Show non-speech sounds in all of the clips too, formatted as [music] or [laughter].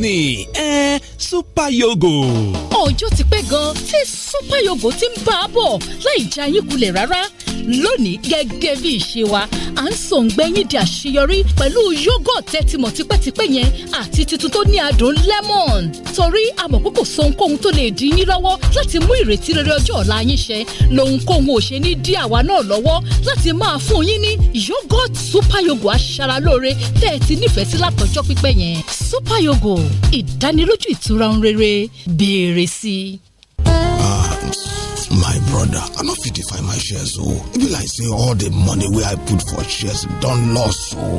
ni ẹ super yogo. ọjọ́ ti pẹ́ gan-an tí super yogo ti ń bá a bọ̀ láì já yín rárá lónìí gẹ́gẹ́ bí ìṣe wa à ń sòǹgbẹ́yìn di àṣeyọrí pẹ̀lú yogurt ẹ ti mọ̀ tipẹ́tipẹ́ yẹn àti tuntun tó ní adùn lemon torí àmọ̀ pé kò so ohunkóhun tó lè dín yín lọ́wọ́ láti mú ìrètí rere ọjọ́ ọ̀la yín ṣẹ lohunkóhun ò ṣe ní dí àwa náà lọ́wọ́ láti máa fún yín ní yogurt super yogo aṣaralóore tẹ́ ẹ ti nífẹ̀ẹ́ sí látọjọ́ pípẹ́ yẹn super yogo ìdánilójú ìtura ń rere béèrè sí i. Ah, my brother i no fit find my shares o e be like say all the money wey i put for shares don loss o. Oh. [laughs]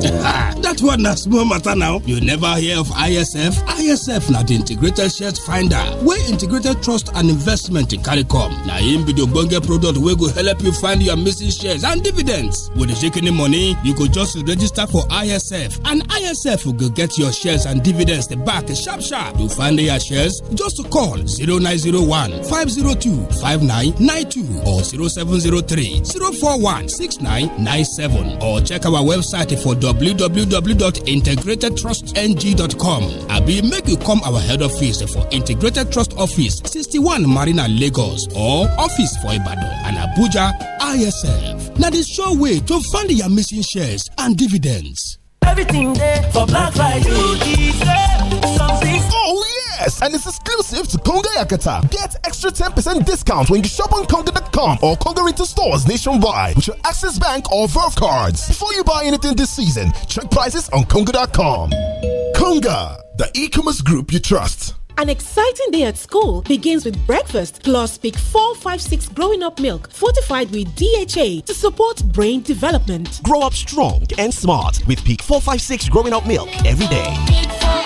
that one na small matter now you never hear of isf isf na di integrated shares finder wey integrated trust and investment carry come na im be di ogbonge product wey go help you find your missing shares and dividends with di shikini money you go just register for isf and isf go get your shares and dividends back sharp sharp to find your shares just call 0901 502 59 nine two or zero seven zero three zero four one six nine nine seven or check our website for www.integratedtrustng.com abi make you come our head office for integrated trust office sixty-one marina lagos or office for ibadan and abuja isf Now the sure way to fund your missing shares and dividends. everything there for black friday you dey something. oh yeah. Yes, and it's exclusive to Conga Yakata. Get extra 10% discount when you shop on Conga.com or Conga retail stores nationwide with your Access Bank or Verve cards. Before you buy anything this season, check prices on Conga.com. Conga, the e-commerce group you trust. An exciting day at school begins with breakfast plus Peak 456 growing up milk fortified with DHA to support brain development. Grow up strong and smart with Peak 456 growing up milk every day.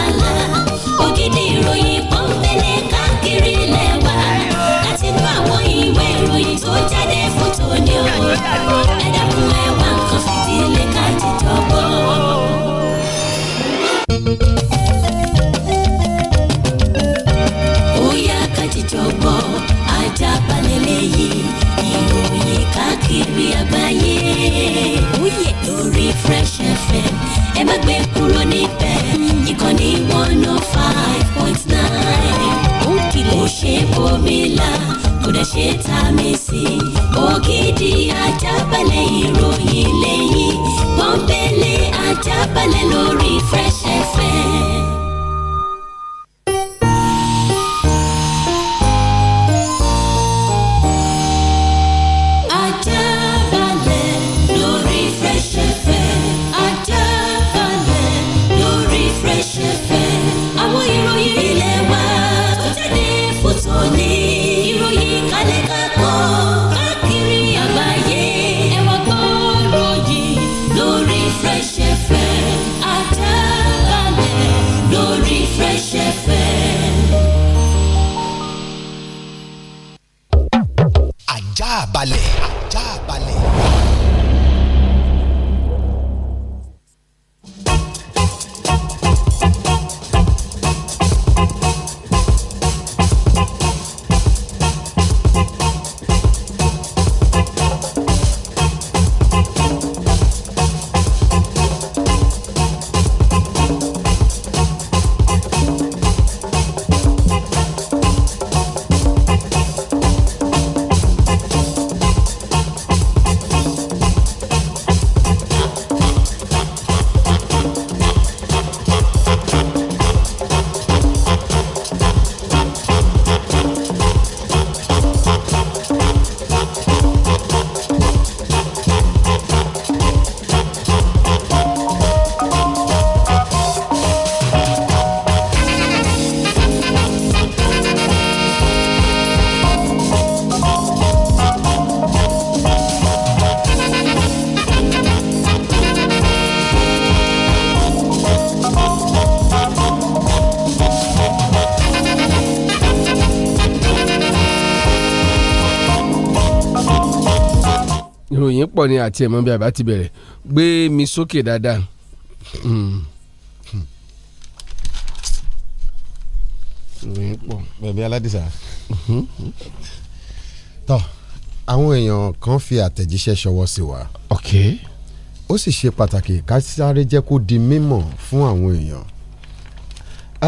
ẹ dẹ́kun ẹ wá nǹkan fìdílé ká jíjọ gbọ́. ó yá ká jíjọ gbọ́ FM ẹ má gbé kúrò níbẹ̀ ìkànnì one oh five point nine ó kìlọ̀ kò dẹ̀ ṣe tá mi sí ògidì àjábálẹ̀ ìròyìn lẹ́yìn pọ́npẹ́lẹ́ àjábálẹ̀ lórí Fresh FM. àti ẹ̀mọ́ bí àbá ti bẹ̀rẹ̀ gbé mi sókè dáadáa. Hmm. Hmm. ìròyìn pọ̀. bẹ̀bí aládìsá. Hmm. tọ́ àwọn èèyàn kan fi àtẹ̀jíṣẹ́ ṣọwọ́ sí wa. ok. ó sì ṣe pàtàkì ká sáré jẹ́ kó di mímọ̀ fún àwọn èèyàn.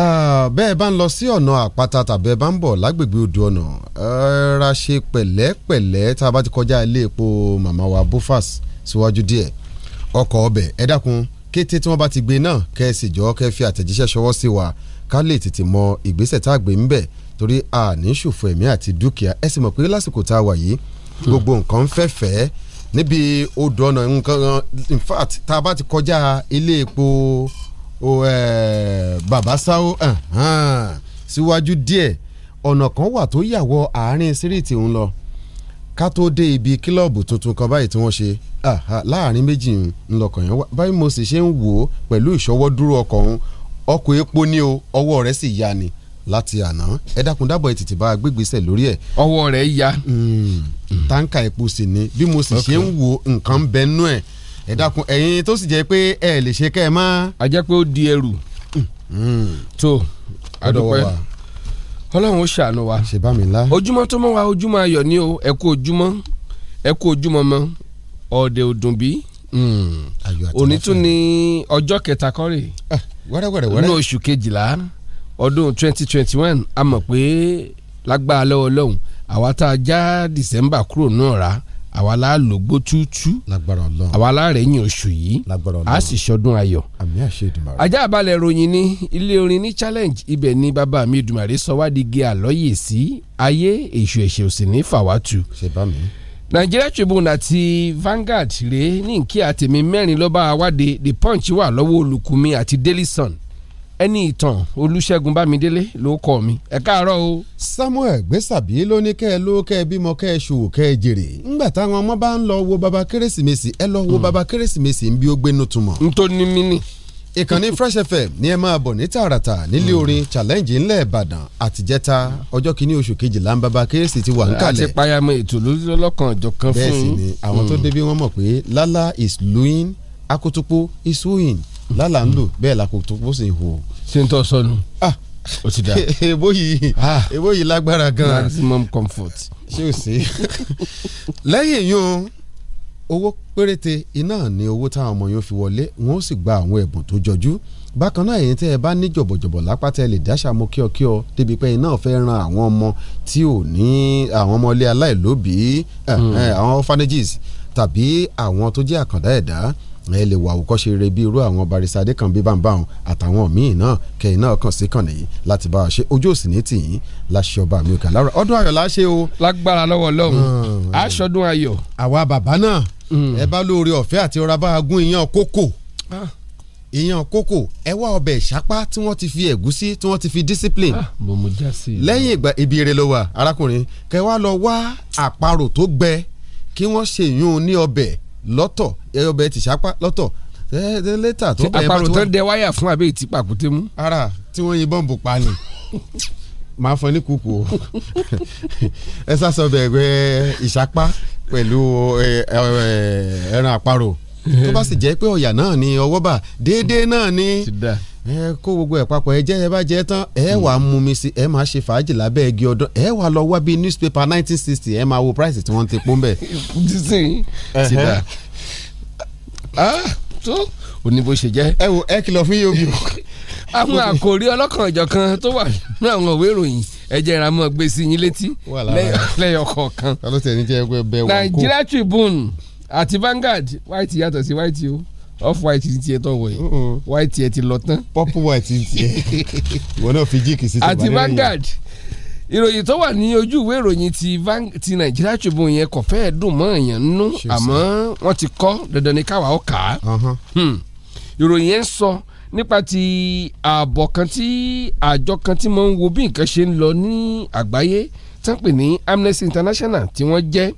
Ah, bẹ́ẹ̀ bá ń lọ sí ọ̀nà àpáta tàbí ẹ bá ń bọ̀ lágbègbè odò ọ̀nà rọra ṣe pẹ̀lẹ́pẹ̀lẹ́ tá a bá ti kọjá ilé epo màmá wa bufas síwájú díẹ̀ ọkọ̀ ọbẹ̀ ẹ dákun kété tí wọ́n bá ti gbé náà kẹ́ ẹ sì jọ kẹ́ ẹ fi àtẹ̀jíṣẹ́ ṣọwọ́ sí wa ká lè tètè mọ ìgbésẹ̀ tá a gbé ń bẹ̀ torí a ní ṣòfò ẹ̀mí àti dúkìá ẹ sì mọ̀ pé lásìkò tá a wà yìí gbogbo nǹkan ń fẹ́fẹ́ níbi odò ọ̀nà nǹkan in fact tá a bá ti kọjá ilé epo bàbá sáwó síwájú díẹ̀ ọ̀nà kan wà tó yàwọ̀ àárín síríìtì ń lọ ká tó dé ibi kílọ̀bù tuntun kan báyìí tí wọ́n ṣe láàárín méjì ńlọkàn yẹn báyìí mo sì ṣe ń wò ó pẹ̀lú ìṣọwọ́ dúró ọkọ̀ ọ̀hún ọkọ̀ epo ní o ọwọ́ rẹ̀ sì ya ni láti àná ẹ dákun dábọ̀ ẹ tètè bá a gbégbèsè lórí ẹ̀. ọwọ́ rẹ̀ ya. Hmm, táǹkà epo sì ni bí mo sì ṣe ń wo nǹkan bẹ́ẹ̀ nú ẹ̀ ẹ dákun ẹ̀yin tó sì jẹ́ pé ẹ lè ṣe kẹ́ ẹ má. a jẹ́ pé ó di ẹrù. tó hmm, hmm. a dúpẹ́ kọ́lọ́run ó ṣàánú wa ojúmọ́ tó mọ́ wa ojúmọ́ ayọ̀ ni o ẹ kú ojúmọ́ ẹ kú ojúmọ́ mọ́ ọ̀dẹ̀ òdùn bí hmm, òní tún ní ọjọ́ kẹta kọ́rè nínú ah, oṣù kejìlá ọdún twenty twenty one a mọ̀ pé lágbára lọ́wọ́ lọ́hùn àwa tá a já December kúrò náà rà á àwa la lògbó túútú àwa la rẹ̀yìn oṣù yìí a sì ṣọdún ayọ̀. ajá balẹ̀ ròyìn ní ilé orin ní challenge ibẹ̀ ni bàbá mi dùmàrè sọ wá di ge àlọ́yè sí ayé èṣù ẹ̀ṣẹ̀ òsì ní fàwátù. Nigeria Tribune àti Vanguard rèé ní nkí àtẹ̀mí mẹ́rin lọ́ba àwádìí The Punch wà lọ́wọ́ Olùkùnmi àti Daily Sun ẹni ìtàn olùṣègùn bámidélé ló kọ mi ẹ káàárọ̀ o. samuel gbèsàbí ló ní kẹ́ ẹ ló kẹ́ ẹ bímọ kẹ́ ẹ ṣòwò kẹ́ ẹ jèrè ńgbà táwọn ọmọ bá ń lọ wo baba kérésìmesì ẹ lọ wo hmm. baba kérésìmesì ń bí ó gbénu túmọ̀. n tó ní mí ni. ìkànnì fresh fm ní ẹ máa bọ̀ ní tààràtà nílé hmm. orin challenge ńlẹ̀ ìbàdàn àtijẹ́ta ọjọ́ kìíní oṣù kejìlá ń baba kérésì ti wà ń kalẹ̀. àti payamọ ètò lọ́lọ́kan ọ̀jọ̀kan fún un. bẹ́ẹ̀ sì ni àwọn tó hmm. débí wọ́n lala is luin akotopo is wooing lálà ń lò bẹ́ẹ̀ lakotopo sì ń hù ṣé n tọ́ sọnù ah. ó ti dá. [laughs] èbó yìí ah. èbó yìí lágbára gan-an. maximum comfort. ṣé o sí. lẹ́yìn yún owó péréte iná ni owó táwọn ọmọ yóò fi wọlé wọn ó sì gba àwọn ẹ̀bùn tó jọjú bákan náà èyí tẹ́ ẹ bá ní jọ̀bọ̀jọ̀bọ̀ lápáta ẹ lè dáṣà mo kíọkíọ débi pé iná fẹ́ ran àwọn ọmọ tí ò ní àwọn ọmọ aláìlóbìí hmm. eh, eh, àwọn orphanages tàbí àwọn tó jẹ́ àkàndá ẹ̀dá ẹ lè wà àwòkọ́ṣe rere bí irú àwọn barista adékànbí bámbáwọn àtàwọn míì náà kẹyìn náà kàn sí kàn nìyí láti bá a ṣe ojú òsì ní tìyín láṣẹ ọba mi òkè lára ọdún ayọ̀ láṣẹ o. lágbára lọ́wọ́ lọ́hùn hmm. aṣọdún ayọ̀. àwa bàbá náà hmm. ẹ bá lóore ọ̀fẹ́ àti ọ̀rá bá a gún iyán kókò ìyàn ah. kókò ẹ wá ọbẹ̀ ìṣápá tí wọ́n ti fi ẹ̀gúsí tí wọ́n ti fi discipline. Ah, mo mú já sí i. lẹ́yìn ìgbà ibi ire ló wà arákùnrin kẹ wá lọ wá àparò tó gbẹ kí wọ́n ṣèyún ní ọbẹ̀ lọ́tọ̀ ọbẹ̀ ti sápá lọ́tọ̀ lẹ́tà tó bẹ̀rẹ̀ bá tí wọ́n. àparò tán dẹ wáyà fún abẹ́ ìtì pàkúté mú. ara tí wọ́n yìnbọn bò pa ni máa fọ ní kúkú o ẹ sá sọ bẹ̀rẹ̀ ìsápá pẹ̀lú ẹran àparò tó bá sì jẹ́ pé ọ̀yà náà ni ọwọ́ bà déédéé náà ni ẹ kó gbogbo ẹ̀ papọ̀ ẹ jẹ́ ẹ bá jẹ́ tán ẹ wà á mú mi sí ẹ máa ṣe fàájì lábẹ́ igi ọdún ẹ wà lọ wá bíi newspaper nineteen sixty ẹ máa wo price tí wọ́n ti pọ́n bẹ̀. [laughs] ti da ah, tó òní bó ṣe jẹ́. ẹ wo ẹ kìlọ̀ fún yóò bí o. àwọn àkòrí ọlọ́kan ìjọ̀kan tó wà ní àwọn òwe ìròyìn ẹ̀jẹ̀ ìrànmọ́ gbèsè yín létí lẹ́yọ̀kọ̀ọ̀kan. ta ló Tribune àti Vanguard white yàtọ̀ sí white o off white ti tiẹ̀ tọ̀ wọ̀ white yẹ ti lọ tán. purple white ti tiẹ̀ [laughs] wọn náà fi jíìkì sí ti àti Vanguard ìròyìn tó wà ní ojú ìwé ìròyìn ti van ti Nigeria Tribune yẹn kò fẹ́ẹ́ dùn mọ́ èèyàn nínú àmọ́ wọ́n ti kọ́ dandan ní káwa ó kà á hmm. ìròyìn yẹn ń sọ nípa ti ààbọ̀ kan tí àjọ kan tí mo ń wo bí nǹkan ṣe ń lọ ní àgbáyé tán pè ní Amnesty International tí wọ́n jẹ́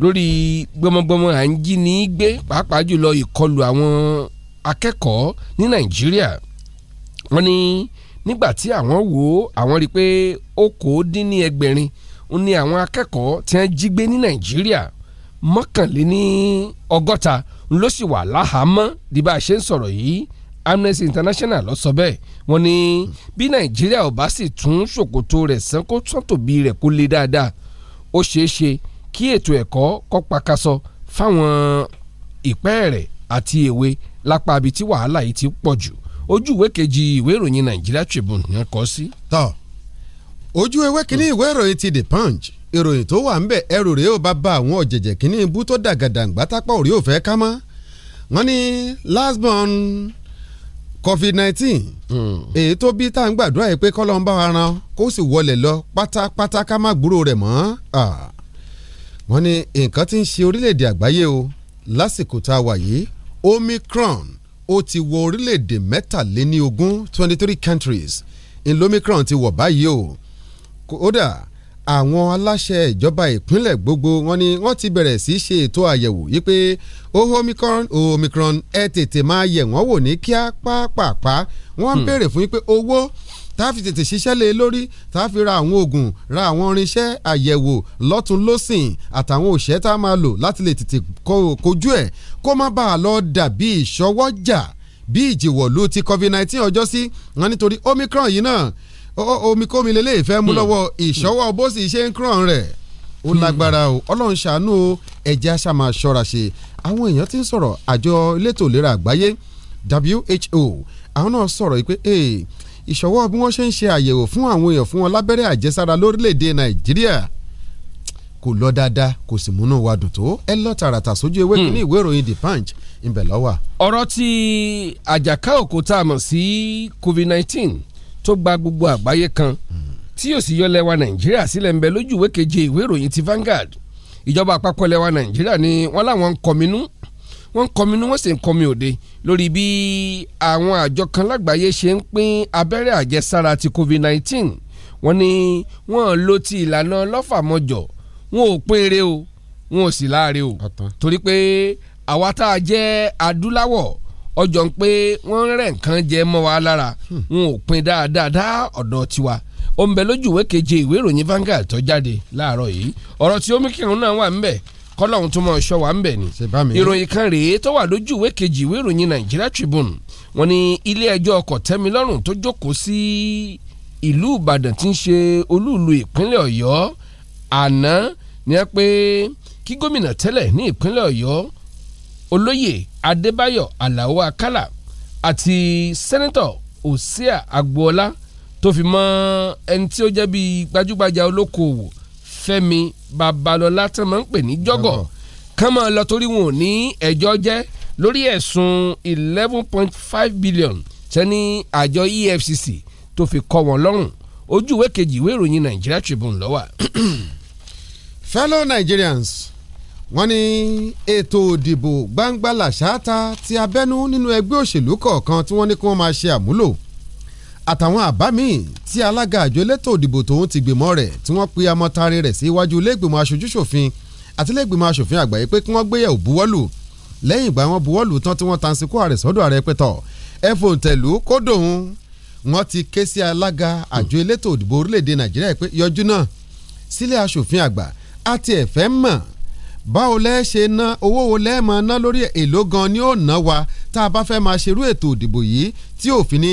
lórí gbọmọgbọmọ à ń jí ní í gbé pàápàá jùlọ ìkọlù àwọn akẹ́kọ̀ọ́ ní nàìjíríà wọ́n ní nígbà tí àwọn wò ó àwọn rí i pé okòó-dín-ní-ẹgbẹ̀rin ó ní àwọn akẹ́kọ̀ọ́ tí wọ́n jí gbé ní nàìjíríà mọ́kànléní ọgọ́ta ló sì wà láhàámọ́ di bá a ṣe ń sọ̀rọ̀ yìí Amnesty International ló sọ bẹ́ẹ̀ wọ́n ní bí nàìjíríà ò bá sì tún ṣòkòtò rẹ̀ sán kó tán rẹ̀ kó lé dáadáa ó ṣeé ṣe, ṣe kí ètò ẹ̀kọ́ kó pakasọ fáwọn ìpẹ́ẹ̀rẹ̀ àti èwe lápá ibi tí wàhálà yìí ti pọ̀ jù ojú ìwé kejì ìwé ìròyìn Nigeria Tribune ni wọ́n kọ sí. tọ́ ojú ewé kínní ìwé ìròyìn ti The Punch ìròyìn tó wà ń bẹ̀ ẹrù rèé ó bá ba àwọn ọ̀jẹ̀jẹ̀ kínní ibú tó dàgàdàǹgbà tápá òrí ò fẹ́ ká mọ́ wọ́n ní last born covid nineteen hmm. èyí tó bí tá à ń gbàdúrà yìí pé kọ́lọ́ ń bá wa ran kó sì wọlé lọ pátápátá ká má gbúrò rẹ̀ mọ́. Ah wọ́n ní nǹkan tí ń ṣe orílẹ̀-èdè àgbáyé o lásìkò tá a wà yìí omicron ó ti wọ orílẹ̀-èdè mẹ́tàléníogún twenty three countries ìlómicron ti wọ̀ báyìí o kódà àwọn aláṣẹ ìjọba ìpínlẹ̀ gbogbo wọn ni wọ́n ti bẹ̀rẹ̀ sí í ṣe ètò àyẹ̀wò yìí pé ó omicron ó omicron ẹ tètè máa yẹ̀ wọ́n wò ní kíá pàápàá wọ́n hmm. béèrè fún yín pé owó. Oh, tá a fi tètè ṣiṣẹ́ lé e lórí tá a fi ra àwọn oògùn ra àwọn irinṣẹ́ àyẹ̀wò lọ́tún lọ́sìn àtàwọn òṣẹ́ tá a máa lò láti lè tètè kojú ẹ̀ kó má bàa lọ dàbí ìṣọwọ́jà bí ìjìwọ̀lú ti covid-19 ọjọ́ sí wọn nítorí omicron yìí náà omikomi lélẹ́yìí fẹ́ mú hmm. lọ́wọ́ ìṣọwọ́ bó sì ṣe ń kúrọ̀ rẹ̀ ó hmm. lágbára o ọlọ́run ṣàánú o ẹ̀jẹ̀ àṣà máa ṣọ́ra ṣe àwọn èèyàn ti ń sọ̀rọ̀ àjọ elétò ìlera àgbáyé WHO àwọn náà sọ̀rọ̀ yìí pé ìṣọwọ́ bí wọ́n ṣe ń ṣe àyẹ̀wò fún àwọn èèyàn fún wọn lábẹ́rẹ́ àjẹsára lórílẹ̀‐èdè nàìjíríà kò lọ dáadáa kò sì múnú wa dùn tó ẹ lọ tààràtà sójú ewé hmm. kínní ìwé ìròyìn the punch ńbẹ̀ ló wà. ọ̀rọ̀ ti àjàká òkúta àmọ̀ sí covid-19 tó gba gbogbo àgbáyé kan tí yóò sì yọ lẹ́wà nàìjíríà sílẹ̀ ń bẹ lójú ìwé keje ìwé ìròyìn ti Vanguard ìjọba àpapọ̀ lẹ́wà nàìjíríà ni wọ́n láwọn ń kọminú wọ́n ń kọmi inú wọ́n sì ń kọmi òde lórí bí àwọn àjọ kan lágbàáyé ṣe ń pín abẹ́rẹ́ àjẹsára ti COVID-19 wọ́n ní wọ́n lo ti ìlànà lọ́fàmọ́jọ̀ wọn ò pín eré o wọn ò sì láre o torí pé àwa tá a jẹ́ adúláwọ̀ ọjọ́ ń pé wọ́n ń rẹ̀ nǹkan jẹ mọ́ wa lára hmm. wọn ò pín dáadáa dá ọ̀dọ̀ tiwa ó ń bẹ lójú ìwé keje ìwé ìròyìn Vanguard tó jáde láàárọ̀ yìí ọ̀rọ̀ tí omikirun náà wà ń bẹ̀ kọ́lọ́hún tó mọ̀ ṣọ́ wa ń bẹ̀ ni. ìròyìn kan rèé tó wà lójú ìwé kejì ìwé ìròyìn Nigeria Tribune wọ́n ní ilé ẹjọ́ kòtẹ́milọ́rùn tó jókòó sí ìlú Ìbàdàn tí ń ṣe olúùlú ìpínlẹ̀ Ọ̀yọ́ àná ni a pé kí gómìnà tẹ́lẹ̀ ní ìpínlẹ̀ Ọ̀yọ́ olóyè Adébáyọ̀ Aláò Akálà àti sẹ́nẹ́tọ̀ Òsíà Agboola tó fi mọ́ ẹni tí ó jẹ́ bíi gbajúgbajà olókoòwò Fẹ́mi Babalọ́lá tán máa ń pè ní jọ́gọ̀ kán máa lọ torí wọn ò ní ẹjọ́ jẹ́ lórí ẹ̀sùn eleven point five billion sẹ́ni àjọ EFCC tó fi kọ́ wọn lọ́rùn ojú ìwé kejì ìwé ìròyìn Nigeria Tribune ló wà. [clears throat] fellow Nigerians wọ́n ní ètò òdìbò gbangba làṣáátá ti abẹ́nú nínú ẹgbẹ́ òṣèlú kọ̀ọ̀kan tí wọ́n ní kí wọ́n máa ṣe àmúlò àtàwọn àbá míì tí alága àjọ elétò òdìbò tòun ti gbìmọ̀ rẹ̀ tí wọ́n pe amọ̀tari rẹ̀ sí iwájú iléègbìmọ̀ aṣojúṣòfin àti iléègbìmọ̀ aṣòfin àgbáyé pé kí wọ́n gbéyàwó buwọ́lù lẹ́yìn ìgbà wọn buwọ́lù tán tí wọ́n tansikó ààrẹ sọ́dọ̀ ààrẹ pẹ́tọ̀ ẹ fòǹtẹ̀lù kó dòun wọ́n ti ké sí alága àjọ elétò òdìbò orílẹ̀-èdè nàìjíríà pé yọjú náà sílé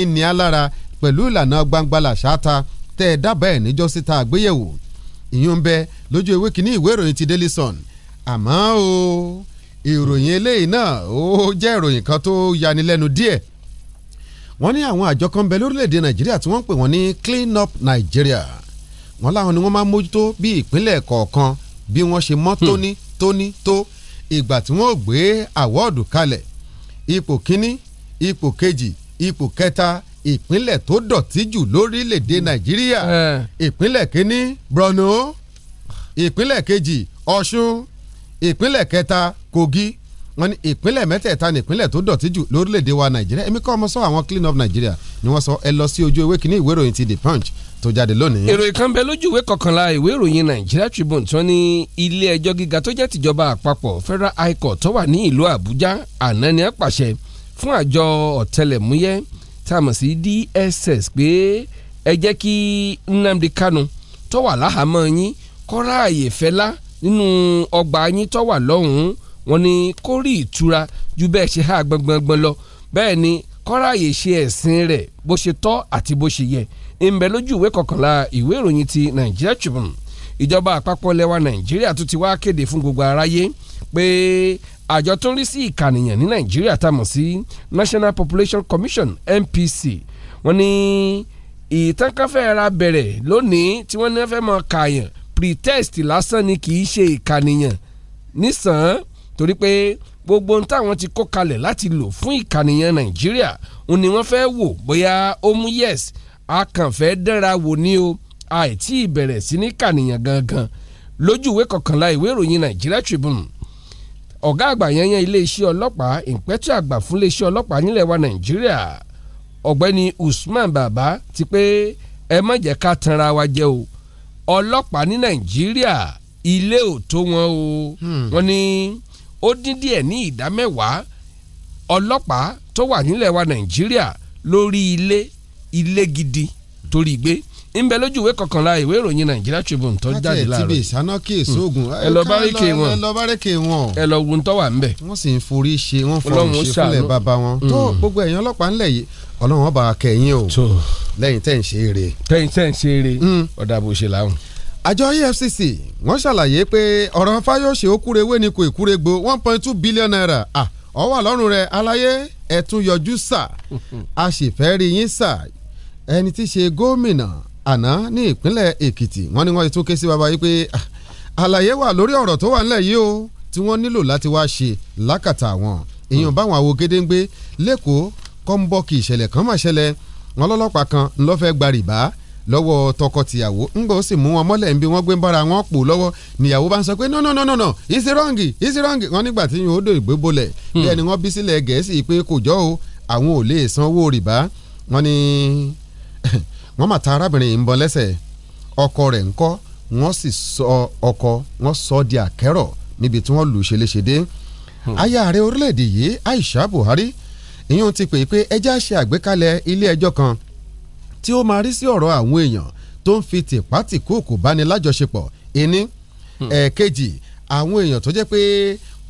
ni ó pẹ̀lú ìlànà gbangba làṣáta tẹ́ ẹ dábàá ẹ̀ níjọ́ síta àgbéyẹ̀wò ìyún bẹ lójú ewé kínní ìwé ìròyìn ti Daily Sun àmọ́ o ìròyìn eléyìí náà ó jẹ́ ìròyìn kan tó yanilẹ́nu díẹ̀ wọ́n ní àwọn àjọ kan bẹ lórílẹ̀‐èdè Nàìjíríà tí wọ́n ń pè wọ́n ní Clean Up Nigeria wọ́n láwọn ni wọ́n máa mójútó bí ìpínlẹ̀ kọ̀ọ̀kan bí wọ́n ṣe mọ́ hmm. tóní tóní tó ìgbà tí wọ́n gbé àwọ́ọ̀dù kalẹ̀ ipò kínní ipò kejì ipò kẹta ìpínlẹ̀ tó dọ̀tí jù lórílẹ̀‐èdè hmm. nàìjíríà eh. ìpínlẹ̀ kínní Borno ìpínlẹ̀ kejì Ọ̀ṣun ìpínlẹ̀ kẹta Kogi wọ́n ní ìpínlẹ̀ mẹ́tẹ̀ẹ̀ta ní ìpínlẹ̀ tó dọ̀tí jù lórílẹ̀‐èdè wa nàìjíríà èmi kọ́ ọmọ sọ àwọn clean up nàìjíríà ni wọ́n sọ ẹ lọ sí ojú ewé kínní ìwé ìròyìn ti the punch tó jáde lónìí. ìròyìn kan bẹ lójú ìwé kọkànlá ìwé ìròyìn Nigeria Tribune tí wọ́n ní ilé ẹjọ́ gíga tó jẹ́ tìjọba àpapọ̀ Federal High Court tó wà ní ìlú Àbújá àná ni a pàṣẹ fún àjọ ọ̀tẹlẹ̀múyẹ́ tá a mọ̀ sí DSS pé ẹ jẹ́ kí Nnamdi Kanu tó wà láhàámọ́ yín kọ́ra àyè fẹ́lá nínú ọgbà yín tó wà lọ́hùn-ún wọn ni kó rí ìtura ju bẹ́ẹ̀ ṣe há gbọngbọngbọn lọ bẹ́ẹ̀ ni kọ́ra àyè ṣe ẹ̀sìn rẹ̀ bó ṣe tọ́ àti bó ṣe yẹ ìmbẹ̀ lójú ìwé kọkànlá ìwé ìròyìn ti Nigeria Tribune ìjọba àpapọ̀ lẹwa Nàìjíríà tún ti wá kéde fún gbogbo aráyé pé àjọ tó ń rí sí ìkànìyàn ní nàìjíríà tá a mọ̀ sí National Population Commission NPC wọ́n ní ìtànkánfẹ́ ra bẹ̀rẹ̀ lónìí tí wọ́n ní wọ́n fẹ́ mọ kààyàn pretest lásán ni kì í ṣe ìkànìyàn nísàn torí pé gbogbo ohun táwọn ti kó kalẹ̀ láti lò fún ìkànìyàn nàìjíríà òun ni wọ́n fẹ́ wò bóyá ó mú yes akànfẹ́ dẹ́ra wò ní o àìtí ìbẹ̀rẹ̀ sí ní kànìyàn gangan lójú ìwé kọkànlá ìwé ìròyìn nàìjíríà Tribune ọ̀gá àgbà yẹn yẹn iléeṣẹ́ ọlọ́pàá ìpẹ́tù àgbà fún iléeṣẹ́ ọlọ́pàá nílẹ̀ wa nàìjíríà ọ̀gbẹ́ni usman baba ti pé ẹ má jẹ́ ká tanra wa jẹ o ọlọ́pàá ní nàìjíríà ilé ò tó wọn o hmm. wọ́n ní ó dín díẹ̀ ní ìdá mẹ́wàá ọlọ́pàá tó wà nílẹ̀ wa nàìjíríà lórí ilé ilé gidi torí gbé. Hmm ń bẹ lójú ìwé kọkànlá ìwé ìròyìn Nigeria Tribune tó jáde láàárọ̀. láti ẹ̀ tí bè sáná kì í sóògùn. Hmm. ẹ lọ báríkè wọn ẹ lọ báríkè wọn. ẹ lọ wo ntọ́ wà ń bẹ. wọ́n sì ń forí ṣe wọ́n fọrùn ṣe fúnlẹ̀ bàbá wọn. tó hmm. gbogbo ẹ̀yàn ọlọ́pàá ńlẹ̀ yìí ọlọ́run ọba kẹyìn o lẹ́yìn tẹ̀ ń ṣe eré. tẹ̀yìn tẹ̀ ń ṣe eré hmm. ọ̀dà bó ṣe láwọn. àjọ EFCC wọ́n ṣàlàyé pé ọ̀rọ̀ Fáyọ̀ṣe Òkúrewé ni kò ìkúregbò one point two billion naira ah ó wà lọ́rùn rẹ̀ aláyé ẹ tún yọjú sà a sì fẹ́ rí yín sà ẹni tí ṣe gómìnà àná ní ìpínlẹ̀ Èkìtì wọ́n ní wọ́n tún ké sí baba yìí pé ah, àlàyé wà lórí ọ̀rọ̀ tó wà ńlẹ̀ yìí o tí wọ́n nílò láti wá ṣe lákàtà àwọn èèyàn hmm. báwọn àwo gédéńgbé lẹ́kọ̀ọ́ kọ́ńbọ́ọ̀kì ìṣẹ̀lẹ̀ kan máa ṣẹlẹ̀ wọn lọ́lọ́pàá kan ńlọ́fẹ́ gba rìbá lọ́wọ́ tọkọ-tìyàwó ńgbà ó sì mú wọn mọ́lẹ̀ nbí wọ́n gbé bára wọn pò lọ́wọ́ níyàwó bá ń sọ pé no no no no no isi rọ́ǹgì isi rọ́ǹgì wọn nígbà tí yóò dò ìgbé bolẹ̀ hmm. bí ẹni wọn bí sílẹ̀ gẹ̀ẹ́sì pé kò jọ́ o àwọn ò lè sanwó rìbá wọn ni wọ́n mà ta arábìnrin yìí ń bọ́ lẹ́sẹ̀ ọkọ rẹ̀ ńkọ́ wọ́n sì sọ ọkọ wọ́n sọ di àkẹ́rọ̀ níbi tí wọ́n lù ú ṣeléṣe dé hmm. ààrẹ orílẹ̀-èdè yìí Aisha Buhari ìyẹn ti pè é pé ẹjẹ́ àṣẹ àgbékalẹ̀ ilé ẹjọ́ kan tí ó máa rí sí ọ̀rọ̀ àwọn èèyàn tó ń fi tìpátìkúùkù báni lájọṣepọ̀ ẹni ẹ̀ẹ̀kejì hmm. àwọn èèyàn tó jẹ́ pé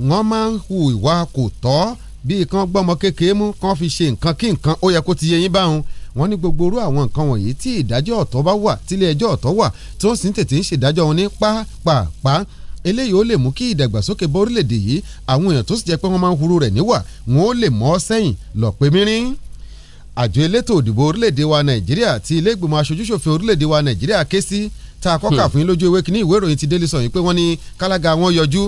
wọ́n máa ń hu ìwà kò tọ́ bíi kan gbọ́mọ kékeré mú kan fi ṣe nǹkan kí nǹkan ó yẹ kó ti yẹ yín wọ́n ní gbogbo orú àwọn nǹkan wọ̀nyí tí ìdájọ́ ọ̀tọ̀ bá wà tílé ẹjọ́ ọ̀tọ̀ wà tí wọ́n sì ń tètè ń ṣèdájọ́ wọn ní pápápá eléyìí ó lè mú kí ìdàgbàsókè bá orílẹ̀-èdè yìí àwọn èèyàn tó sì jẹ́ pé wọ́n máa ń hurú rẹ̀ níwà wọn ó lè mọ́ sẹ́yìn lọ́pẹ́ mìíràn àjọ elétò òdìbò orílẹ̀-èdè wa nàìjíríà ti ilé ìgbìmọ̀ aṣojúṣòfin orílẹ̀-èdè wa nàìjíríà ké sí tá a kọ́kà hmm. fún yín lójú ewé kínní ìwé ìròyìn ti Daily Sun yìí pé wọ́n ní kálága wọn yọjú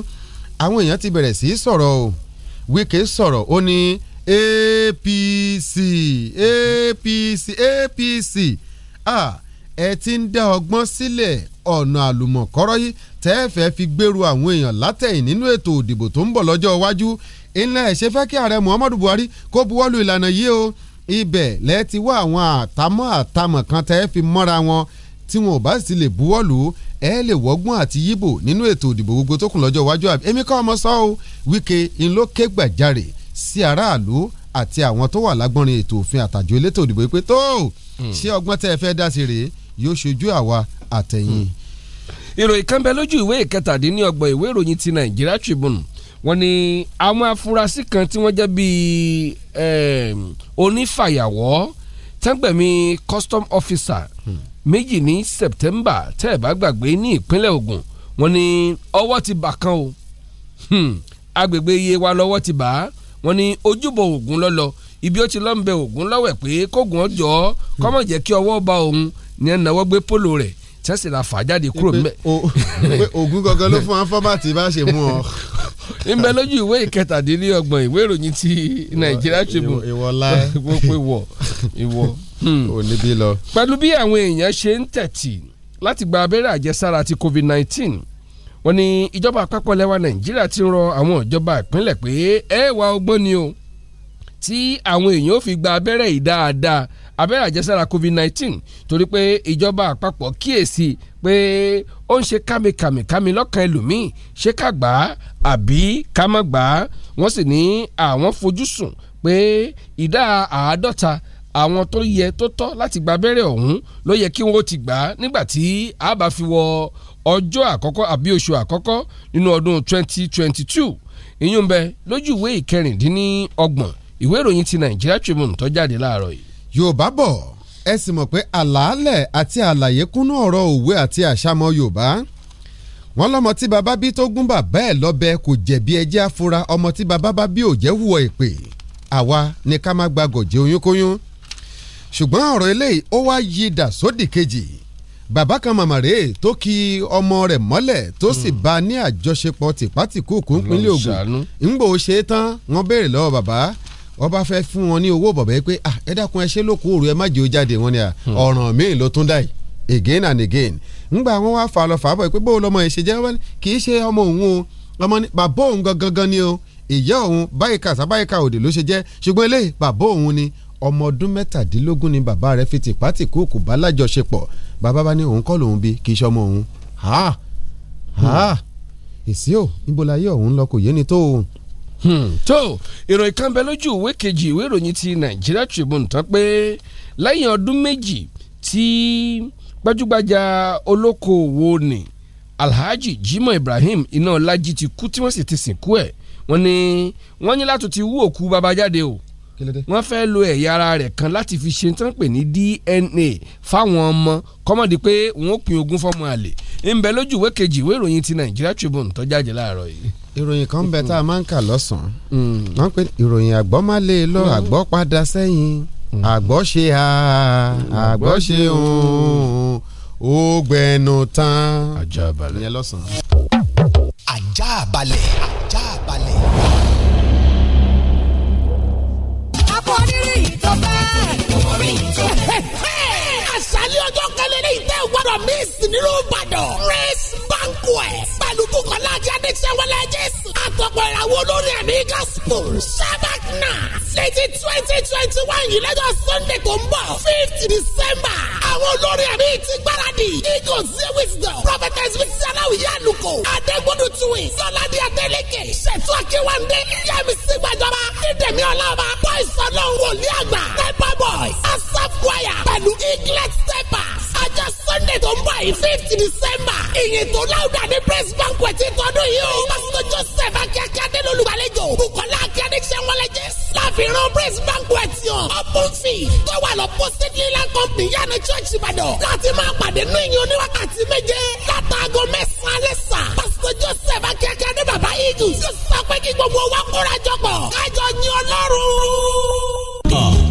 àwọn èèyàn ti bẹ̀rẹ̀ sí sọ̀rọ̀ o sọ̀rọ̀ ó ní APC APC APC ẹ ti ń dá ọgbọ́n sílẹ̀ ọ̀nà àlùmọ̀kọ́rọ́ yìí tẹ́ẹ̀fẹ́ fi gbèrú àwọn èèyàn látẹ̀yìn nínú ètò òdìbò tó ń bọ̀ lọ́jọ́ iwájú ńlá ẹ̀ ṣe fẹ́ kí ààrẹ Muhammadu Buhari kó buwọ́lu ìlànà yìí o ibẹ̀ lẹ́ẹ̀ ti wá àwọn àtàmọ́ àtàmọ́ kan tẹ́ẹ̀ fi mọ́ra wọn tí wọn ò bá sì lè buwọ́lu ẹ lè wọ́gbọ́n àti yíbò nínú ètò òdìbò gbogbo tó kù lọ́jọ́ iwájú àbí èmi kọ́ ọmọ sọ ọ́ Wike ńlọ ké gbàjarè sí aráàlú àti àwọn tó wà lágbọ́nrin ètò òfin àtàjọ elétò òdìbò yìí pé tó hmm. ṣé ọgbọ́n tẹ́ ẹ fẹ́ dá sí rèé yóò ṣojú àwa àtẹ̀yìn. Hmm. ìròyìn kan bẹ lójú ìwé ìkẹtàdínlọ́gbọ̀n ìwé ìròyìn ti Nigeria Tribune wọ́n ní àwọn afurasí kan tí wọ́n jẹ́ bíi ehm, onífàyàwọ́ tẹ́gbẹ̀mí custom officer hmm. méjì ní September tẹ́ ẹ̀ bá gbàgbé ní ìpínlẹ̀ Ògùn wọ́n ní ọwọ́ ti bà kan o agbègbè Yewa lọ́wọ́ ti bà á wọ́n ní ojúbọ Ògún lọ́lọ́ ibi ó ti lọ́ ń bẹ Ògún lọ́wẹ̀ pé kógun ọjọ́ kọ́mọ̀ jẹ́ kí ọwọ́ ba òun ní ẹ̀ náwó gbé polo rẹ̀ tẹ́sí la fà jáde kúrò mbẹ. Ògún gangan ló fún afọ́bàtì bá ṣe mú ọ. nbẹ [laughs] lójú ìwé ìkẹtàdínlọ́gbọ̀n ìwé ìròyìn ti Nàìjíríà Tribune ìwọ láì [laughs] wọ́n pé wọ̀ ìwọ. ò hmm. ní lọ. pẹ̀lú bí àwọn èèyàn ṣe ń tẹ̀tì láti gba abẹ́rẹ́ àjẹsára ti covid nineteen wọ́n ní ìjọba àpapọ̀ lẹ́wà nàìjíríà ti rọ àwọn ìjọba ìpínlẹ̀ pé ẹ wá ọgbọ́n ni o tí àwọn èèyàn fi gba abẹ́rẹ́ yìí abẹ́rẹ́ àjẹsára covid nineteen. torí pé ìjọba àpapọ̀ kíyèsí pé ó ń ṣe kàmìkàmìkàmì lọ́kàn ẹlòmíì ṣé ká gbà á àbí ká má gbà á wọ́n sì ní àwọn fojúsùn pé ìdá àádọ́ta àwọn tó yẹ tó tọ́ láti gba abẹ́rẹ́ ọ̀hún ló yẹ kí wọ́n ti gbà á nígbà tí fi wọ ọjọ́ àkọ́kọ́ àbí oṣù àkọ́kọ́ nínú ọdún 2022 ìyún ń bẹ lójú ìwé ìkẹrìndínlọ́gbọ̀n ìwé ìròyìn ti Nigeria Tribune tó jáde láàárọ̀ yìí. Yorùbá bọ̀ ẹ sì mọ̀ pé àlàálẹ̀ àti àlàyé kúnnú ọ̀rọ̀ òwe àti àṣàmọ̀ Yorùbá wọ́n lọ́mọ tí baba bí tó gún bàbá ẹ̀ lọ́bẹ kò jẹ̀bi ẹjẹ́ àfura ọmọ tí baba bá bí ò jẹ́ hùwọ̀ èpè àwa ni ká má gbàgọ̀jẹ̀ oyúnkóyún ṣùgbọ́n ọ̀rọ̀ eléyìí ó wá yí dà sódì kejì. So bàbá kan màmá rèé tó ki ọmọ rẹ̀ mọ́lẹ̀ tó sì hmm. bá a ní àjọṣepọ̀ tìpátìkúùkù ńpínlẹ̀ Ògùn ńgbò ṣe tán wọ́n béèrè lọ́wọ́ bàbá wọ́n bá fẹ́ fún wọn ní owó bàbá pé ah, ẹ dákun ẹ ṣe lóko òru ẹ má jẹ́ ó jáde wọn ni ah, hmm. ọ̀ràn míì ló tún dá yìí again and again ńgbà wọn wá fà lọ fà bọ̀ pé bóun lọmọ ìṣe jẹ́ wọ́n kì í ṣe ọmọ òun o ọmọ ní bàbá òun gangan ni o ìyá òun báyìí kà sábàyìí kà òdì ló ṣe jẹ́ ṣùgbọ́n eléyìí bàbá òun ni ọmọ ọdún mẹ́tàdínlógún ni bàbá rẹ̀ fi tìpátìkú kò bá lájọṣepọ̀ bàbá bá ní òun kọ́ lòun bí kì í ṣọmọ òun ha ha èsì ò níbo la yẹ òun lọ kò yé ni tó òun. Hmm, tó ìròyìn kan bẹ lójú ìwé kejì ìwé ìròyìn ti Nigeria Tribune tán pé lẹ́yìn ọdún méjì tí gbajúgbajà olókoòwò ni Alhaji Jimoh Ibrahim Inaolaji ti kú tí wọ́n sì ti sìnkú ẹ̀ wọ́n ní wọ́n ní láti ti wú òkú bàbá jáde o wọ́n fẹ́ lo ẹ̀yà ara rẹ̀ kan láti fi ṣe tán pè ní DNA fáwọn ọmọ kọ́mọ̀dé pé wọ́n pin ogún fọ́mọ àlè ń bẹ lójú ìwé kejì ìwé ìròyìn ti Nigeria Tribune tó jáde láàárọ̀ yìí. ìròyìn kan bẹ tá a máa ń kà lọ́sàn-án hmm. wọ́n pe ìròyìn àgbọ̀ má lè lọ hmm. àgbọ̀ padà sẹ́yìn hmm. àgbọ̀ ṣe a àgbọ̀ ṣe òun ó tán. ajá balẹ̀. ajá balẹ̀. àṣálẹ́ ọjọ́ kẹlẹ́lẹ́ ìtẹ́ gbọ́dọ̀ miss nínú Ìbàdàn race banquet olùkú kọ́lá jáde sẹ́wọ́lẹ̀ jésù. àtọ̀pọ̀ ìràwọ̀ olórí ẹ̀mí gospel shabak náà. létí twenty twenty one yìí lọ́jọ́ sunday tó ń bọ̀ fifth december. àwọn olórí ẹ̀mí ti gbáradì. eagle zee wisdom prophetess bisi aláwìyé àlùkò. adégbòdù tuwe sọládì adélèké. ṣètò akéwàndé yẹmi sígbàjọba. dídèmí ọlọ́ba boys ọlọ́run wòlíì àgbà. pepper boys asaf wire pẹ̀lú eaglet stepper. ajá sunday tó ń bọ̀ yìí fifth december ìyìn tó láwùdà ní praise banquet ìtọ́dún yìí o. pásítọ̀ joseph akíákíá dé lólùgbàlejò bukola akíádéṣẹ́wọlé jésù. láfihàn praise banquet yàn. open field tó wà lọ posted leland company yánni church ìbàdàn. láti máa pàdé nínú ìyìn oníwákàtí méje. látàgọ mẹ́sàn-án lè sà. pásítọ̀ joseph akíákíá dé bàbá eagles. yóò sọ pé kí gbogbo wa kóra jọpọ̀. kájọ ní ọlọ́run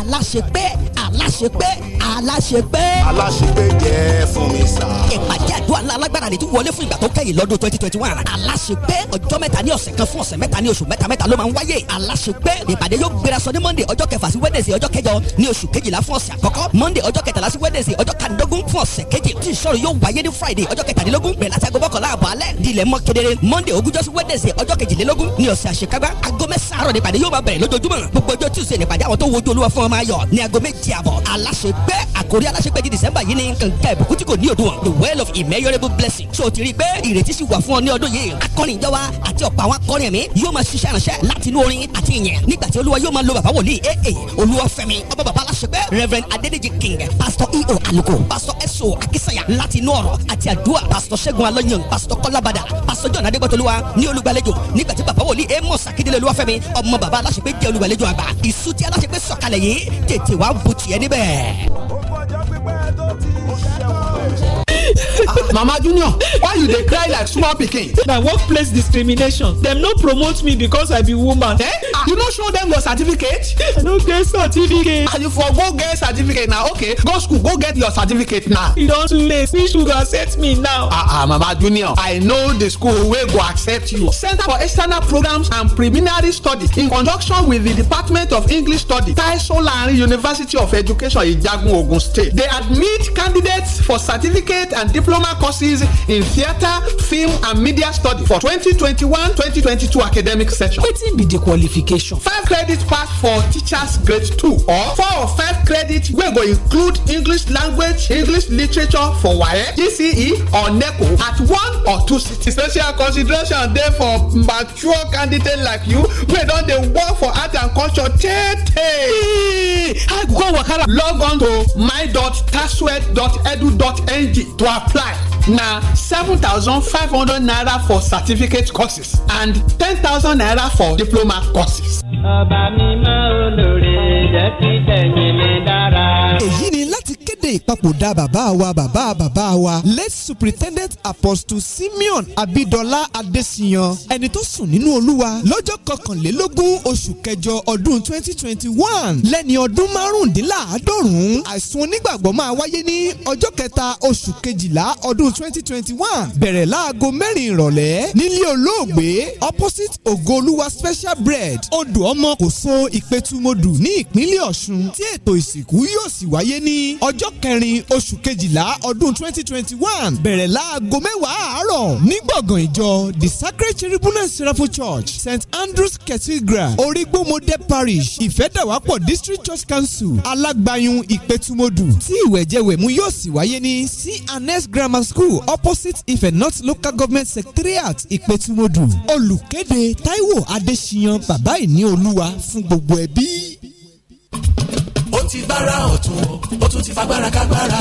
aláṣepé aláṣepé aláṣepé. aláṣepé jẹ́ fún mi sá. ìpàdé àdúrà alágbára lè ti wọlé fún ìgbà tó kẹ́yìn lọ́dún twenty twenty one. aláṣepé ọjọ́ mẹ́ta ní ọ̀sẹ̀ kan fún ọ̀sẹ̀ mẹ́ta ní oṣù mẹ́ta mẹ́ta ló máa ń wáyé. aláṣepé ìpàdé yóò gbéra sọ ní monday ọjọ́ kẹfà sí wednesday ọjọ́ kẹjọ ní oṣù kejìlá fún ọ̀sẹ̀ àkọ́kọ́ monday ọjọ́ kẹtàlá sí wednesday ọjọ́ kàndógún fún ọ̀sẹ̀ kejì tí ìṣòro yóò wáyé ní friday ọjọ́ kẹtàdínlógún bẹ̀rẹ̀ láti agbọ́kànlá àbọ̀ alẹ́ dilẹ̀ mọ́ kedere monday ogúnjọ́ sí wednesday ọjọ́ kejìlélógún ní ọ̀sẹ̀ àṣekágbá aago mẹ́sàn-án àárọ̀ nípàdé yóò máa bẹ̀rẹ̀ lójoojúmọ́ gbogbo ọjọ́ tuesday fún ọmọ ayọ̀ ní aago méje àbọ̀ aláṣepẹ́ àkórí aláṣepẹ́ di december yìí ni kànga ìbùkún tí kò ní òdiwọ̀n the well of immeasurable blessing so ti rí pé ìrètí sì wà fún ọ ní ọdún yìí akọrin ìjọ wa àti ọ̀pọ̀ àwọn akọrin ẹ̀mí yóò máa ṣiṣẹ́ ìránṣẹ́ láti inú orin àti ìyẹn nígbà tí olúwa yóò máa lo bàbá wòlíì aa olúwa fẹ́mi ọba bàbá aláṣepẹ́ reverend adedeji king pastor eo aluko pastor eso akisanya láti inú ọ̀rọ̀ àti pastor ṣẹ́gun alọ́yàn pastor kọ́lábàdà pastor john adégbòtolúwa ní olùgbàlejò nígbà tí bàbá wòlíì amos akíndélé olúwa fẹ́mi ọmọ bàbá aláṣepẹ́ jẹ́ olùgbàlejò àgbà ìsútí aláṣepẹ́ sọ̀kalẹ̀ yìí tètè wá bu tiẹ̀ níbẹ̀. ó kọjá [laughs] mama junior why you dey cry like small pikin na workplace discrimination dem no promote me because i be woman eh ah, you no show dem your certificate i no get certificate and ah, you for go get certificate na okay go school go get your certificate now e don too late which school go me now ah ah mama junior i know the school wey go accept you center for external programs and preliminary studies in conjunction with the department of english studies taiso laarin university of education ijagun ogun state dey admit candidates for certificate certificate and diploma courses in theatre film and media studies for 2021-2022 academic session. wetin be di qualification? five credit pass for teachers grade two or four or five credit wey go include english language english literature for waye gce or neco at one or two cities. special consideration dey for mature candidates like you wey don dey work for art and culture tey tey. i go wakala. log on to my.tasweb.edu.ng to apply na seven thousand five hundred naira for certificate courses and ten thousand naira for diploma courses. ọba mi máa ń lòrè jẹ́ kí tẹ̀yìn mi dára. èyí ni láti kéde ìpapòdà bàbá wa bàbá bàbá wa late superintendent apostle simeon abidola adesiyan ẹni tó sùn nínú olúwa lọ́jọ́ kọkànlélógún oṣù kẹjọ ọdún twenty twenty one lẹ́ni ọdún márùndínláàádọ́rùn-ún àìsùn onígbàgbọ́ máa wáyé ní ọjọ́ kẹta oṣù kejìlá ọdún twenty twenty one bẹ̀rẹ̀ láago mẹ́rin ìrọ̀lẹ́ nílé olóògbé opposite ògoolúwa special bread odò ọmọ kò so ìpẹtùmọdù ní ìpínlẹ̀ ọ̀ṣun tí ètò ìsìnkú yóò sì wáyé ní ọjọ́ ọjọ́ kẹrin oṣù kejìlá ọdún twenty twenty one bẹ̀rẹ̀ láago mẹ́wàá àárọ̀ ní gbọ̀ngàn ìjọ the sacred cherubim seraphim church st andrews cathedral orígbòmọdé parish ìfẹ́dàwápọ̀ district church council alágbàyún ìpẹ́tùmọ́dù tí ìwẹ̀jẹ̀wẹ̀mú yóò sì wáyé ní cns grammar school opposite ife north local government secretariat ìpẹ́tùmọ́dù olùkéde taiwo adéṣiyan bàbá ìní olúwa fún gbogbo ẹbí ó ti gbára ọ̀tún ó tún ti fagbára kágbára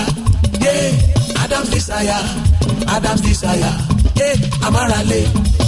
yé yeah. Adam's Desire Adam's Desire yé yeah. amárale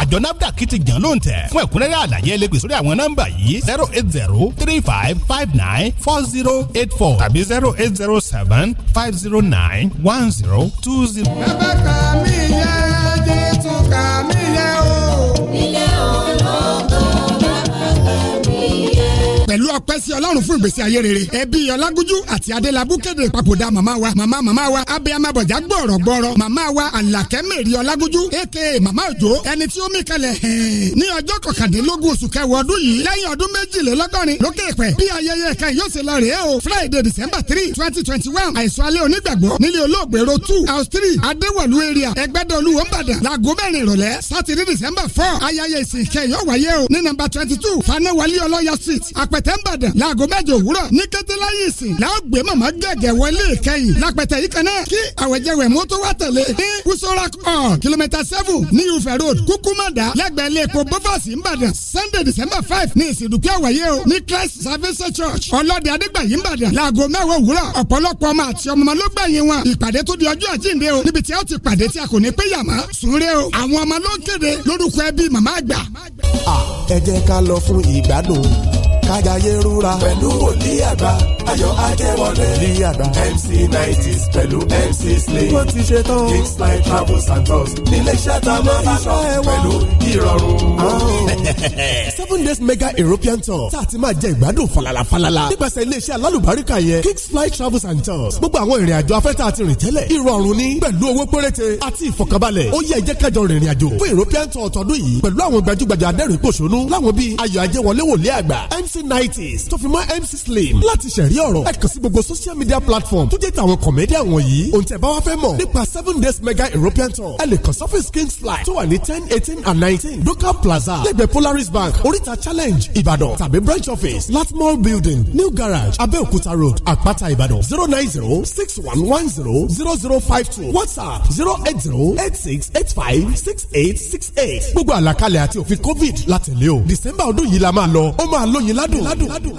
àjọ nafdac ti jàn ló ń tẹ̀ fún ẹ̀kúnrẹ́rẹ́ àlàyé ẹ sórí àwọn nọ́mbà yìí zero eight zero three five five nine four zero eight four tàbí zero eight zero seven five zero nine one zero two zero. bàbá kàmí yẹn. ọpẹ́ sí ọlọ́run fún ìgbésí ayé rere ẹbí ọlágúnjú àti adélábù kéde papòdà màmá wa màmá màmá wa abiyama bọ̀já gbọ̀rọ̀ gbọ̀rọ̀ màmá wa àlàkẹ́ ọlágúnjú aka màmá òjò ẹni tí ó mí kalẹ̀ hẹ́n ní ọjọ́ kọkàndínlógún oṣù kẹwàá ọdún yìí lẹ́yìn ọdún méjìlélọ́gọ́rin lókè pẹ̀ bí ayẹyẹ kan yóò ṣe lọ rèé o friday december three twenty twenty one àìsàn alẹ́ onígbàgbọ́ nílé olóògbèrò two house three adéwọ̀lú area ẹgbẹ́dọ̀lú òǹbàdàn laago mẹ́rin ìrọ̀lẹ́ saturday december four ayẹyẹ ìsìnkẹ́ yóò wáyé o ní number twenty two fanáwálé ọlọ́yà street àpẹtẹ nìbàdàn láago mẹ́jọ òwúrọ̀ ní kété láyé ìsìn làá màmá gẹ̀gẹ̀ wọlé ìkẹyìn lápẹtẹ yìí kan kí àwẹ̀jẹwẹ̀ mú tó wá ní kusorak hall seven ní Ifẹ̀ road kúkúmọ̀dá lẹ́gbẹ̀ẹ́ ilé epo nìbàdàn sunday december five ní ìsìndùkú àwẹ̀yẹ o ní christ service church ọlọ́dẹ adégbàyí nìbàdàn láago mẹ́wàá òwúrọ̀ ọ̀pọ̀lọpọ̀ ọmọ àti ọmọ ló gbẹ̀yìn wọn ìpàdé tó di ọjọ́ àjíǹde o níbi tí ẹ jẹ́ ká lọ fún ìgbádùn kájayé rúra. pẹ̀lú wòlíì àgbà ayọ̀ ajẹ́wọlé. wòlíì àgbà mc nineties pẹ̀lú mc slay. wọ́n ti ṣe tán. kings line travels and nílé iṣẹ́ máa bá sọ pẹ̀lú ìrọ̀rùn. [laughs] seven days mega european tour tá a ti máa jẹ ìgbádùn falala falala nípasẹ̀ iléeṣẹ́ alálùbáríkà yẹn kings fly travels and tours gbogbo àwọn ìrìn àjò afẹ́ tá a ti rìn tẹ́lẹ̀ ìrọ̀rùn ni pẹ̀lú owó péréte àti ìfọ̀kànbalẹ̀ ó yẹ jẹ́ kájọ rìnrìn àjò fún european tour tọdún yìí pẹ̀lú àwọn gbajúgbajà adẹ́rìn-pòṣónú láwọn bíi ayọ̀ ajẹ́wọlé wòlíì àgbà mc ninety artist tó fi mọ́ MC Slim láti ṣẹ̀rí ọ̀rọ̀ ẹ kàn sí gbogbo social media platform tó jẹ́ tàwọn kọ̀mẹ́díà wọ̀nyí òun tẹ̀ bá wá fẹ́ mọ̀ nípa seven days mega European tour ẹ lè kàn surface kings fly tó wà ní ten eighteen and nineteen Doka Plaza lẹ́gbẹ̀ẹ́ Polaris Bank oríta challenge Ìbàdàn tàbí branch office Latmore building new garage Abẹ́òkúta road Àpáta Ìbàdàn zero nine zero six one one zero zero zero five two WhatsApp zero eight zero eight six eight five six eight six eight gbogbo àlàkalẹ̀ àti òfin COVID látẹ̀lé o December ọdún yìí la máa lọ ó máa lóyin ládùn. gbádùn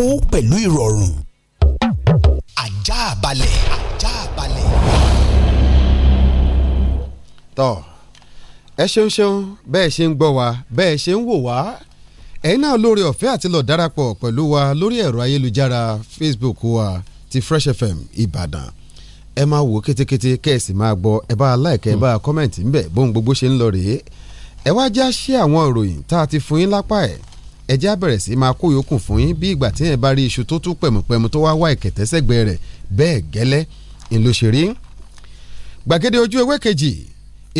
owó pẹ̀lú ìrọ̀rùn. ajá balẹ̀ ajá balẹ̀. tọ́ ẹ ṣeun ṣeun bẹ́ẹ̀ ṣe ń gbọ́ wa bẹ́ẹ̀ ṣe ń wò wá ẹ̀yin náà lórí ọ̀fẹ́ àti lọ darapọ̀ pẹ̀lú wa lórí ẹ̀rọ ayélujára Facebook wa ti Fresh FM Ìbàdàn ẹ máa wò kétékété kẹ́ẹ̀sì máa gbọ́ ẹ bá like ẹ bá kọ́mẹ̀ntì ńbẹ̀ bóun gbogbo ṣe ń lọ rèé ẹ wá já ṣe àwọn ìròyìn tá a ti fún yín lápá ẹ̀ ẹjẹ́ àbẹ̀rẹ̀ sí máa kó yòókù fún yín bí ìgbà tí yẹn bá rí iṣu tó tún pẹ̀mùpẹ̀mù tó wá wá ìkẹ̀tẹ́sẹ̀gbẹ́ rẹ̀ bẹ́ẹ̀ gẹ́lẹ́ ńlọṣẹ̀rí. gbàgede ojú ewé kejì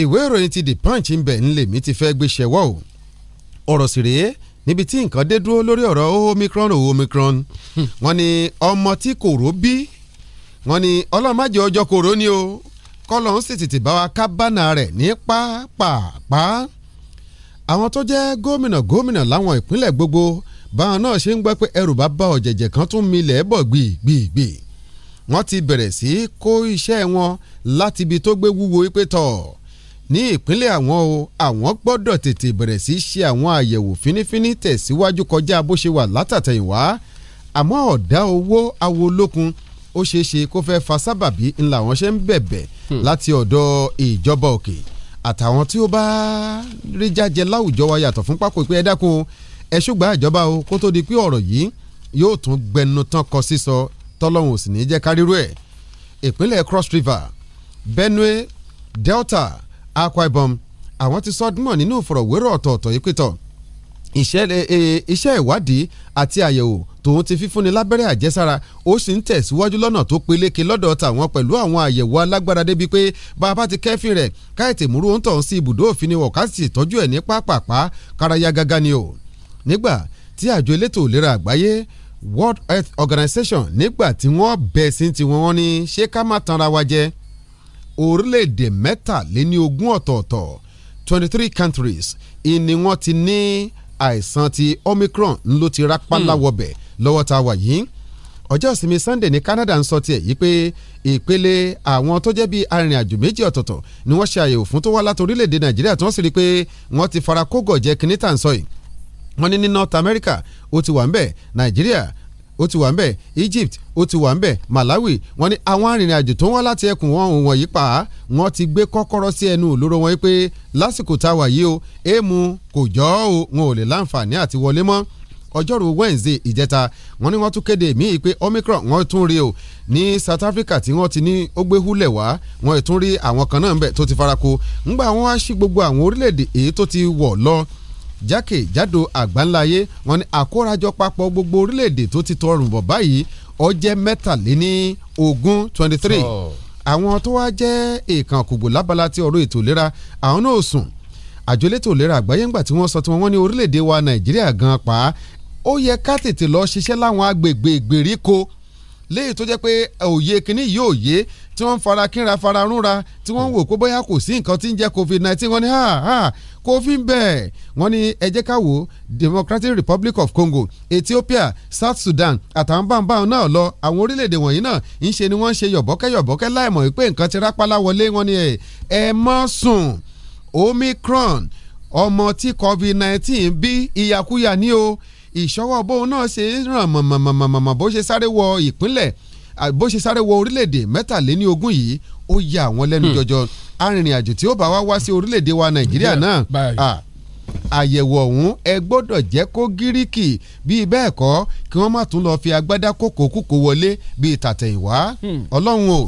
ìwé ìròyìn ti The Punch ń bẹ̀ ńlẹ̀ mi ti fẹ́ gbé ṣẹwọ́ o ọ̀rọ̀ sì rèé níbi tí nǹkan dé dúró lórí ọ̀rọ̀ omicron o omicron hmm. wọ́n ní ọmọ tí kòró bí wọ́n ní ọlọ́mọdé ọjọ́ kòró ni o kọ́lọ́n sì tètè bá wa ká bánà rẹ̀ ní pápápá àwọn tó jẹ́ gómìnà gómìnà láwọn ìpínlẹ̀ gbogbo báwọn náà ṣe ń gbọ́ pé ẹrù bá bá ọ̀jẹ̀jẹ̀ kan tún milẹ̀ bọ̀ gbìgbìgbì wọ́n ti bẹ̀rẹ̀ sí í kó iṣẹ́ wọn láti ibi tó gbé wúwo wípé tọ̀ ní ìpínlẹ̀ àwọn o àwọn gbọ́dọ̀ tètè bẹ̀rẹ̀ sí í ṣe àwọn àyẹ̀wò fínífíní tẹ̀síwájú kọjá bó ṣe wà látàtẹ̀yìnwá àmọ́ ọ̀dá owó awo olókun ó ṣeé ṣe kó fẹ́ fa sábàbí ńlá wọn ṣe ń bẹ̀bẹ̀ hmm. láti ọ̀dọ̀ ìjọba òkè àtàwọn tí ó bá rí jájẹ láwùjọ wa yàtọ̀ fún pákó pé ẹ dákun ẹ ṣùgbọ́n àjọba o kó tó di pé ọ̀rọ̀ yìí yóò tún gbẹnu tán kọ sísọ tọ́lọ́hún ò sì ní jẹ́ káríró ẹ̀ ìpínlẹ̀ Cross River Benue Delta Akwa Ibom àwọn ti sọdúnmọ̀ nínú ìfọ̀rọ̀wérọ̀ ọ̀tọ̀ọ̀tọ̀ yìí E, e, iṣẹ́ ìwádìí àti àyẹ̀wò tòun ti fífúnni lábẹ́rẹ́ àjẹsára ó sì ń tẹ̀síwájú lọ́nà tó peléke lọ́dọ̀ tàwọn pẹ̀lú àwọn àyẹ̀wò alágbára débi pé bàbá ti kẹ́fìn rẹ̀ káyọ̀tì múrú ń tàn sí ibùdó òfin wọ̀ ká sì tọ́jú ẹ̀ ní pápápá kárayá gágá ni o. nígbà tí àjọ elétò ìlera àgbáyé World Health Organization nígbà tí wọ́n bẹ̀ sí ti wọ́n ní ṣé ká má tanra wa jẹ orílẹ̀-èdè mẹ́tàléní ogún ọ̀tọ̀ọ̀tọ̀ twenty three countries ìní wọ́n ti ní àìsàn ti Omicron ló ti rápálá hmm. wọbẹ̀ lọ́wọ́ tá a wà yìí ọjọ́ ìsinmi Sunday ní Canada ń sọ tiẹ̀ yìí pé ìpele àwọn tó jẹ́ bíi arìnrìn-àjò méjì ọ̀tọ̀ọ̀tọ̀ ni wọ́n ṣe àyẹ̀wò fún tó wá láti orílẹ̀-èdè Nàìjíríà tí wọ́n sì rí i pé wọ́n ti fara kógọ̀ jẹ́ kínní tà ń sọ yìí wọ́n ní ní North America ó ti wà ń bẹ̀ Nàìjíríà ó ti wà ń bẹ̀ Egypt ó ti wà ń bẹ̀ Malawi wọ́n ní àwọn arìnrìn-àjò tó ń wá láti ẹkùn wọn òun wọ̀nyí pa wọ́n ti gbé kọ́kọ́rọ́ sí ẹnu òlóró wọn pé lásìkò tá a wà yìí o èèmù kò jọ o wọn ò lè láǹfààní àti wọlé mọ́ ọjọ́rú Wednesday ìjẹta wọ́n ní wọ́n tún kéde míì pé Omicron wọ́n tún rí o ní South Africa tí wọ́n ti ní ó gbé húlẹ̀ wá wọ́n tún rí àwọn kan náà ń bẹ̀ tó ti farako ńgbà wọn wá sí gbogbo àwọn orílẹ̀-èdè èyí tó ti wọ̀ lọ jákèjádò àgbáńláyé wọn ni àkórajọ papọ̀ gbogbo orílẹ̀-èdè tó ti tọrùn bọ̀ báyìí ó mẹ́tàléní ogún twenty three àwọn tó wá jẹ́ èèkàn kùgbò lábala ti ọ̀rọ̀ ètò ìlera àwọn náà sùn àjọ elétò ìlera àgbáyé ńgbà tí wọ́n sọ tí wọ́n ní orílẹ̀-èdè wa nàìjíríà gan pa ó yẹ ká tètè lọ ṣiṣẹ́ láwọn agbègbè ìgbèríko léyìí tó jẹ́ pé òye kínní yìí òye tí wọ́n ń fara kínra fara rúnra tí wọ́n ń wò pé bóyá kò sí nǹkan tí ń jẹ́ covid nineteen wọ́n ní ha ha covid bẹ́ẹ̀ wọ́n ní ẹ ká wò Democratic Republic of Congo Ethiopia South Sudan àtàwọn báńbáwọn náà lọ àwọn orílẹ̀-èdè wọ̀nyí náà ń ṣe ni wọ́n ń ṣe yọ̀bọ́kẹ́ yọ̀bọ́kẹ́ láìmọ̀ wípé nǹkan ti rápálá wọlé wọ́n ní ẹ mọ́ sùn Omicron ọmọ tí covid nineteen bí ìyàkúyà ní o ìṣọwọ́ bóun náà ṣe ràn mọ̀mọ̀mọ̀mọ̀ bó ṣe sáré wọ ìpínlẹ̀ bó ṣe sáré wọ orílẹ̀-èdè mẹ́tàléní ogún yìí ó yà wọ́n lẹ́nu hmm. jọjọ arìnrìn-àjò tí ó bá wá wá sí orílẹ̀-èdè wa nàìjíríà náà àyẹ̀wò ọ̀hún ẹ gbọ́dọ̀ jẹ́ kó gíríkì bíi bẹ́ẹ̀ kọ́ kí wọ́n má tún lọ fi agbádá kókó kúkó wọlé bíi tàtẹ̀yìnwá hmm. ọlọ́run o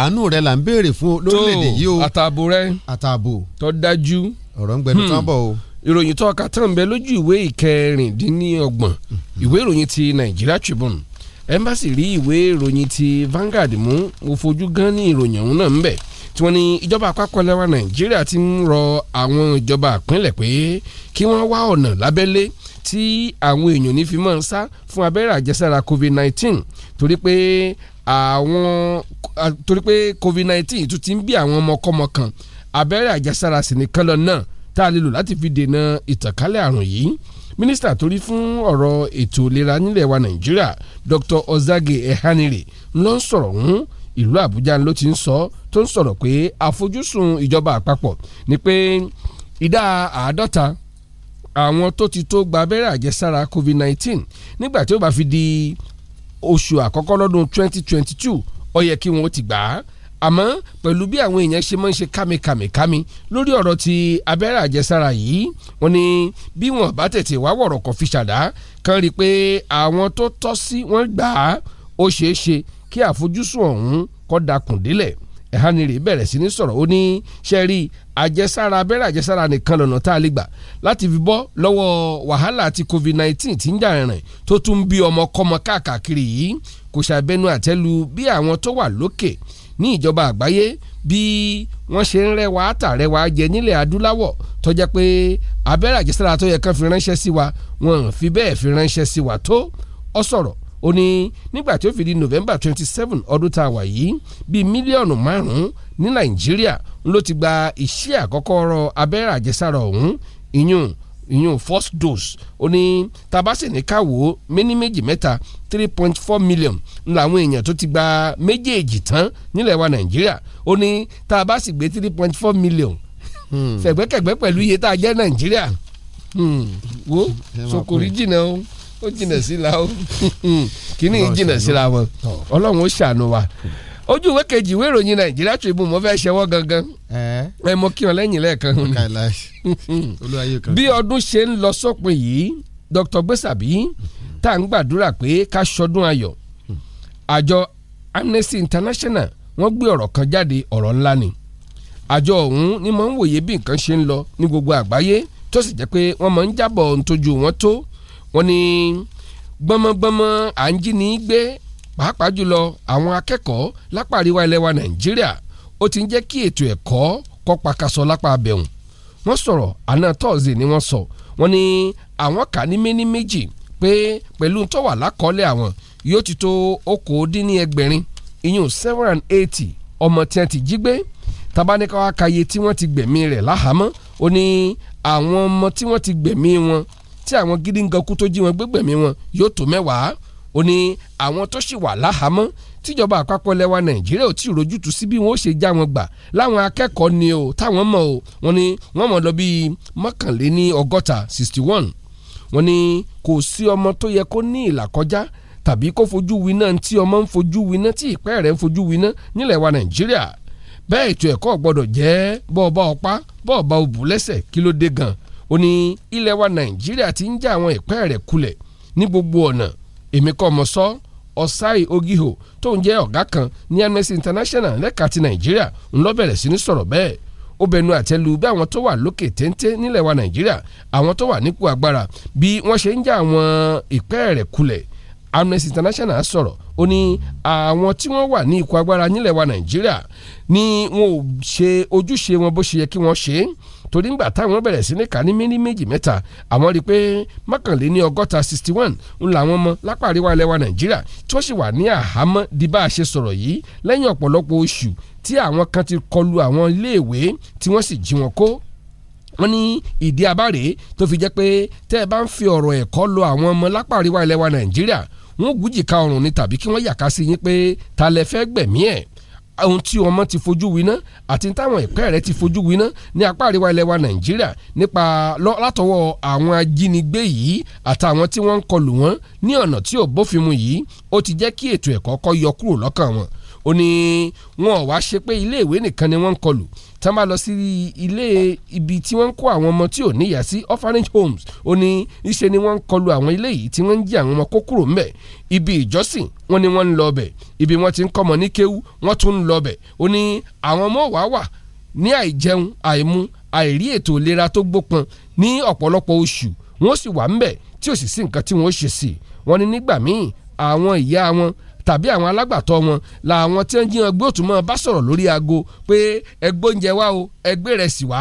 àánú rẹ là ń béèrè fún lórílẹ̀‐èdè yìí o àtààbò rẹ àtààbò tó dájú ọ̀rọ̀ ń gbẹnu hmm. tán bọ̀ o ìròyìn tó ọkà tán bẹ lójú ìwé ìkẹrìndínlọ́gbọ̀n ìwé ìròyìn ti Nigeria Tribune embassy rí ìwé ìròyìn ti Vanguard mú mo fojú gan ní ìròyìn ọ̀hún náà ń bẹ tí wọ́n ní ìjọba àpapọ̀ lẹ́wà Nàìjíríà ti ń rọ àwọn ìjọba àpínlẹ̀ pé kí wọ́n wá ọ̀nà lábẹ́lé tí àwọn èèyàn ní fi máa ń sá fún abẹ́rẹ́ àjẹsára COVID-19 torí pé àwọn torí pé COVID-19 tún ti ń bí àwọn ọmọkọ́mọ kan abẹ́rẹ́ àjẹsára sì nìkan lọ náà tá a lè lò láti fi dènà ìtànkálẹ̀ àrùn yìí mínísítà torí fún ọ̀rọ̀ ètò ìlera nílẹ̀ wa nàìjíríà dr ozage ehanire ló ń sọ̀rọ̀ ọ̀hún ìlú àbújá ló ti ń sọ tó ń sọ̀rọ̀ pé àfojúsùn ìjọba àpapọ̀ ni pé ìdá àádọ́ta àwọn tó ti tó gba abẹ́rẹ́ àjẹsára covid nineteen, nígbà tí ó bá fi di oṣù àkọ́kọ́ lọ́dún 2022 ó yẹ kí wọ́n ti gbà á àmọ́ pẹ̀lú bí àwọn èèyàn ṣe máa ń ṣe kámikàmìkámi lórí ọ̀rọ̀ ti abẹ́rẹ́ àjẹsára yìí wọ́n ní bí wọ́n bá tètè wá wọ̀rọ̀ kan fi ṣàdá kan rí i pé àwọn tó tọ́ sí wọ́n gbà á ó ṣeé ṣe kí àfojúsùn ọ̀hún kó dakùn délẹ̀ ẹ̀hánirè bẹ̀rẹ̀ sí ní sọ̀rọ̀ ó ní ṣẹ́rí àjẹsára abẹ́rẹ́ àjẹsára nìkan lọ́nà tá a lè gbà láti fi bọ́ lọ́wọ́ wàhálà ti covid nineteen tí ń jà rìn tó tún bí ọmọkọ́mọ káàkiri yìí kò ṣàbẹnu àtẹ́lu bí àwọn tó wà lókè ní ìjọba àgbáyé bí wọ́n ṣe ń rẹwà àtàrẹwà jẹ nílẹ̀ adúláwọ̀ tó jẹ́ pé abẹ́rẹ́ àjẹsára tó yẹ kán fi ránṣẹ́ sí wa wọn ò fi bẹ́ẹ̀ fi ránṣẹ́ sí wa tó ọ sọ̀rọ̀ ó ní nígbà tí ó fi di November twenty seven ọdún tá a wà yìí bíi mílíọ̀nù márùn-ún ní Nàìjíríà ló ti gba iṣẹ́ àkọ́kọ́ ọ̀rọ̀ abẹ́rẹ́ àjẹsára ọ̀hún ìyún ìyún first dose ó ní tabasi ní káwó méní méjì mẹ́ta three point four million làwọn èèyàn tó ti gba méjèèjì tán nílẹ̀ wa nàìjíríà ó ní tabasi gbé three point four million hmm. fẹ̀gbẹ́kẹ̀gbẹ́ pẹ̀lú iye tá a jẹ́ nàìjíríà hmm. wo sokori jìnnà o ó jìnnà sí la o [laughs] hmm. kìíní jìnnà sí la wọn ọlọ́run ó ṣàánú wa. Hmm. ojú ìwé kejì ìwé ìròyìn nàìjíríà Tribune mo fẹ́ ṣẹwọ́ gangan ẹ mọ kí wọn lẹ́yìn lẹ́ẹ̀kan bí ọdún ṣe ń lọ sópin yìí Dr. Gbèsàbí tá à ń gbàdúrà pé ká ṣọdún ayọ̀ àjọ Amnesty International wọ́n gbé ọ̀rọ̀ kan jáde ọ̀rọ̀ ńlá ni àjọ ọ̀hún ni mo ń wòye bí nǹkan ṣe ń lọ ní gbogbo àgbáyé tó sì jẹ́ pé wọ́n máa ń jábọ̀ ohun tójú wọn tó wọn ni gbọmọgbọmọ à ń jí ní í gbé pàápàá jùlọ àwọn akẹ́kọ̀ọ́ lápá àríwá ilẹ̀ wa nàìjíríà ó ti ń jẹ́ kí ètò ẹ̀kọ́ kọ́ pakasọ lápá abẹ́hùn wọ́n sọ̀rọ̀ àná tọ́ọ̀sì ni wọ́n sọ wọ́n ní àwọn kà ní méní méjì pé pẹ̀lú tó wà lákọ́ọ́lẹ̀ àwọn yóò ti tó okòó-dín-ní-ẹgbẹ̀rin ìyún seven and eighty ọmọ tí wọ́n ti jí gbé tabanikawa kaye tí wọ́n ti gbẹ̀mí rẹ̀ láhàámọ́ ó ní àwọn ọmọ tí wọ́n ti gbẹ̀mí wọn tí àwọn gidi ń gankú tó jí wọn gbẹ̀gbẹ̀mí wọn yóò tó mẹ́wàá ó ní àwọn tó ṣì wà láhàámọ́ tíjọba àpapọ̀ lẹwa nàìjíríà ò tí ì rojútu sí bí wọ́n ó ṣe já wọn gbà láwọn akẹ́kọ̀ọ́ ni o táwọn mọ̀ o wọ́n ní wọ́n mọ̀ lọ bíi mọ́kànléní ọgọ́ta sixty one wọ́n ní kò sí ọmọ tó yẹ kó ní ìlà kọjá tàbí kó fojú winá tí ọmọ ń fojú winá tí ìpẹ́ rẹ̀ ń fojú winá nílẹ̀ wa nàìjíríà bẹ́ẹ̀ ètò ẹ̀kọ́ gbọ́dọ̀ jẹ́ bọ́ọ̀bá ọ̀pá bọ́ọ̀bá òbú lẹ́sẹ̀ kí ló dé gan ó ní ilẹ̀ wa nàìjíríà ti ń já àwọn ìpẹ́ rẹ̀ kulẹ̀ ní gbogbo ọ̀nà èmi kọ́ mọ sọ Osai Ogiho tó ń jẹ́ ọ̀gá kan ní Amnesty International lẹ́ka ti Nàìjíríà ń lọ bẹ̀rẹ̀ sí ní sọ̀rọ̀ bẹ́ẹ̀ ó bẹnu àtẹ́lu bí àwọn tó wà lókè téńté nílẹ̀ wa Nàìjíríà àwọn tó wà nípò agbára bí wọ́n ṣe ń já àwọn ìpẹ́ rẹ̀ kulẹ̀ Amnesty International sọ̀rọ̀ ó ní àwọn tí wọ́n wà ní ipò agbára nílẹ̀ wa Nàìjíríà ni wọn ò ṣe ojúṣe wọn bó ṣe yẹ kí wọ́n ṣe é torí ńgbà táwọn bẹ̀rẹ̀ sí ní kàní mílí méjì mẹ́ta àwọn rí i pé mọ́kànléní ọgọ́ta sixty one ń la wọn mọ́ lápá àríwá ilẹ̀ wa nàìjíríà tí wọ́n sì wà ní àhámọ́ di bá a ṣe sọ̀rọ̀ yìí lẹ́yìn ọ̀pọ̀lọpọ̀ oṣù tí àwọn kan ti kọlu àwọn iléèwé tí wọ́n sì jí wọn kó wọ́n ní ìdí abáre tó fi jẹ́ pé tẹ́ ẹ bá ń fi ọ̀rọ̀ ẹ̀kọ́ lọ àwọn ọmọ lápá àríwá ilẹ̀ wa nàìjíríà wọ́n gùjì ka ọrùn ni tàbí kí wọ́n yàká sí yín pé ta lẹ fẹ́ gbẹ̀mí ẹ̀ ohun tí ọmọ ti fojú winá àti táwọn ẹ̀kọ́ rẹ̀ ti fojú winá ní apá àríwá ilẹ̀ wa nàìjíríà nípa látọwọ́ àwọn ajínigbé yìí àtàwọn tí wọ́n ń kọlù wọ́n ní ọ̀nà tí ò bófin mu yìí ó ti jẹ́ kí ètò ẹ̀kọ́ kọ́ yọ kúrò lọ́kàn wọn ó ní wọn ò wá ṣe pé iléèwé nìkan ni wọ́n ń kọlù tán bá lọ sí ilé ibi tí wọ́n ń kó àwọn ọmọ tí ò níyà sí orphanage homes ó ní iṣẹ́ ni wọ́n ń kọlu àwọn ilé yìí tí wọ́n ń jí àwọn ọmọ kó kúrò ibi ìjọsìn wọ́n ní wọ́n ń lọ bẹ̀ ibi wọ́n ti ń kọ́mọ ní kéwú wọ́n tún ń lọ bẹ̀ ó ní àwọn ọmọ wàá wà ní àìjẹun àìmu àìrí ètò ìlera tó gbópọn ní ọ̀pọ̀lọpọ̀ oṣù wọ́n sì wà ńbẹ̀ tàbí àwọn alágbàtọ́ wọn làwọn tí wọ́n jí wọn gbé òtún mọ́ bá sọ̀rọ̀ lórí aago pé ẹgbẹ́ oúnjẹ wa o ẹgbẹ́ rẹ̀ sì wá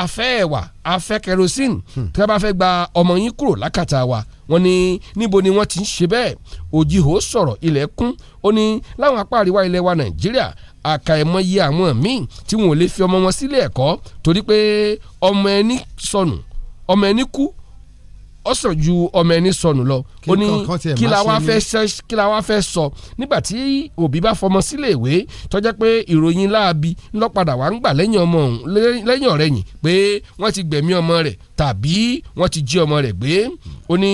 afẹ́ ẹ̀wà afẹ́ kerosene hmm. tí wọ́n bá fẹ́ gba ọmọ yín kúrò lákàtà wa wọ́n ní níbo ni wọ́n ti ń ṣe bẹ́ẹ̀ òjìhó sọ̀rọ̀ ilẹ̀ kún ó ní láwọn apá àríwá ilẹ̀ wa nàìjíríà àkàìmọye àwọn míì tí wọn ò lè fi ọmọ wọn sílé ẹ̀kọ́ torí pé ọmọ ẹni sọnù ọmọ ẹni kú ọ̀sán ju ọmọ ẹni sọnù lọ ó ní kí la wá fẹ́ sọ nígbà tí òbí bá fọmọ sílé ìwé tọ́jẹ́ pé ìròyìn láabi ńlọ́padà wà ń gbà lẹ́yìn ọmọ ọ̀hún lẹ́yìn ọ̀rẹ́ yìí pé wọ́n ti gbẹ̀mí ọmọ rẹ̀ tàbí wọ́n ti jí ọmọ rẹ̀ gbé ó ní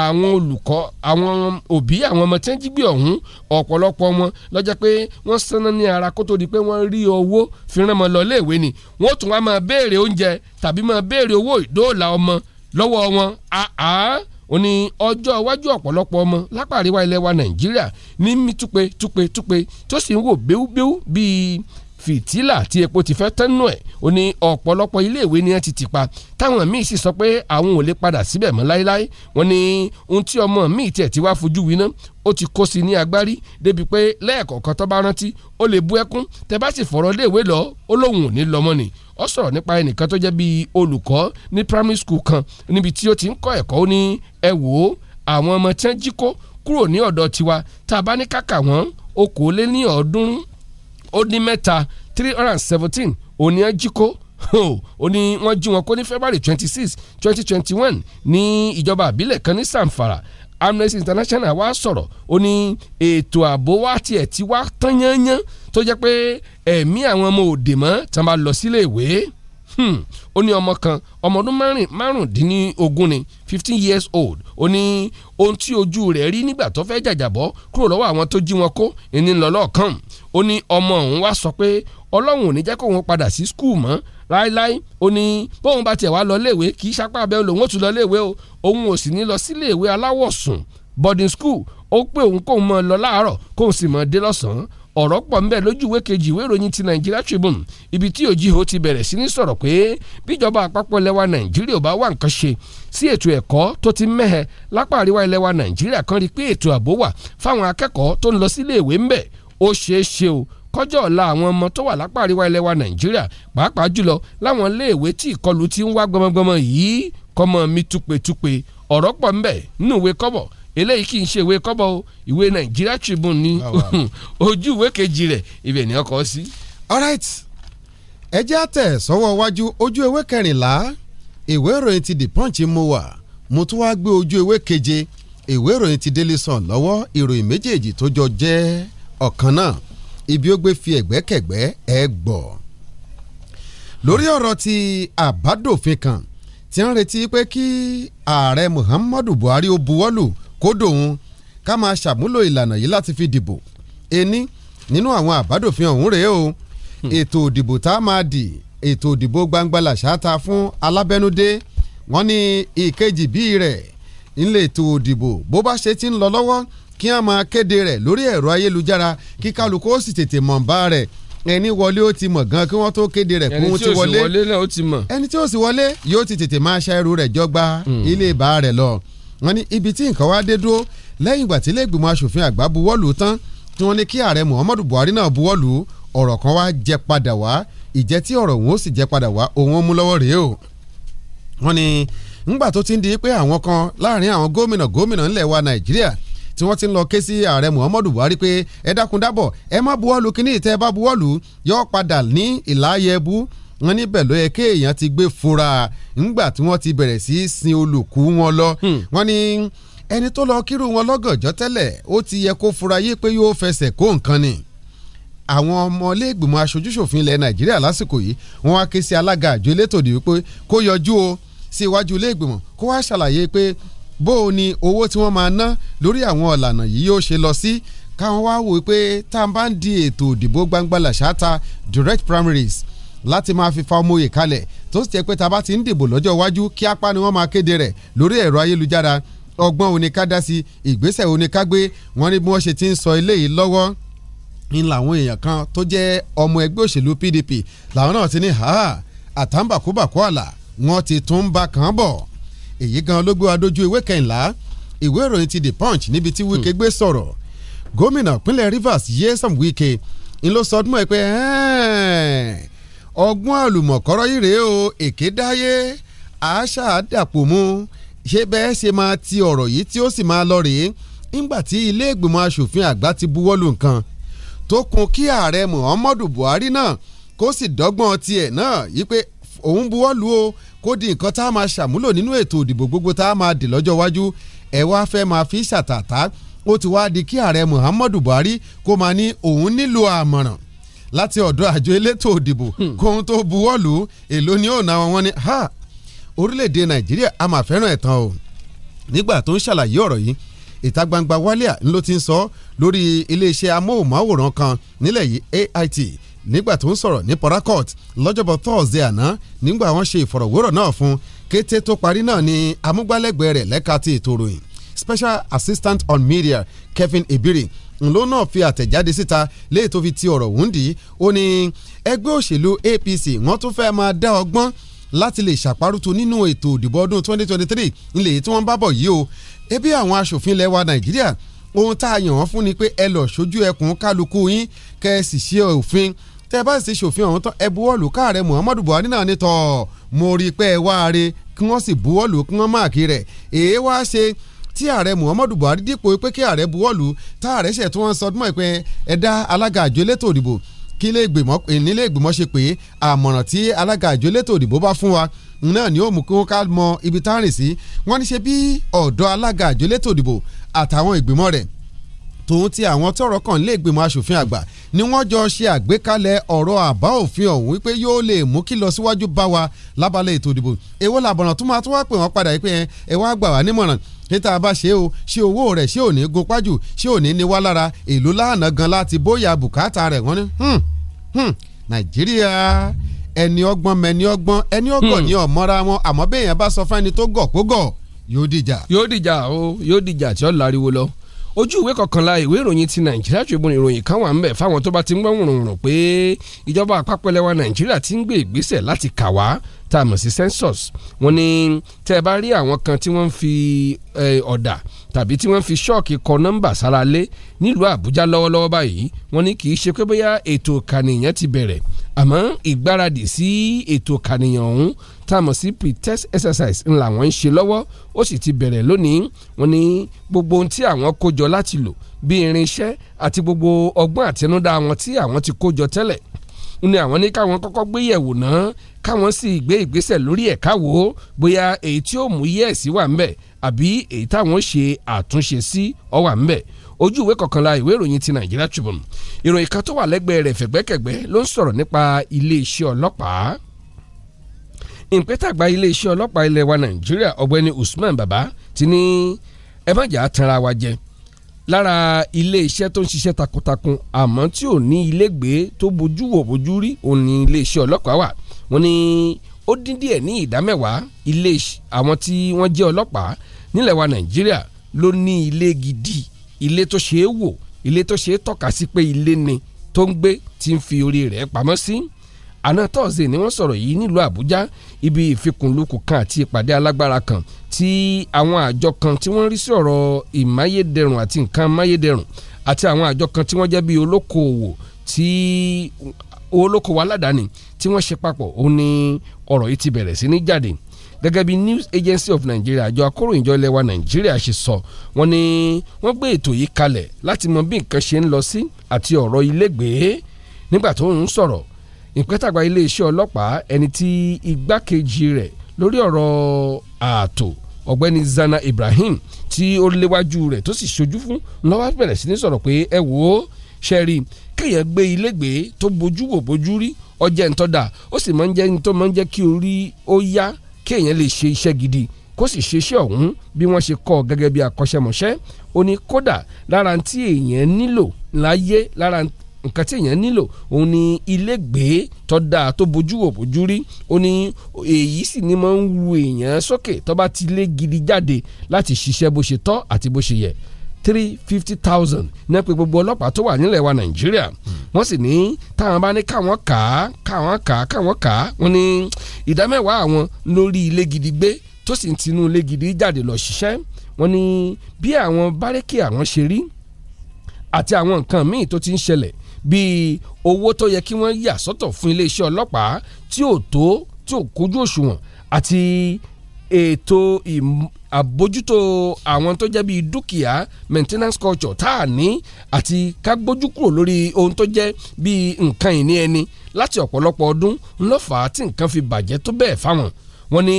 àwọn olùkọ́ àwọn òbí àwọn ọmọ tí wọ́n jí gbé ọ̀hún ọ̀pọ̀lọpọ̀ wọn lọ́jọ́ pé wọ́n sanná ní ara kó tó di pé wọ́n rí owó fi rán ọmọ lọ léèwé ni wọ́n tún wá máa béèrè oúnjẹ tàbí máa béèrè owó ìdóòlà ọmọ lọ́wọ́ wọn ó ní ọjọ́ iwájú ọ̀pọ̀lọpọ̀ ọmọ lápá àríwá ilẹ̀ wa nàìjíríà ní mí túpe túpe túpe tó sì ń wò béúbéú bíi fìtílà tí epo ti fẹ́ tẹ́nu ẹ̀ ó ní ọ̀pọ̀lọpọ̀ iléèwé ni wọ́n ti tì pa táwọn míì sì sọ pé àwọn ò lè padà síbẹ̀ mọ́ láéláé wọ́n ní ohun tí ọmọ míì tiẹ̀ ti wá fojú winá ó ti kó sí ní agbárí débi pé lẹ́ẹ̀kọ̀ọ̀kan tó bá rántí ó lè bú ẹkún tẹ bá sì fọ̀rọ̀ iléèwé lọ ó lóun ò ní lọ́mọ ni ó sọ̀rọ̀ nípa ẹnìkan tó jẹ́ bíi olùkọ́ ní primary school kan níbi tí ó ti ń kọ́ ẹ̀kọ́ ó ní ẹ wò ó àwọn ọmọ tí wọ́n jí kó kúrò ní ọ̀dọ̀ tiwa tá a bá ní kàkà wọ́n okòóléní ọ̀ọ́dúnrún ó dín mẹ́ta three hundred and seventeen òní ẹ jí kó ó ní wọ́n jí wọn kó ní February twenty six twenty twenty one ní ìjọba àbílẹ̀ kan ní Samfara Amnesty International wá sọ̀rọ̀ ó ní ètò ààbò wa tiẹ̀ ti wá tán yányán tó jẹ́ pé ẹ̀mí àwọn ọmọ òde mọ́ tí wọ́n bá lọ sílé ìwé hmm, ó ní ọmọ kan ọmọ ọdún márùndínlógún ni fifteen years old ó ní ohun tí ojú rẹ̀ rí nígbà tó fẹ́ jàjàbọ́ kúrò lọ́wọ́ àwọn tó jí wọn kó ẹni lọ́lọ́ọ̀kan ó ní ọmọ òun wá sọ pé ọlọ́run ò ní jẹ́ kóun padà sí skul mọ́ láíláí ó ní bóun bá tiẹ̀ wá lọ léèwé kì í sapá abẹ́ lòun ó tún lọ léèwé o òun ò sì ní lọ sí léèwé aláwọ̀sùn boarding school ó pé òun kóun mọ̀ lọ láàárọ̀ kóun sì mọ̀ dé lọ́sàn-án ọ̀rọ̀ pọ̀ ńbẹ lójú ìwé kejì ìwé ìròyìn ti Nigeria Tribune ibi tí Òjìhó ti bẹ̀rẹ̀ sí ní sọ̀rọ̀ pé bíjọba àpapọ̀ lẹ́wà Nàìjíríà ò bá wà nǹkan ṣe sí ètò ẹ̀kọ́ tó ti mẹ́hẹ̀ lápá àríwá ilẹ̀ wa Nàìjíríà kan rí pé ètò ààbò wà fáwọn akẹ́kọ̀ọ́ tó ń lọ sílé ìwé ńbẹ ó ṣeé ṣe o kọjọ́ ọ̀la àwọn ọmọ tó wà lápá àríwá ilẹ̀ Nàìjíríà pàápàá jùlọ láwọn iléèwé tí ìkọlù ti ń wá gbọmọgbọmọ yìí kọmọ mi túpetúpe ọ̀rọ̀ pọ̀ ńbẹ nínú ìwé kọ́bọ̀ eléyìí kì í ṣe ìwé kọ́bọ̀ ìwé Nigeria Tribune ní ah, [laughs] ojú ìwé kejì rẹ̀ ibẹ̀ ni ọkọ̀ sí. alright ẹ jẹ́ àtẹ̀ sọ́wọ́ iwájú ojú ewé kẹrìnlá ìwé ìròyìn ti The Punch mo wà mo tún wáá gbé ojú ewé keje ìwé ìròyìn ti Daily Sun lọ́wọ́ ìròyìn méjèèjì tó jọ jẹ́ ọ̀kan náà ibi ó gbé fi ẹ̀gbẹ́kẹ̀gbẹ́ ẹ gbọ́ lórí ọ̀rọ̀ ti àbádòfin kan tí ń retí pé kí ààrẹ Muhammadu Buhari ó buwọ́lù kódòun ká máa ṣàmúlò ìlànà yìí láti fi dìbò ení nínú àwọn àbádòfin ọ̀hún rèé o ètò òdìbò tá a máa dì ètò òdìbò gbangba làṣà ta fún alábẹ́nudé wọ́n ní ìkejì bíi rẹ̀ ńlẹ̀ ètò òdìbò bó bá ṣe ti ń lọ lọ́wọ́ kí á máa kéde rẹ̀ lórí ẹ̀rọ ayélujára kí kálukú ó sì tètè mọ̀ bá rẹ̀ ẹni wọlé ó ti mọ̀ gan kí wọ́n tó kéde rẹ̀ kó ti wọlé ẹni tí ó sì wọlé yóò ti tètè máa ṣa irú rẹ̀ jọgba hmm. ilé ìbá rẹ̀ lọ wọ́n ní ibi tí nǹkan wá dé dúró lẹ́yìn ìgbà tí ilé ìgbìmọ̀ asòfin àgbà buwọ́ lù ú tán tí wọ́n ní kí ààrẹ Muhammadu Buhari náà buwọ́ lù ú ọ̀rọ̀ kan wá jẹ padà wá ìjẹ́ tí ọ̀rọ̀ òun ó sì jẹ padà wá òun ó mú lọ́wọ́ rèé o wọ́n ní ńgbà tó ti ń di pé àwọn kan láàrin àwọn gómìnà gómìnà ńlẹ̀ wa Nàìjíríà tí wọ́n ti ń lọ ké sí ààrẹ Muhammadu Buhari pé ẹ dákun dábọ̀ ẹ má buwọ́lù kíní ìtẹ́ bá buwọ́lù yọ padà ní ìlàyẹ̀bú wọ́n níbẹ̀ ló yẹ kéèyàn ti gbé fura ńgbà tí wọ́n ti bẹ̀rẹ̀ sí í sin olùkú wọn lọ hmm. wọ́n ní ẹni tó lọ kírun wọn lọ́gànjọ́ tẹ́lẹ̀ ó ti yẹ kó fura yé pé yóò fẹsẹ̀ kó nǹkan ni àwọn ọmọléègbìmọ̀ aṣojúṣòfin ilẹ̀ nàìjíríà lásìkò yìí wọ́n wá ké sí alága àjọ elétò òdì wípé kó yọjú o sí iwájú iléègbìmọ̀ kó wá ṣàlàyé pé bó o ní owó tí wọ́n máa ná lórí àwọn ọ̀lànà yìí yóò ṣe lọ sí káwọn wá wò pé tá a bá ń di ètò òdìbò gbangba làṣáta direct primaries láti máa fi fa ọmọ òye kalẹ̀ tó sì jẹ́ pé tá bá ti ń dìbò lọ́jọ́ iwájú kí apá ni wọ́n máa kéde rẹ̀ lórí ẹ̀rọ ayélujára ọgbọ́n oníkádásí ìgbésẹ̀ oníkágbé wọn ni bí wọ́n ṣe ti ń sọ eléyìí lọ́wọ́ ń làwọn èèyàn kan tó jẹ́ ọmọ ẹgbẹ́ òṣèlú PDP làwọn náà ti ní ha àtàǹbàkúbàkú àlà wọn ti tún ń bá kàn bọ̀ èyí gan ló gbé wa dójú ìwé kẹ̀ńlá ìwé ìròyìn ti The Punch níbi tí Wike hmm. gbé sọ̀rọ̀ gómìnà pínlẹ̀ Rivers Nyesom Wike ń ẹ pé ọgbọ́n àlùmọ̀kọ́rọ́ yìí rèé o èké dáyé àáṣà dàpò mu ṣé bẹ́ẹ̀ ṣe máa ti ọ̀rọ̀ yìí tí ó sì máa lọ rèé nígbà tí ilé ìgbìmọ̀ asòfin àgbà ti buwọ́lù nǹkan tó kún kí ààrẹ Muhammadu Buhari náà kó sì dọ́gbọ́n tiẹ̀ náà yí pé òun buwọ́lù o kó di nǹkan tá a máa ṣàmúlò nínú ètò òdìbò gbogbo tá a máa dì lọ́jọ́ iwájú ẹ wá fẹ́ máa fi ṣàtàtà ó ti wá di kí ààrẹ Muhammadu Buhari kó máa ní òun nílò àmọ̀ràn láti ọ̀dọ̀ àjọ elétò òdìbò hmm. kóhun tó buwọ́ lù ú èló ni ó na wọn ni ha orílẹ̀-èdè nàìjíríà a máa fẹ́ràn ẹ̀ tán o nígbà tó ń ṣàlàyé ọ̀rọ̀ yìí ìta gbangba wálíà ló ti ń sọ lórí iléeṣẹ́ amóhùnmáwòrán kan nílẹ̀ yìí AIT nígbà tó ń sọ̀rọ̀ ní Port Harcourt lọ́jọ́bọ̀ thursday àná nígbà wọ́n ṣe ìfọ̀rọ̀wérọ̀ náà fún kété tó parí náà ni amúgbálẹ́gbẹ̀ẹ́ rẹ̀ lẹ́ka ti ètò ìròyìn special assistant on media Kevin Ebiri ńlọ náà fi àtẹ̀jáde síta léè tó fi ti ọ̀rọ̀ wúndì ó ní ẹgbẹ́ òṣèlú APC wọ́n tún fẹ́ máa dá ọgbọ́n láti lè ṣàparùtù nínú ètò òdìbò ọdún 2023 ńlẹ̀ tí wọ́n bá bọ̀ yìí o ebi àwọn aṣòfin ilẹ̀ wa Nàìjíríà ohun tá a yàn wọ́n fún ni pé ẹ lọ sójú ẹkùn kálukú yín kẹ́ ẹ sì ṣe òfin tẹ́ ẹ bá sì ṣòfin ọ̀hún tán ẹ buwọ́lù káàrẹ Muhammadu Buhari náà nítọ̀ mo rí i pé ẹ wá re kí wọ́n sì buwọ́lù kí wọ́n máàkì rẹ̀ èé wá ṣe tí ààrẹ Muhammadu Buhari dípò pé kí ààrẹ buwọ́lù tá ààrẹ ṣẹ̀ tí wọ́n sọdúnmọ́ ìpín ẹ̀dá alága àjọ elétò òdìbò kí nílé ìgbìmọ̀ ṣe pé àmọ̀ràn tí alága àjọ elétò òdìbò bá fún wa náà ni ó mú kí wọ́n ká mọ ibi tá à ń rìn sí wọ́n ní ṣe bí ọ̀dọ́ alága àjọ elétò òdìbò àtàwọn ìgbìmọ̀ rẹ̀ tòun ti àwọn tọ́rọ̀ kàn lé ìgbìmọ̀ asòfin àgbà ni wọ́n jọ ṣe àgbékalẹ̀ ọ̀rọ̀ àbá òfin ọ̀hún wípé yóò lè mú kí lọ síwájú bá wa lábàlẹ̀ ètò ìdìbò èwo làbọ̀ràn tó máa tó wá pè wọ́n padà yìí pé ẹ wá gbà wá nímọ̀ràn níta bá ṣe o ṣé owó rẹ̀ ṣé ò ní gun pájù ṣé ò ní ní wá lára èlò láàánà gan láti bóyá bùkátà rẹ̀ wọ́n ní hmm, hmm, nàìjíríà ẹni ọgbọ́n mẹni ọgbọ́n ẹni ọgbọ́n hmm. ni ọ̀mọ́ra wọn àmọ́ bẹ́ẹ̀ yẹn bá sọ fún ẹni tó gọ̀ kó gọ̀ yóò dìjà. yóò dìjà o yóò dìjà tí ó láriwo lọ ojú ìwé kọkànlá ìwé ìròyìn ti nàìjíríà Tribune ìròyìn kan wà ń bẹ̀ fáwọn tó bá ti ń gbọ́n rùnrùn pé ìjọba àpapọ̀ ilẹ̀ wa nàìjíríà ti ń gbé ìgbésẹ̀ láti kà wá tá a mọ̀ sí census wọ́n ní tẹ́ ẹ bá rí àwọn kan tí wọ́n ń fi ọ̀dà tàbí tí wọ́n fi ṣọ́ọ̀kì kọ nọ́mbà sára lé nílùú àbújá lọ́wọ́lọ́wọ́ báyìí wọ́n ní kì í ṣe pé bóyá ètò ìkànnì yẹn ti bẹ̀rẹ̀ àmọ́ ìgbáradì sí ètò kànìyàn ọ̀hún tá a mọ̀ sí pre-test exercise ńlá wọn ń ṣe lọ́wọ́ ó sì ti bẹ̀rẹ̀ lónìí wọn ní gbogbo ohun tí àwọn kó jọ láti lò bí irinṣẹ́ àti gbogbo ọgbọ́n àtinúdá wọn tí àwọn ti kó jọ tẹ́lẹ̀ ní àwọn ní káwọn kọ́kọ́ gbé yẹ̀wò náà káwọn sì gbé ìgbésẹ̀ lórí ẹ̀ káwò bóyá èyí tí ó mú yẹ̀ẹ̀sì wà ńbẹ̀ àbí èyí táwọn ṣe àtúnṣe sí ó wà ńbẹ̀ ojú ìwé kọkànlá ìwé ìròyìn ti Nigeria Tribune ìròyìn kan tó wà lẹ́gbẹ̀ẹ́ rẹ̀ fẹ̀gbẹ́kẹ̀gbẹ́ ló ń sọ̀rọ̀ nípa iléeṣẹ́ ọlọ́pàá ìpẹ́tàgbà iléeṣẹ́ ọlọ́pàá ilẹ̀ wa Nàìjíríà ọ̀gbẹ́ni Usman Baba ti ní ẹ má jà á tanra wa jẹ lára iléeṣẹ́ tó ń ṣiṣẹ́ takuntakun àmọ́ tí ò ní ilégbèé tó bojú wò bojú rí òun ni iléeṣẹ́ ọlọ́pàá wà wọ́n ní ó dín díẹ̀ ní ìdámẹ́wàá ilé àwọn tí wọ́n jẹ́ ọlọ́pàá nílẹ̀ wa Nàìjíríà ló ní ilé gidi ilé tó ṣe é wò ilé tó ṣe é tọ́ka sí pé ilé ni tó ń gbé ti ń fi orí rẹ̀ pamọ́ sí àná tọ́sídẹ̀ẹ́ ni wọ́n sọ̀rọ̀ yìí nílùú àbújá ibi ìfikùnlukù kan àti ìpàdé alágbára kan tí àwọn àjọ kan tí wọ́n rí sí ọ̀rọ̀ ìmáyédẹrùn àti nǹkan máyédẹrùn àti àwọn àjọ kan tí wọ́n jẹ́ bíi olókoòwò tí olókoòwò aládàáni tí wọ́n ṣe papọ̀ ó ní ọ̀rọ̀ yìí ti bẹ̀rẹ̀ sí ní jáde gẹ́gẹ́ bí News Agency of Nigeria àjọ akóròyìnjọ ilẹ̀ wa Nàìjíríà ṣe sọ wọ́n ní wọ́n gbé ètò yìí kalẹ̀ láti mọ bí nǹkan ṣe ń lọ sí àti ọ̀rọ̀ ilégbèé nígbà tó ń sọ̀rọ̀ ìpẹ́tàgbà iléeṣẹ́ ọlọ́pàá ẹni tí igbákejì rẹ̀ lórí ọ̀rọ̀ ààtò ọ̀gbẹ́ni Zana Ibrahim tí ó léwájú rẹ̀ tó sì ṣojú fún lọ́wọ́ bẹ̀rẹ̀ sí ní sọ̀rọ̀ pé ẹ wò ó ṣẹ́ẹ̀rì kéèyàn gbé ilégbèé tó bojú wò bojú rí ọjẹ́ ń tọ́da ó sì máa ń jẹ́ ní tó máa ń jẹ́ kí orí ó yá kéèyàn lè ṣe iṣẹ́ gidi kó sì ṣe iṣẹ́ ọ̀hún bí wọ́n ṣe kọ́ gẹ́gẹ́ bí akọ́ṣẹ́mọṣẹ́ ó ní kódà lára tí èèyàn nílò láyé lára nǹkan tí èèyàn nílò òun ni ilé gbé tó tó bójú wò bójú rí ó ní èyí sì ni máa ń wu èèyàn sókè tó ti lé gidi jáde láti ṣiṣẹ́ bó ṣe tọ́ àti bó ṣe yẹ three fifty thousand ní pé gbogbo ọlọ́pàá tó wà nílẹ̀ wa nàìjíríà wọ́n sì ní táwọn bá ní káwọn kà á káwọn kà á káwọn kà á wọ́n ní ìdá mẹ́wàá àwọn lórí ilé gidi gbé tó sì ń tinú ilé gidi jáde lọ ṣiṣẹ́ wọ́n ní bí àwọn bárẹ́kì àwọn ṣe rí àti àwọn nǹkan míì tó ti ń ṣẹlẹ̀ bíi owó tó yẹ kí wọ́n yà sọ́tọ̀ fún iléeṣẹ́ ọlọ́pàá tí ò tó tí ò kójú òṣùwọ̀n àti ètò àbójútó àwọn tó jẹ́ bíi dúkìá maintenance culture tá a ní àti ká gbójú kúrò lórí ohun tó jẹ́ bíi nǹkan ìní ẹni láti ọ̀pọ̀lọpọ̀ ọdún ńlọ́fà tí nǹkan fi bàjẹ́ tó bẹ́ẹ̀ fáwọn wọ́n ní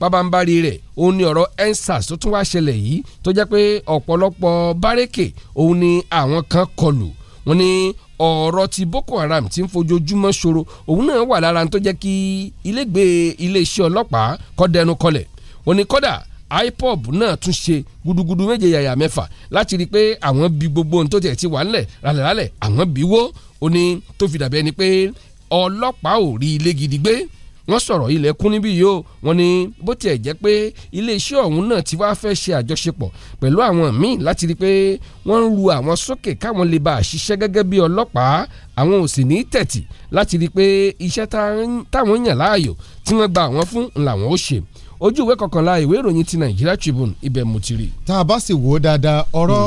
pabambari rẹ̀ òun ni ọ̀rọ̀ ensars tó tún wá ṣẹlẹ̀ yìí tó jẹ́ pé ọ̀pọ̀lọpọ̀ bárẹ́kè òun ni àwọn kan kọlù wọ́n ní ọ̀rọ̀ ti Boko Haram ti ń fojoojúmọ́ ṣòro òun náà wà lára tó jẹ́ kí ilégbèé iléeṣẹ́ ọlọ́pàá kọ́ dẹnu kọlẹ̀ ó ní kódà ipob náà tún ṣe gudugudu méje yàyà mẹ́fà láti rí i pé àwọn bí gbogbo ohun tó tiẹ̀ ti wà ńlẹ̀ rálẹ̀rálẹ̀ àwọn bí wó ó ní tó fi dàbí ẹni pé ọlọ́pàá ò rí ilé gidi gbé wọ́n sọ̀rọ̀ ilẹ̀ kún níbí yìí o wọ́n ní bó tiẹ̀ jẹ́ pé iléeṣẹ́ ọ̀hún náà ti wá fẹ́ ṣe àjọṣepọ̀ pẹ̀lú àwọn míì láti rí pé wọ́n ń ru àwọn sókè káwọn lè bá a gẹ́gẹ́ bí ọlọ́pàá àwọn ò sì ní tẹ̀tì láti rí pé iṣẹ́ táwọn yàn láàyò tí wọ́n gba àwọn fún làwọn ó ṣe ojú ìwé kọkànlá ìwé ìròyìn ti Nigeria Tribune ibẹ̀ mo ti rí. tá a bá sì wò ó dáadáa ọ̀rọ̀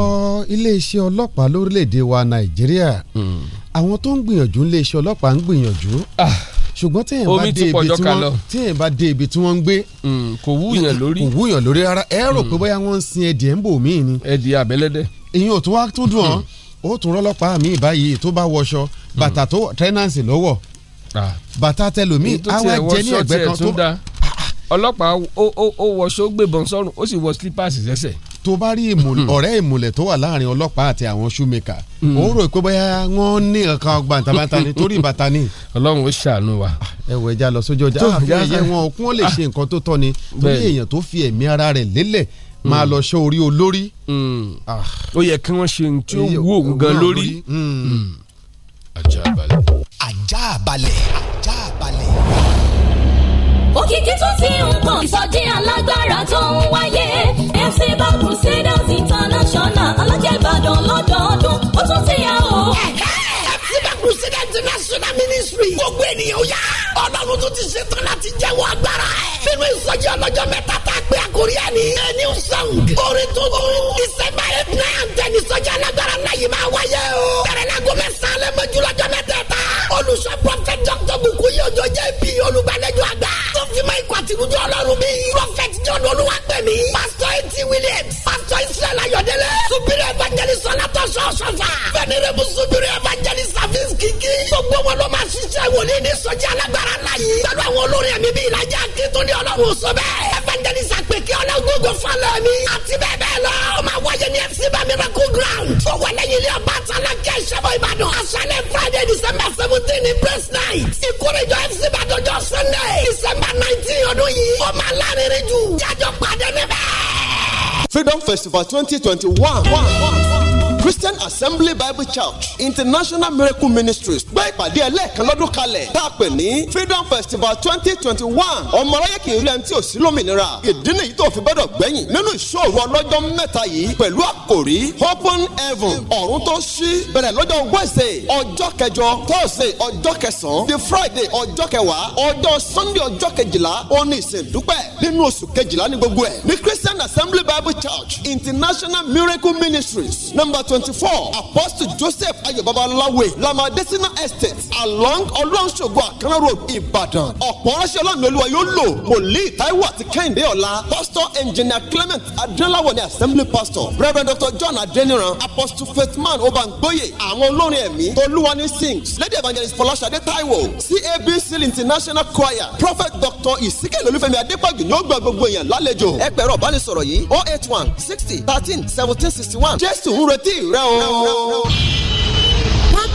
hmm. iléeṣẹ́ ọlọ́pàá lórílẹ̀‐èdè wa Nàìjíríà hmm. àwọn tó ń gbìyànjú iléeṣẹ́ ọlọ́pàá ń gbìyànjú ah. ṣùgbọ́n téèyàn bá dé ibi tí wọ́n ń gbé. Hmm, kò wúyàn lórí kò wúyàn lórí rárá ẹ rò pé bóyá wọ́n ń sin ẹ̀dìẹ̀ ń bò míì ni. ẹ̀dìẹ̀ àbẹ́lẹ́dẹ́. ìyẹn ò tún wá tún dùn ọ́n ó tún rọ́lọ́pàá mi báyìí tó bá wọṣọ bàtà tó tẹ́nàǹsì lọ́wọ́ ah. bàtà tẹlomi àwa jẹ ní ẹgbẹ́ kan tó ọlọ́pàá ó wọṣọ gbébọn sọ́run ó sì wọ slippers sẹ́sẹ̀. tó bá rí hmm. ọ̀rẹ́ ìmùlẹ̀ tó wà láàrin ọlọ́pàá àti àwọn ṣúmẹ́kà hmm. ó rò pé bóyá wọ́n ní nǹkan ọgbà tabata ni torí ìbàtà ni. ọlọ́run ó ṣàánú wa. Ah, ẹ wọ ẹja lọ sójú ọjà àfihàn ah, ẹyẹ wọn òkun ó lè ṣe nǹkan tó tọ́ ni torí èèyàn tó fi ẹ̀mí ara rẹ̀ lélẹ̀ hmm. máa lọ ṣọ́ orí olórí. Ah. ó yẹ kí wọ́n ṣe ohun tí òkìkí tún ti ń kàn ìsọjí alágbára tó ń wáyé FC Bar Crusaders International alájẹ̀bàdàn lọ́dọọdún ó tún ti yà ó. FC Bar Crusaders International Ministry gbogbo ènìyàn yá ọlọ́run tún ti ṣetán láti jẹ́wọ́ agbára ẹ̀. nínú ìsọjí ọlọ́jọ́ mẹ́ta tá a pé àkórí ẹ̀ ní. a new song orin tuntun ìsẹ́gbà eight nine ten ìsọjí alágbára ńlá yìí máa wáyé o. bẹ̀rẹ̀ láago mẹ́sàn-án lẹ́mọ́jú lọ́jọ́ mẹ́tẹ̀ẹ̀ta. olùṣọ́ prọfẹ̀t dr bukuyi ojoojẹ́ bí olùgbàlejò àgbà mímọ́ ikọ̀ àtìrújọ ọlọ́run mi. prophet john olúwàgbẹ̀mí. pastor eti williams. pastor israel ayọ̀dẹ́lẹ̀. superior evangelist ọlátọ́sọ ọ̀ṣọ́fà. venerable superior evangelist service kìkì. gbogbo wọn ló máa ṣiṣẹ́ wòlíì ní sọ́jà alágbára la yìí. pẹ̀lú àwọn olórin ẹ̀mí bíi ìlàjà akétúndé ọlọ́run sọ bẹ́ẹ̀. evangelist àpèké ọlọ́gbọ̀gbọ̀ falẹ̀ mi. àti bẹ́ẹ̀ bẹ́ẹ̀ lọ. ó máa wáyé ní fc bamirako ground. ó wà lẹ́yìn ilé ọba àtàlà kẹ́ ìṣẹ́bọ̀ ìbàdàn. aṣálẹ̀ friday december seventeen ní praise night. ìkórèjọ fc ìbàdàn jọ sunday december nineteen ọdún yìí ó máa lárinrin jù jájọ pàdé níbẹ̀. freedom festival twenty twenty one. Christian Assembly Bible Church International Miracle Ministries gbé ìpàdé ẹlẹ́ẹ̀kan lọ́dún kalẹ̀ tá a pè ní Freedom Festival twenty twenty one ọmọ aráyé kì í rí ẹni tí ò sí lómìnira ìdí nìyí tó fi gbọ́dọ̀ gbẹ̀yìn nínú ìṣòro ọlọ́jọ́ mẹ́ta yìí pẹ̀lú àkòrí open heaven ọ̀run tó ṣí bẹ̀rẹ̀ lọ́jọ́ Wednesday ọjọ́ kẹjọ Thursday ọjọ́ kẹsàn-án the Friday ọjọ́ kẹwàá ọjọ́ Sunday ọjọ́ kejìlá òní ìsìndúpẹ́ nínú oṣù kejìlá ní gbogbo ẹ̀ ní Christian Assembly Bible Church International Miracle Ministries number twenty. 24. apostle joseph ayọ̀ babaláwe lamadesina estate along ọlọ́nṣogbo àkànná road ìbàdàn ọ̀pọ̀ ránṣẹ́ ọlọ́run olúwa yóò lò wòlíì taiwo àti kẹ́hìndé ọ̀la pastor engineer clement adéláwọ̀ ni assembly pastor reverend dr john adeniran apostle faithman obangboye àwọn olórin ẹ̀mí tolúwani sings lady evangelist fọláṣadé taiwo cabc international choir prophet dr ìsíkèlè olúfẹ́mi adépọ̀jù ni ó gba gbogbo èèyàn lálejò ẹ pẹ̀rọ ìbánisọ̀rọ̀ yìí oh eight one sixty thirteen seventeen sixty one jésù ń retí No. o.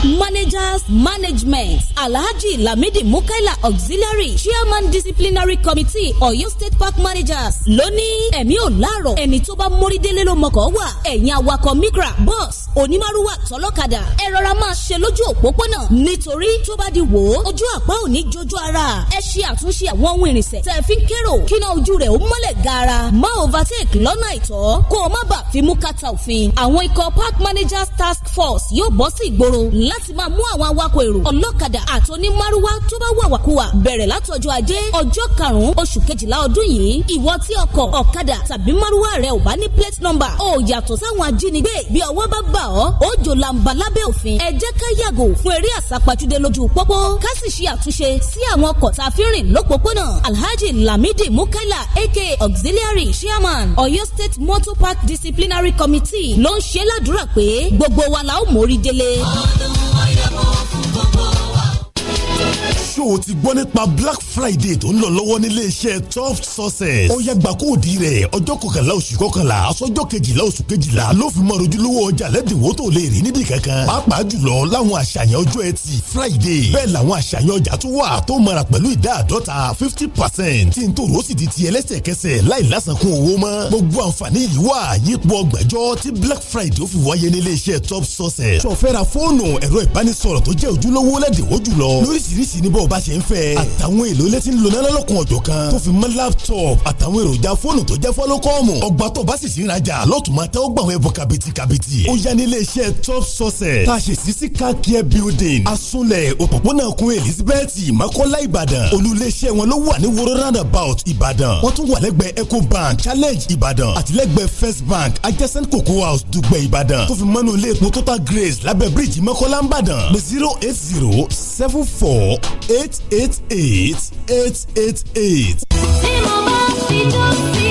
managers management alhaji lamidi mukaila auxiliary chairman disciplinary committee ọ̀yọ́ state park managers lónìí ẹ̀mí ò láàrọ̀ ẹni tó bá mórí délé ló mọ̀kọ́ wà ẹ̀yin awakọ̀ micra bus onímàrúwà tọlọ́kadà ẹ rọra máa ṣe lójú òpópónà nítorí tó bá di wò ó ojú àpá ò ní jojú ara ẹ ṣe àtúnṣe àwọn ohun ìrìnsẹ̀ tẹ̀ fi ń kérò kíná ojú rẹ̀ ó mọ́lẹ̀ gaara má overtake lọ́nà àìtọ́ kó o má bàa fi mú kàtà òfin àwọn ikọ̀ park managers task force yóò bọ́ sí ìgboro láti máa mú àwọn awakọ̀ èrò ọlọ́kadà àti onímárúwá tó bá wà wàkúwà bẹ̀rẹ̀ látọjọ́ ajé ọjọ́ karùn-ún oṣù kejìlá ọdún yìí ìwọ tí ọkọ̀ ọ̀kadà tàbí márúwá rẹ ò bá ní plate number ó yàtọ̀ sáwọn ajínigbé bí ọwọ́ bá bà ọ́ ó jò làǹbà lábẹ́ òfin ẹ jẹ́ ká yàgò fún eré àsápajúdé lójú pópó ká sì ṣe àtúnṣe sí àwọn ọkọ̀ tá a fi rìn lópòpónà alhaji lamidi mukaila aka auxiliary chairman Ọ̀yọ́ state motor park disciplinary committee ló ń ṣe ládùúrà pé gbogbo wa la ó mórí délé. ọdún ṣé ti gbọ́ nípa black friday tó ń lọ lọ́wọ́ nílé iṣẹ́ top success. ó yá gbàkóòdì rẹ̀ ọjọ́ kọkànlá oṣù kọkànlá aṣọ́jọ́ kejìlá oṣù kejìlá ló fi mọ ojúlówó ọjà lẹ́dínwó tó lè rí níbi kankan. pàápàá jùlọ láwọn àṣàyàn ọjọ́ ẹtì friday bẹ́ẹ̀ làwọn àṣàyàn ọjà tó wà tó mara pẹ̀lú ìdá àdọ́ta fifty percent tí n tó rò sì di ti ẹlẹ́sẹ̀kẹsẹ̀ láì lásàkún owó mọ́. gbogbo àǹfààní yìí wà yípo ọgbẹ̀jọ́ tí black friday ó fi wáyé nílé iṣẹ́ top success. sọfẹ́ra fóònù ẹ̀rọ ìbánisọ̀rọ̀ tó jẹ́ ojúlówó lẹ́dínwó jùlọ lóríṣiríṣi níbọ̀ bá ṣe ń fẹ́. àtàwọn èlò ilé tí ń lo lọ́kùn ọ̀jọ̀ kan tó fi mọ́ laptop àtàwọn èròjà fóònù tó jẹ́ fọ́lọ́kọ́ọ̀mù ọgbà tó bá sì sí ìrajà lọ́tùmọ̀ tẹ́ ó gbà wọ́n ẹ̀bùn kàbìtì kàbìtì. ó yá ní iléeṣẹ́ top sources tá a ṣe sí sí car care building asunlẹ̀ òpópónà kun elizabeth makola ìbàdàn olùléeṣẹ́ wọn ló wà ní woro roundabout ìbàdàn wọ́n tún wà lẹ́gbẹ̀ẹ́ eco bank challenge ìbàdàn àtìlẹ́gbẹ̀ẹ́ first bank adjacent cocoa house dùgbẹ̀ ìbàdàn tó fi mọ́nú grace lábẹ́ bíríìjì makola ìbàdàn zero eight zero seven four eight. eight eight eight eight eight eight. tí mo bá fi dùn sí.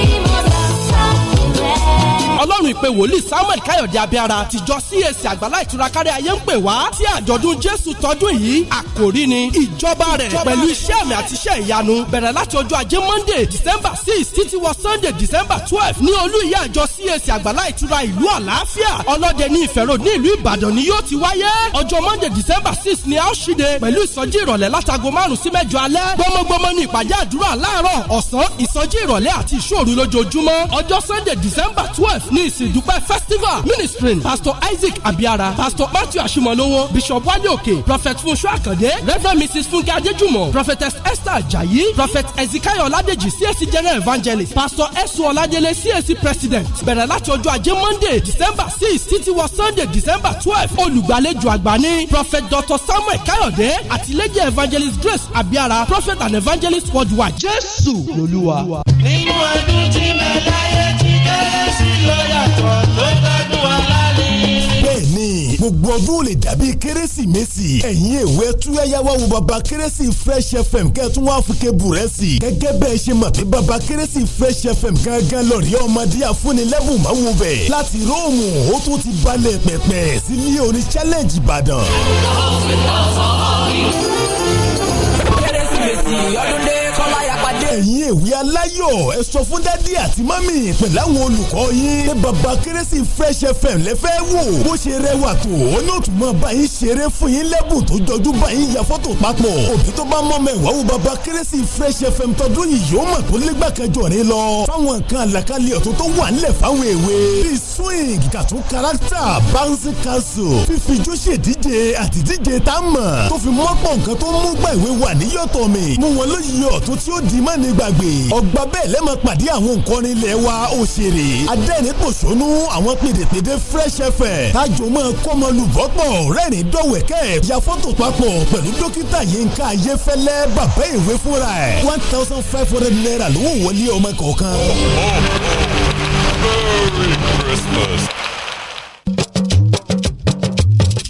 ìpè wòlíì samuel káyọ̀dé abíára tìjọ cac àgbàlá ìtura kárí ayé ń pè wá tí àjọ̀dún jésù tọdún yìí àkòrí ni ìjọba rẹ̀ pẹ̀lú iṣẹ́ àmì àti iṣẹ́ ìyanu bẹ̀rẹ̀ láti ọjọ́ ajé monday december six títí wọ sunday december twelve ní olú ìyá àjọ cac àgbàlá ìtura ìlú àlàáfíà ọlọ́dẹ ní ìfẹ́rò ní ìlú ìbàdàn ni yóò ti wáyé ọjọ́ monday december six ni a ó ṣíde pẹ̀lú ìsọjí ìrọ̀lẹ́ látago márùn sí mẹ́jọ alẹ́ gbọmọgbọmọ ní ìpàdé àdúrà láàárọ̀ ọ̀sán ìsọjí ìrọ̀lẹ́ àti ìṣòru lójoojúmọ́ ọjọ́ sunday december twelve ní ìs CAC Dúpẹ́ Festival Ministry Pastor Isaac Abiara Pastor Matthew Ashimolowo Bishop Wale Prophet Funṣu Akande Reverend Mrs Funke Adejumo Prophetess Esther Ajayi Prophet Ezekiel Oladeji CAC General Evangelist Pastor Esu Oladele CAC President bẹ̀rẹ̀ láti ọjọ́ ajé Monday December six títí wọ Sunday December twelve olùgbàlejò àgbà ní Prophet Dr Samuel Kayode àtìlẹ́yìn Evangelist Grace Abiara Prophet and Evangelist worldwide. Jésù lolúwa. nínú ọdún tí mẹ́láyà gbogbo ọdún ò kérésìmesì ẹ̀yin èwe túyáyáwá wo baba kérésì fresh fm kẹ́tún wá fún kébù gẹ́gẹ́ bẹ́ẹ̀ ṣe mọ̀ pé baba kérésì fresh fm gángan lọ́ọ̀rì ọmọdé àfúnilẹ́bùn máa wo bẹ̀ láti róòmù ó tún ti balẹ̀ pẹ̀pẹ̀ sílé orin challenge ìbàdàn. kérésìmesì ọdún ẹ̀yin èwe aláyọ̀ ẹ sọ fún dádì àti mọ́mì pẹ̀lú àwọn olùkọ́ yín pé baba kérésì fresh fm lẹ́fẹ́ wò bó ṣe rẹwà tó ó ní òtún mọ́ bá yín ṣeré fún yín lẹ́bùn tó jọjú bá yín ya fọ́tò papọ̀ òbí tó bá mọ́ mẹ́wàá wo baba kérésì fresh fm tọdún yìí yóò mọ̀ tó lé gbàkẹ́jọ rẹ lọ fáwọn nǹkan àlàkalẹ̀ ọ̀tún tó wà nílẹ̀ fáwọn èwe bíi swing kàtún kárátà bouncy castle fífi jó ṣèdíje àti díje a mọ̀ tó fi mọ́pọ̀ nǹkan tó mú gbà ìwé wà níyọ̀tọ̀ mi mú wọn lóyè ọ̀tún tí ó di mọ́ lè gbàgbé ọgbà bẹ́ẹ̀ lẹ́mọ̀ pàdé àwọn nǹkan ilé wa òṣèré adẹ́rìn pòṣónú àwọn pèdèpèdè fresh fm tájò mọ́ kọ́mọlúbọ́pọ̀ rẹ́rìn dọ́wẹ̀kẹ́ ya fọ́tò papọ̀ pẹ̀lú dókítà yínká ayéfẹ́lẹ́ bàbá ìwé fúnra ẹ̀ one thousand five hundred naira lówó wọlé ọmọ kọ̀ọ̀kan. Oh, oh, oh, Merry Christmas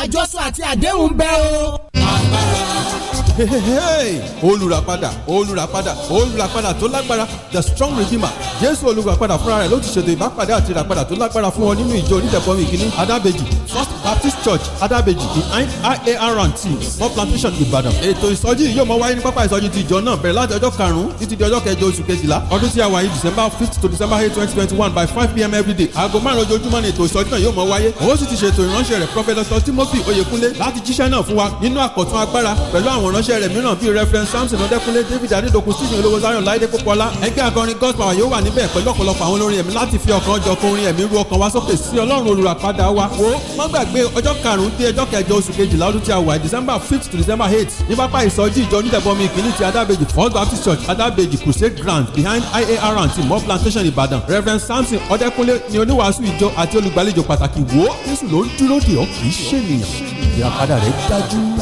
àjọsọ àti àdéhùn bẹ́ o. olùràpadà olùràpadà olùràpadà tó lágbára the strong redeemer jésù olùràpadà fúnra rẹ̀ ló ti ṣètò ìbápadà àti ìràpadà tó lágbára fún wọn nínú ìjọ onítẹ̀bọmi ìkíní adábẹ́jì first baptist church adábẹ́jì behind iarnt mọ́ plantation ìbàdàn ètò ìsọjí yìí yóò mọ wáyé ní pápá ìsọjí ti ìjọ náà bẹ̀rẹ̀ láti ọjọ́ karùn-ún títí di ọjọ́ kẹjọ oṣù kejìlá ọdún tí a wà yìí december fifth to december eight twenty twenty one by five pm every day aago márùn-ún ojoojúmọ́ ni ètò ìsọjí náà yóò mọ wáyé òun sì ti ṣètò ìránṣẹ́ rẹ̀ prophet dr timothy mọ́bì oyèkúnlé láti jíṣẹ́ náà fún wa nínú àkọ̀tún agbára pẹ̀lú àwọn ìránṣẹ́ rẹ̀ mìíràn bíi reference samson ọdẹkúnlé david adédokun stephen olówó zion láìdé pópọ́lá ẹgbẹ́ akọrin gospel àwọn yóò wà níbẹ̀ pẹ̀lú ọ̀pọ̀lọpọ̀ àwọn olórin ẹ̀mí láti fi ọkàn jọ kọ orin ẹ̀mí ru ọkàn wa sókè sí ọlọ́run olùràpadà wa wo má gbàgbé ọjọ́ karùn-ún dé ọjọ́ kẹjọ oṣù kejìlá ọdún tí a wà december fifth to december eighth ní pápá ìsọjí ìjọ onídẹ̀bọmi ìkíní ti adábẹ́jì first baptist church adábẹ́jì crusade ground behind iar and timo plantation ìbàdàn rev samson ọdẹkúnlé ni oníwàásù ìjọ àti olùgbàlejò pàtàkì wo jésù ló ń dúró dè ọ́ kì í ṣèlè Yeah, viajar a Arecta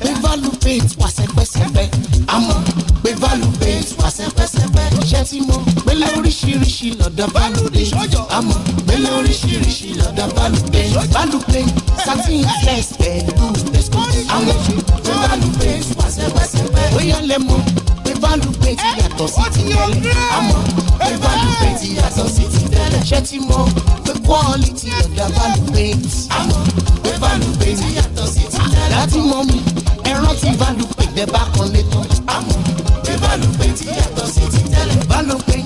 pé value paint wà sẹ́pẹ́sẹ́pẹ́ àmọ́ pé value paint wà sẹ́pẹ́sẹ́pẹ́ iṣẹ́ tí mo gbélé oríṣiríṣi lọ́dọ̀ value dé àmọ́ gbélé oríṣiríṣi lọ́dọ̀ value paint value paint satin flex pẹ̀lú àwọn pé value paint wà sẹ́pẹ́sẹ́pẹ́ bóyá lẹ́mọ̀ value pay ti yàtọ̀ sí ti tẹ́lẹ̀ àmọ́ pé value pay ti yàtọ̀ sí ti tẹ́lẹ̀ ṣé ti mọ̀ pé quality ọ̀dà value pay àmọ́ pé value pay ti yàtọ̀ sí ti tẹ́lẹ̀ láti mọ̀ mi ẹran ti value pay jẹ́ bákan létan àmọ́ pé value pay ti yàtọ̀ sí ti tẹ́lẹ̀ value pay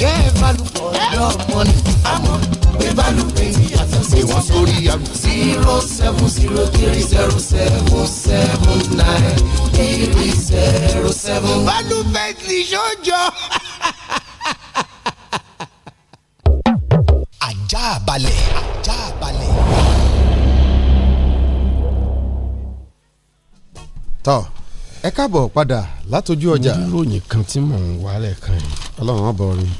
get value for your money àmọ́ pé value pay ti yàtọ̀ pè wọ́n sórí àgbà. zero seven zero three zero seven seven nine three zero seven. monument ni sójọ. ajá balẹ̀ ajá balẹ̀. tọ́ ẹ káàbọ̀ padà látọjú ọjà. mo ní ròyìn kan tí mò ń wá lẹ́ẹ̀kan yìí. ọlọ́run ọ̀bọ̀ rin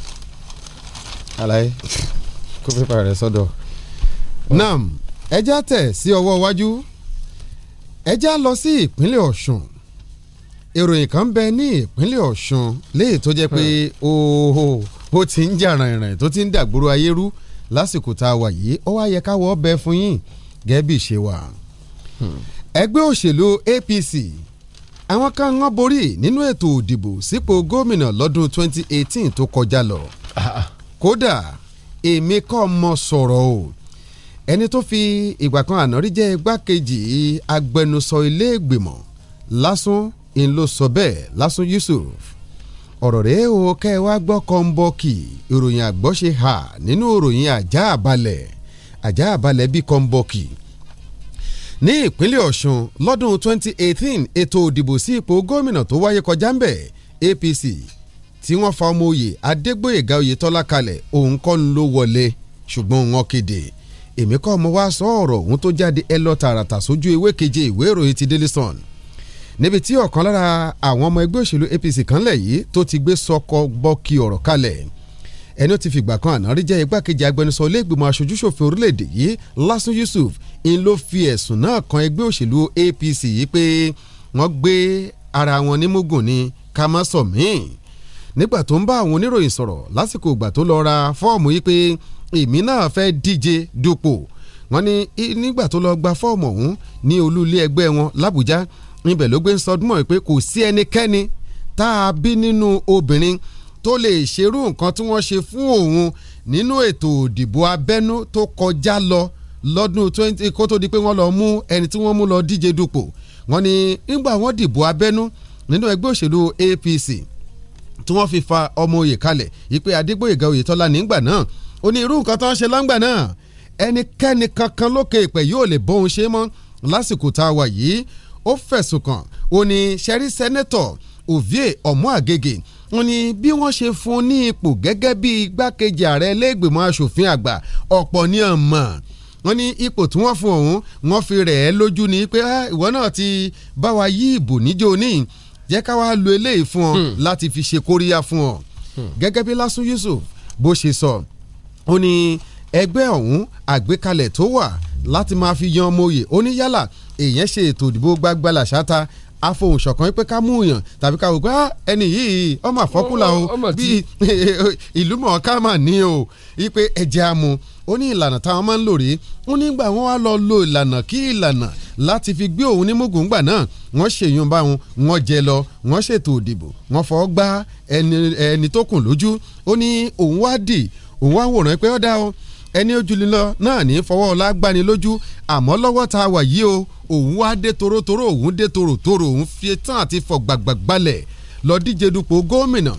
alaye kó pépà rẹ sọ́dọ̀ nam ẹja tẹ̀ sí ọwọ́ iwájú ẹja lọ sí ìpínlẹ̀ Ọ̀ṣun ìròyìn kan bẹ ní ìpínlẹ̀ Ọ̀ṣun léyìí tó jẹ́ pé ooo ó ti ń jà rìnrìn tó ti ń dàgbòrò ayé rú lásìkò tá a wà yìí ó wá yẹ káwọ́ ọbẹ̀ fún yín gẹ́gẹ́ ṣe wà. Hmm. ẹgbẹ́ òṣèlú APC àwọn kan ń borí nínú ètò òdìbò sípò gómìnà lọ́dún 2018 tó kọjá lọ. Ah, ah. kódà èmi kọ́ mọ sọ̀rọ̀ o ẹni tó fi ìgbà kan ànárí jẹ́ igbákejì agbẹnusọ ilé ìgbìmọ̀ lásùn ń ló sọ bẹ́ẹ̀ lásùn Yusuf ọ̀rọ̀ rẹ̀ ó kẹ́ ẹ wá gbọ́ kọ́ńbọ́ọ̀kì ìròyìn àgbọ̀ṣe hà nínú ìròyìn àjá àbalẹ̀ àjá àbalẹ̀ bíi kọ́ńbọ́ọ̀kì ní ìpínlẹ̀ Ọ̀ṣun lọ́dún 2018 ètò òdìbò sí ipò gómìnà tó wáyé kọjá ń bẹ̀ APC tí wọ́n fa ọmọ oyè Adégbóyèga Oyètọ́lá kalẹ̀ òun kọ́ ń ló wọlé ṣùgbọ́n wọn kéde èmi kọ́ mo wá sọ ọ̀rọ̀ òun tó jáde ẹ lọ tààràtà sójú ewé keje ìwé ìròyìn ti Daily Sun níbi tí ọ̀kan lára àwọn ọmọ ẹgbẹ́ òṣèlú APC kan lẹ̀ yìí tó ti gbé sọkọ gbọ́kì ọ̀rọ̀ kalẹ̀ ẹni ó ti fìgbà kan àná rí jẹ́ igbákejì agbẹnusọ ilé ìgbìmọ̀ aṣojúṣòfin orílẹ̀-èdè yìí Lásùn Yusuf ń ló fi ẹ̀sùn náà kan ẹgbẹ́ òṣèlú APC yìí pé wọ́n gbé ara wọn ní mugun ni ká má sọ míì nígbà tó ń bá àwọn oníròyìn sọ̀rọ̀ lásìkò ìgbà tó lọ ra fọ́ọ̀mù yìí pé èmi náà fẹ́ díje dupò wọ́n ní nígbà tó lọ gba fọ́ọ̀mù ọ̀hún ní olú ilé ẹgbẹ́ wọn làbújá níbẹ̀ ló gbé ń sọdún mọ́ pé kò sí ẹnikẹ́ni tá a bí nínú obìnrin tó lè ṣerú nǹkan tí wọ́n ṣe fún òun nínú ètò òdìbò abẹ́nú tó kọjá lọ lọ́dún twenty kó tó di pé wọ́n lọ mú ẹni tí wọ́n mú lọ díje dupò wọ́n ní nígbà wọ́n dìbò abẹ́nú nínú ẹgbẹ́ òṣèlú APC tí wọ́n fi fa ọmọ oyè kalẹ̀ ìpè Adégbóyèga Oyètọ́lá nígbà náà ó ní irú nǹkan tó ń ṣe lọ́ngbà náà ẹnikẹ́ni kankan lókè ìpẹ́ yóò lè bóun ṣe mọ́ lásìkò tá a wà yìí ó fẹ̀sùn kàn ó ní sẹ́rí sẹ́nẹ́tọ̀ Ovie Omoagege ó ní bí wọ́n ṣe fún ní ipò gẹ́gẹ́ bí igbákejì ààrẹ ilé-ìgbìmọ̀ asòfin àgbà ọ̀pọ̀ ni à ń mọ̀ wọ́n ní ipò tí wọ́n fún òun wọ́n fi rẹ̀ ẹ́ lójú ni pé ìwọ náà ti bá wa yí ìbò níjó ní jẹ́ ká wá lo eléyìí fún ọ hmm. láti fi ṣe kóríyá fún ọ hmm. gẹ́gẹ́ bí Lásùn Yusuf bó ṣe sọ so ó ní ẹgbẹ́ ọ̀hún àgbékalẹ̀ tó wà láti máa fi yan ọmọoyè ó ní yálà èèyàn ṣe ètò ìdìbò gbágbálà ṣáta afohùn ṣọ̀kan pé ká mú yàn tàbí ká wò pé ah, ẹni yìí ọmọ àfọ́kùlà o bí [laughs] ìlú mọ̀ọ́ká mà ní o ipe ẹ̀jẹ̀ amú ó ní ìlànà táwọn máa ń lò rí ó nígbà wọn wá lọ lo ìlànà kí ìlànà láti fi gbé òun ní mùgùngbà náà wọ́n ṣèyún bá wọn jẹ lọ wọ́n ṣètò òdìbò wọ́n fọ́ gbá ẹni tó kùn lójú ó ní òun wá dì òun wá wòrán pé ó dá o ẹni ojúlé lọ náà ní fọwọ́ ọlá gbani lójú àmọ́ lọ́wọ́ tá a wà yìí o òun wá dé torotoro òun dé torotoro òun fi tán àti fọ gbàgbàgbalẹ̀ lọ díje dupò gómìnà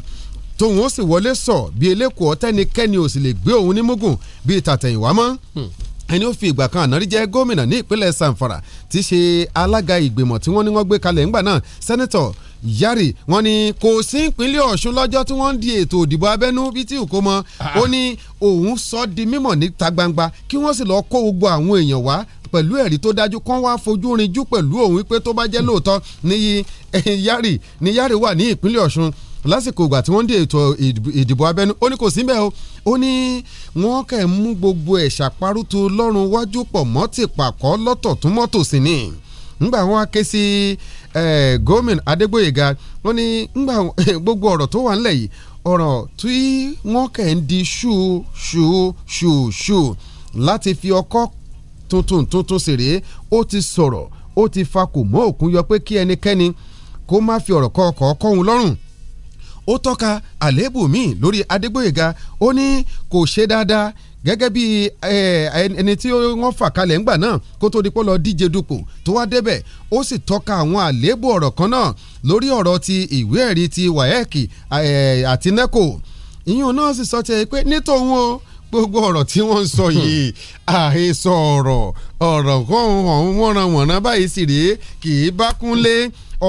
tóun ó sì wọlé sọ bí elékòó tẹnikẹ́ni ò sì lè gbé òun ní mugun bíi tàtẹ̀yìnwá mọ́ hmm. ẹni ó fi ìgbà kan ànárí jẹ́ gómìnà ní ìpínlẹ̀ sanfara tí í ṣe alága ìgbìmọ̀ tí wọ́n ní wọ́n gbé kalẹ̀ ńgbà náà sẹ́nẹ́tọ̀ yari wọ́n ní kò sí ìpínlẹ̀ ọ̀ṣun lọ́jọ́ tí wọ́n ń di ètò òdìbò abẹ́nú bíi tí òkó mọ ó ní òun sọ di mímọ̀ níta gbangba kí wọ́n sì lọ kó gbogbo àwọn èèyàn wá pẹ̀lú ẹ̀rí tó dájú kán wá fojú rinjú pẹ̀lú òun pé tó bá jẹ́ lóòótọ́ ní [laughs] yari ní yari wà ní ìpínlẹ̀ ọ̀ṣun lásìkò ìgbà tí wọ́n ń di ètò ìdìbò abẹ́nú ó ní kò sí bẹ́ẹ̀ o ó ní wọ́n kẹ́ ẹ̀ mú gbogbo ẹ̀ ṣàparùtù lọ́rùn wájú pọ̀ mọ́ ti pàkọ́ lọ́tọ̀ tún mọ́tò sí ni ńgbà wọn ké sí Eh, gómìnà adégbòyèga ó ní ngbà [laughs] gbogbo ọrọ tó wà ńlẹ̀ yìí tí wọn kẹ ń di ṣù ṣù ṣù ṣù láti fi ọkọ tuntun tuntun ṣeré ó ti sọrọ ó ti fa kò mọ òkun yọ pé kí ẹnikẹni kó má fi ọrọ kọ́ ọkọ̀ òun gẹ́gẹ́ bí ẹni tí wọ́n fà kalẹ̀ ńgbà náà kó tó di pọ́ lọ díje dupò tó wá débẹ̀ ó sì tọ́ka àwọn àléébù ọ̀rọ̀ kan náà lórí ọ̀rọ̀ ti ìwé ẹ̀rí ti waec àti neco ìyún náà sì sọ tiẹ̀ pé nítòun o gbogbo ọ̀rọ̀ tí wọ́n ń sọ yìí àhesọ ọ̀rọ̀ ọ̀rọ̀ kan ọ̀hún wọ́nranwọ̀nran báyìí sì rèé kì í bá kúnlé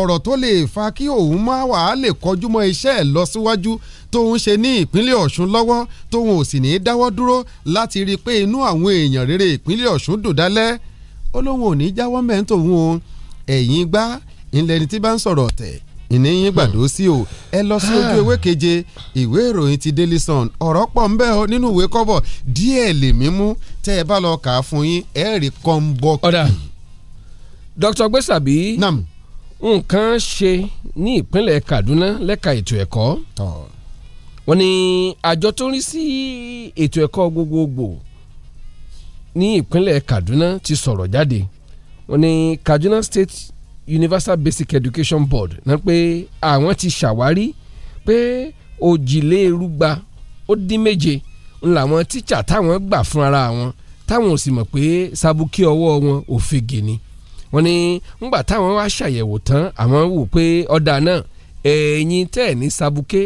ọ̀rọ̀ tó lè fa kí òun má wàá lè kọjú mọ́ iṣẹ́ ẹ̀ lọ síwájú tóun ṣe ní ìpínlẹ̀ Ọ̀ṣun lọ́wọ́ tóun ò sì ní í dáwọ́ dúró láti rí i pé inú àwọn èèyàn rere ìpínlẹ̀ Ọ̀ṣun dùn dálẹ́ ó lóun ò ní í jáwọ́ mẹ́ńtòun o ẹ̀yìn gbá ńlẹ́ni tí bá ń sọ̀rọ̀ tẹ̀ ìníyín gbàdó sí o ẹ lọ sí ojú ewé keje ìwé ìròyìn ti Daily Sun ọ̀rọ̀ pọ̀ ń bẹ ọ nínú ìwé kọ́bọ̀ díẹ̀ lè mí mú tẹ́ ẹ bá lọ kà á fún yín ẹ rí kọ́ńbọ́ọ̀kì. ọ̀dà Dr. Gbèsàbí nǹkan ṣe ní ìpínlẹ̀ Kaduna lẹ́ka ètò ẹ̀kọ́ wọ́n ní àjọ tó ń rí sí ètò ẹ̀kọ́ gbogbogbò ní ìpínlẹ̀ Kaduna ti sọ̀rọ̀ jáde wọ́n ní Kaduna State Universal Basic Education Board náà pé àwọn ti ṣàwárí pé òjìlérúgba ó dín méje ńlá wọn tíṣà táwọn gbà fúnra wọn táwọn ò sì mọ̀ pé sábúkí ọwọ́ wọn òfegè ni wọ́n ní ńgbà táwọn wá ṣàyẹ̀wò tán àwọn wò pé ọ̀dà náà ẹ̀yìn tẹ̀ ní sabuké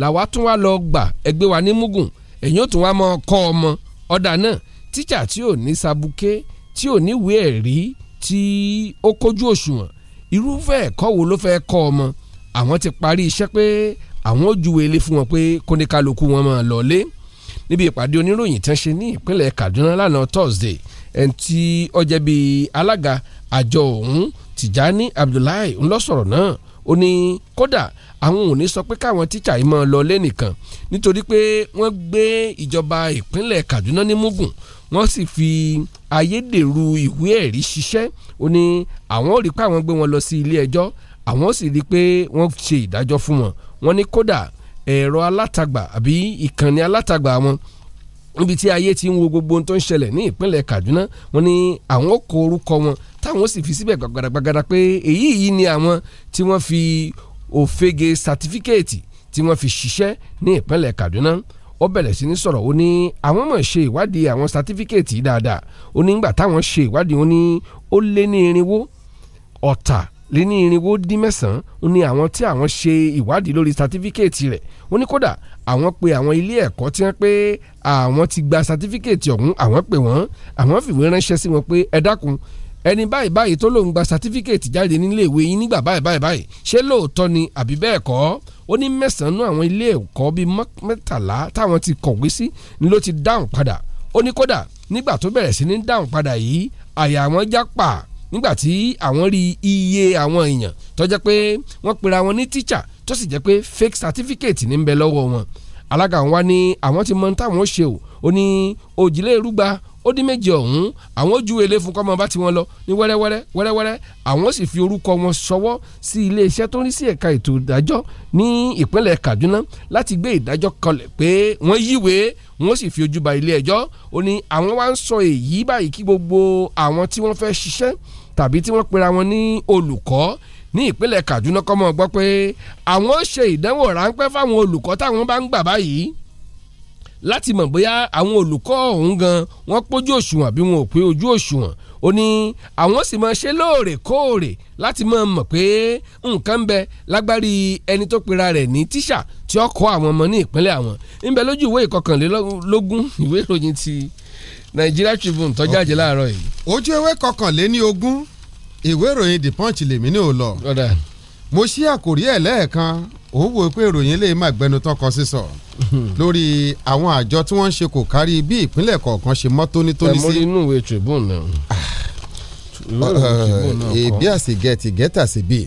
làwa tún wá lọ gbà ẹgbẹ́ wa ní mugun ẹ̀yìn ó tún wá mọ kọ́ ọmọ ọ̀dà náà tíjà tí ò ní sabuké tí ò ní ìwé ẹ̀rí tí ó kójú òṣùwọ̀n irúfẹ́ ẹ̀kọ́ wo ló fẹ́ kọ́ ọmọ àwọn ti parí iṣẹ́ pé àwọn ó juwèé lé fún wọn pé kóníkálukú wọn máa lọ níbi ìpàdé oníròyìn tán ṣe ní ìpínlẹ̀ Kaduna lánàá Thursday ẹni tí ó jẹ́ bí alága àjọ ọ̀hún Tìjání Abdullahi ńlọ́sọ̀rọ̀ náà ó ní kódà àwọn ò ní sọ pé káwọn tíṣà yìí máa lọ lẹ́nìkan nítorí pé wọ́n gbé ìjọba ìpínlẹ̀ Kaduna ní mugun wọ́n sì fi ayédèrú ìwé ẹ̀rí ṣiṣẹ́ ó ní àwọn ò rí pé àwọn gbé wọn lọ sí ilé ẹjọ́ àwọn sì rí pé wọ́n ṣe ìdájọ́ fún wọn wọ́n ní kódà ẹ̀rọ alátagbà àbí ìkànnì alátagbà wọn níbi tí ayé ti ń wo gbogbo ohun tó ń ṣẹlẹ̀ ní ìpínlẹ̀ Kaduna wọn ni àwọn kọ orúkọ wọn táwọn sì fi síbẹ̀ gbàgàdàgbàgàdà pé èyí yìí ni àwọn tí wọ́n fi òfegè sátífíkẹ́ẹ̀tì tí wọ́n fi ṣiṣẹ́ ní ìpínlẹ̀ Kaduna ó bẹ̀rẹ̀ sí ní sọ̀rọ̀ ó ní àwọn mọ̀ ṣe ìwádìí àwọn sátífíkẹ́ẹ̀tì dáadáa ó ní nígbà táwọn ṣe ìwádìí ó ní ó lé ní irinwó ọ̀tà léní irinwó dín mẹ́sàn-án ó ní àwọn tí àwọn ṣe ìwádìí lórí sátífíkẹ́ẹ̀tì rẹ̀ ó ní kódà àwọn pe àwọn ilé ẹ̀kọ́ tí wọ́n pé àwọn ti gba sátífíkẹ́ẹ̀tì ọ̀hún àwọn pè wọ́n àwọn fìwé ránṣẹ́ sí wọn pé ẹ dákun ẹni báyìí báyìí tó lóun gba sátífíkẹ́ẹ̀tì jáde nílé ìwé yín nígbà báyìí báyìí báyìí ṣé lóòótọ́ ni àbí bẹ́ẹ̀ kọ́ ó ní mẹ́sàn-án àwọn ilé ẹ̀kọ́ bíi mẹ́tàlá táwọn nígbàtí àwọn rí iye àwọn èèyàn tó jẹ́ pé wọ́n pera wọn ní tíṣà tó sì jẹ́ pé fake certificate ní ń bẹ lọ́wọ́ wọn alága wọn wá ní àwọn ti mọ táwọn ó ṣe o ó ní òjìlérúgba ó dín méje ọ̀hún àwọn ojú èlé fún kọ́mọ bá ti wọn lọ ní wẹ́rẹ́wẹ́rẹ́ wẹ́rẹ́wẹ́rẹ́ àwọn sì fi orúkọ wọn ṣọwọ́ sí iléeṣẹ́ tó ń rí sí ẹ̀ka ètò ìdájọ́ ní ìpínlẹ̀ Kaduna láti gbé ìdájọ́ kalẹ̀ pé wọ́n yíwèé wọ́n sì fi ojú ba ilé ẹjọ́ ó ní àwọn wá ń sọ èyí báyìí kí gbogbo àwọn tí wọ́n fẹ́ ṣiṣẹ́ tàbí tí wọ́n pera wọn ní olùkọ́ ní ìpínlẹ̀ Kaduna kọ́mọ gbọ́ pé àwọn ṣe ìdánwò ráńpẹ́ fáwọn olùkọ́ táwọn bá ń gbà báyìí láti mọ̀ bóyá àwọn olùkọ́ ọ̀hún gan wọ́n pójú òṣùwọ̀n bí wọn ò pé ojú òṣùwọ̀n ó ní àwọn sì máa ṣe lóòrèkóòrè láti máa mọ̀ pé nǹkan ń bẹ lágbárí ẹni tó pera rẹ̀ ní tíṣà tí ó kọ́ àwọn ọmọ ní ìpínlẹ̀ àwọn ń bẹ lójú ìwé ìkọkànlélógún ìwé ìròyìn ti Nigeria Tribune tó jáde láàárọ̀ yìí. ojú ewé kọkànléní ogún ìwé ìròyìn The Punch lèmi ní ò lọ. mo ṣí àkòrí ẹ̀ lẹ́ẹ̀kan òun wò pé ìròyìn lè má gbẹnu tọkọ sísọ [laughs] lórí àwọn àjọ tí wọ́n ń ṣe kò kárí bí ìpínlẹ̀ kọ̀ọ̀kan ṣe mọ́ tónítóní sí. ẹ̀mọ́rí inú ìwé Tribune náà. èbí àsìgẹ́tì gẹ́tà sí bíi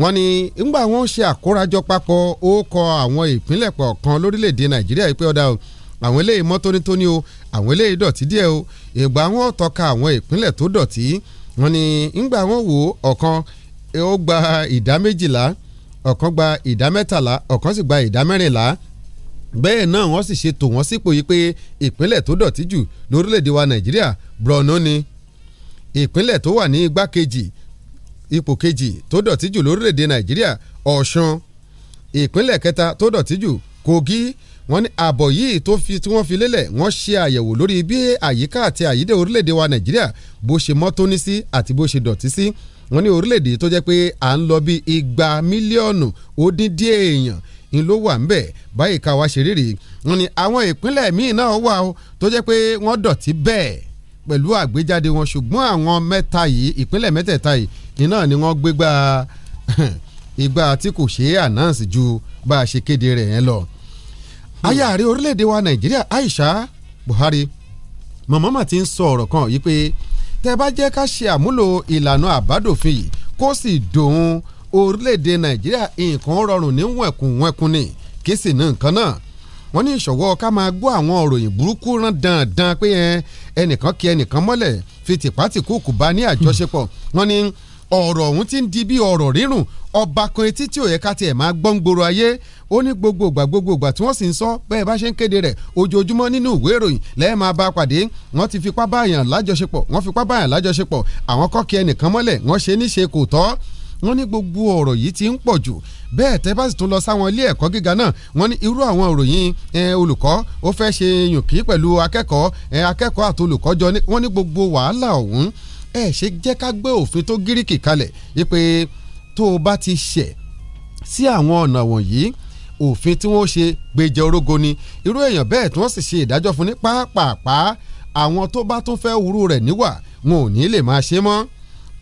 wọ́n ní ngbà wọ́n ṣe àkórajọ papọ̀ ó kọ àwọn ìpínlẹ̀ kọ̀ọ̀kan lórílẹ̀‐èdè Nàìjíríà yìí pé ọ̀dà àwọn eléyìí mọ́ tónítóní o àwọn eléyìí dọ̀tí díẹ̀ o ìgbà wọn tọ́ka àwọn ìpínlẹ̀ tó dọ̀tí wọn ni ńgbà wọn wò ọ̀kan ó gba ìdá méjìlá ọ̀kan gba ìdá mẹ́tàlá ọ̀kan sì gba ìdá mẹ́rìnlá bẹ́ẹ̀ náà wọ́n sì ṣètò wọ́n sípò yìí pé ìpínlẹ̀ tó dọ̀tí jù lórílẹ̀‐èdè wa Nàìjíríà Borno ni ìpínlẹ̀ tó wà ní igbá kejì ipò kejì tó dọ̀tí jù lórílẹ̀‐èdè Nàìjíríà Ọ̀ṣun ìpínlẹ̀ kẹta tó dọ̀tí jù Kogi wọ́n ní àbọ̀ yìí tó fi tí wọ́n fi lélẹ̀ wọ́n ṣe àyẹ̀wò lórí bí àyíká àti àyídẹ̀ orílẹ̀-èdè wa nàìjíríà bó ṣe mọ́ tóní sí àti bó ṣe dọ̀tí sí wọ́n ní orílẹ̀-èdè tó jẹ́ pé à ń lọ bí igba mílíọ̀nù ó dín díẹ̀ èèyàn ń ló wà ń bẹ̀ báyìí ká wá ṣe rírì wọ́n ní àwọn ìpínlẹ̀ míì náà wà ó tó jẹ́ pé wọ́n dọ̀tí bẹ́ẹ̀ pẹ̀lú àgbéjáde wọn ṣùgbọ́n àwọn mẹ́ta yìí ìpínlẹ̀ mẹ́tẹ̀ẹ̀ta yìí iná ni wọ́n gbégbá ìgbà [laughs] tí kò ṣeé ànáǹsì ju bá a ṣe kéde rẹ̀ yẹn lọ aya ààrẹ orílẹ̀-èdè wa nàìjíríà Aisha Buhari mọ̀mọ́mọ́ ti ń sọ ọ̀rọ̀ kan yìí pé tẹ́ bá jẹ́ ká ṣe àmúlò ìlànà àbádòfin yìí kó sì dòun orílẹ̀-èdè nàìjíríà nǹkan rọrùn ní wẹ̀kùnwẹ̀kùn ni kí sì ní nǹkan náà wọ́n ní ìṣọ̀wọ́ ká máa gbọ́ àwọn òròyìn burúkú rán dandan pé ẹnìkan kí ẹnìkan mọ́lẹ̀ fi tìpátìkúùkù bá ní àjọṣepọ̀ wọ́n ní ọ̀rọ̀ ọ̀hún ti ń di bí ọ̀rọ̀ rírùn ọba kan etí tí ò yẹ ká tiẹ̀ máa gbọ́n gbòòrò ayé ó ní gbogbo ìgbà gbogbo ìgbà tí wọ́n sì ń sọ bẹ́ẹ̀ bá ṣe ń kéde rẹ̀ ojoojúmọ́ nínú ìwé ìròyìn lẹ́ẹ̀ máa bá a pàdé wọ́n ti fipá báyàn lájọṣepọ̀ wọ́n fipá báyàn lájọṣepọ̀ àwọn kọ́kì ẹnìkan mọ́lẹ̀ wọ́n ṣe níṣe kò tọ́ wọ́n ní gbogbo ọ̀rọ̀ yìí ti ń pọ̀ jù bẹ́ẹ̀ tẹ́ bá sì tún lọ sáwọn ilé ẹ̀kọ́ gíga náà wọ́n ní irú àwọn òròyìn olùkọ́ ó fẹ́ ṣe yùnkí pẹ̀lú akẹ́kọ̀ọ́ akẹ́kọ̀ọ́ àti olùkọ́ jọ wọ́n ní gbogbo wàhálà ọ̀hún ẹ ṣe jẹ́ ká gbé òfin tó gíríkì kalẹ̀ wípé tó o bá ti ṣẹ̀ sí àwọn ọ̀nà wọ̀nyí òfin tí wọ́n ṣe gbèjà orógo ni irú èèyàn bẹ́ẹ̀ tí wọ́n sì ṣe ìdájọ́ fún ní pàápàá àwọn tó bá tún fẹ́ wúrú rẹ̀ níwà wọn ò ní lè máa ṣe mọ́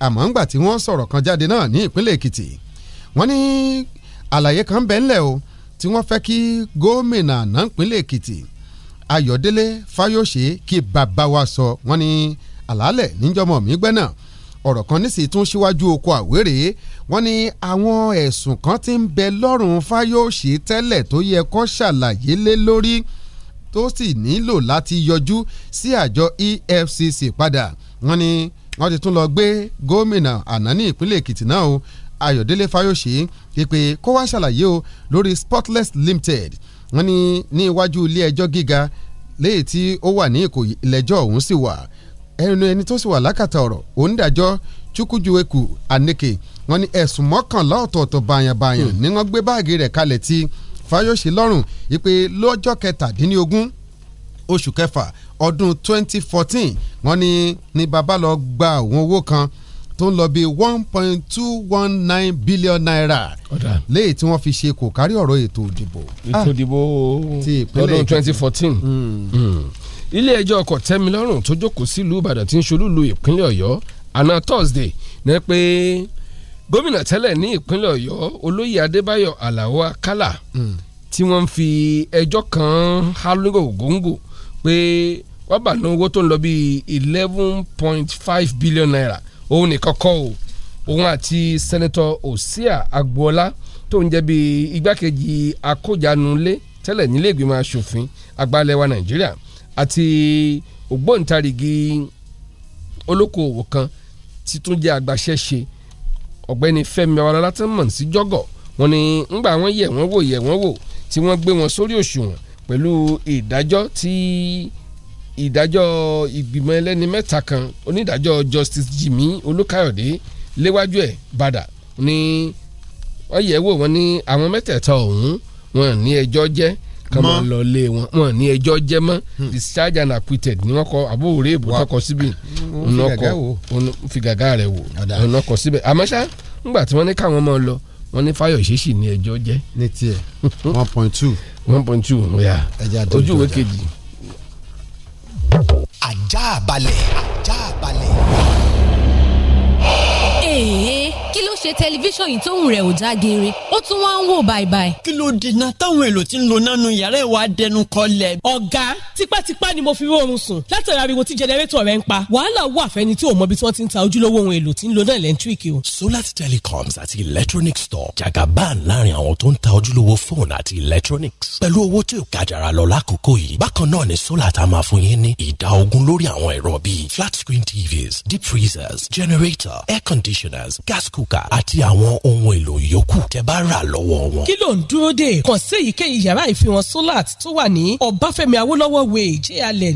àmọ́ ńgbà tí wọ́n sọ̀rọ̀ kan jáde náà ní ìpínlẹ̀ Èkìtì wọ́n ní àlàyé kan bẹ́ẹ̀ ńlẹ̀ o tí wọ́n fẹ́ kí gómìnà náà ìpínlẹ̀ Èkìtì Ayọ̀délé Fáyọ̀ṣe kí bàbá wa sọ wọ́n ní àlálẹ̀ níjọmọ̀ mi gbẹ́ náà ọ̀rọ̀ kan nísì tún síwájú oko àwérè wọ́n ní àwọn ẹ̀sùn kan tí ń bẹ lọ́rùn Fáyọ̀ṣe tẹ́lẹ̀ tó yẹ kó ṣàlàyé lé lórí tó sì nílò láti yọjú sí àjọ EFCC padà wọ́n ní wọ́n ti tún lọ gbé gómìnà àná ní ìpínlẹ̀ Èkìtì náà o Ayọ̀délé Fáyọ̀ṣe pípé kó wá ṣàlàyé o lórí Sportless Limited wọ́n ni ní iwájú ilé ẹjọ́ gíga léyìí tí ó wà ní Ìkòyí ilẹ̀jọ́ ọ̀hún sì wà. Si ẹnu ẹni tó sì wà lákàtà ọ̀rọ̀ onídàájọ́ Chukwujueku Aneke wọ́n ní ẹ̀sùn mọ́kànlá ọ̀tọ̀ọ̀tọ̀ bàyànbàyàn ni wọ́n gbé báàgì rẹ̀ kalẹ̀ ti Fáyọ̀ṣe lọ́rùn ìpè lọ́jọ́ kẹtàdínlógún oṣù kẹfà ọdún 2014 wọ́n ní ní bàbá lọ gba àwọn owó kan tó ń lọ bí one point two one nine billion naira léyìí tí wọ́n fi ṣe kò kárí ọ̀rọ̀ ètò ìdìbò. ètò ìdìbò ọdún 2014. Mm ilé ẹjọ́ kòtẹ́milọ́rùn tó jókòó sílùú ìbàdàn tí ń ṣolúlu ìpínlẹ̀ ọ̀yọ́ àná thursday ní pé gómìnà tẹ́lẹ̀ ní ìpínlẹ̀ ọ̀yọ́ olóyè adébáyọ̀ aláwọ̀ akálà hmm. tí wọ́n fi ẹjọ́ kan hálùgò góńgò pé wọ́n bà ní tó ń lọ bí eleven point five billion naira òun nìkan kọ́ o òun àti sẹ́nẹ́tọ̀ òsíà agboola tó ń jẹ́ bí igbákejì akójanulé tẹ́lẹ̀ nílé ìgbìmọ̀ asòfin àgbà nàìjíríà àti ògbóǹtarìgì olókoòwò kan ti tún jẹ́ agbaṣẹ́ṣe ọ̀gbẹ́ni Fẹ́mi Awólọ́lá tó mọ̀ sí jọ́gọ̀ wọ́n ní ńgbà wọ́n yẹ̀ wọ́n wò yẹ̀ wọ́n wò tí wọ́n gbé wọn sórí òṣùwọ̀n pẹ̀lú ìdájọ́ tí ìdájọ́ ìgbìmọ̀ ẹlẹ́ni mẹ́ta kan onídàájọ́ Justice Jimi Olúkáyọ̀dé léwájú ẹ̀ bàdà ni wọ́n yẹ̀ wò wọ́n ní àwọn mẹ́tẹ̀ẹ̀ta ọ̀hún wọn ní ẹjọ́ jẹ́ kọ́mọ lọ lé wọn wọn ní ẹjọ́ jẹ́ mọ́ hmm. discharge and acquitted ni wọ́n kọ àbúrò èbò tọkọ síbi hmm, ònàkọ fìgàgà rẹ̀ wò ònàkọ síbẹ̀ àmọ́ ṣá ńgbà tí wọ́n ní káwọn máa lọ wọ́n ní Fáyọ̀ṣe sì ní ẹjọ́ jẹ́. ní tiẹ̀ one point two. one point two ya ojú ìwé kejì. ajá balẹ̀ ajá balẹ̀. ee kí ló ṣe tẹlifíṣàn yìí tóun rẹ̀ ò já ó tún wá ń wò bàìbàì. kí ló dènà táwọn èlò tí ń lo nánú yàrá ìwà dẹnu kọlẹ̀. ọ̀gá tipátipá ni mo fi rọrùn sùn látara ariwo tí jẹnẹrétọ̀ rẹ̀ ń pa wàhálà wà fẹ́ni tí ò mọ ibi tí wọ́n ti ń ta ojúlówó ohun èlò tí ń lo náà lẹ́ńtíríkì o. solar telecoms àti electronics store jagaban láàrin àwọn tó ń ta ojúlówó fóònù àti electronics pẹ̀lú owó tí ò kájàra lọ lákòókò yìí bákan náà ni solar ta máa fún yín ní ìdá ogún lórí àwọn ẹ̀rọ bíi flat screen tvs deep freezers generator air conditioners gas gas cooker àti àwọn ohun èlò yòókù tẹ́ bá rà lọ́wọ́ wọn. kí ló ń dúró dè kàn sí èyíkéyìí yàrá ìfihàn solar tó wà ní ọbáfẹ́mi awólọ́wọ̀ way j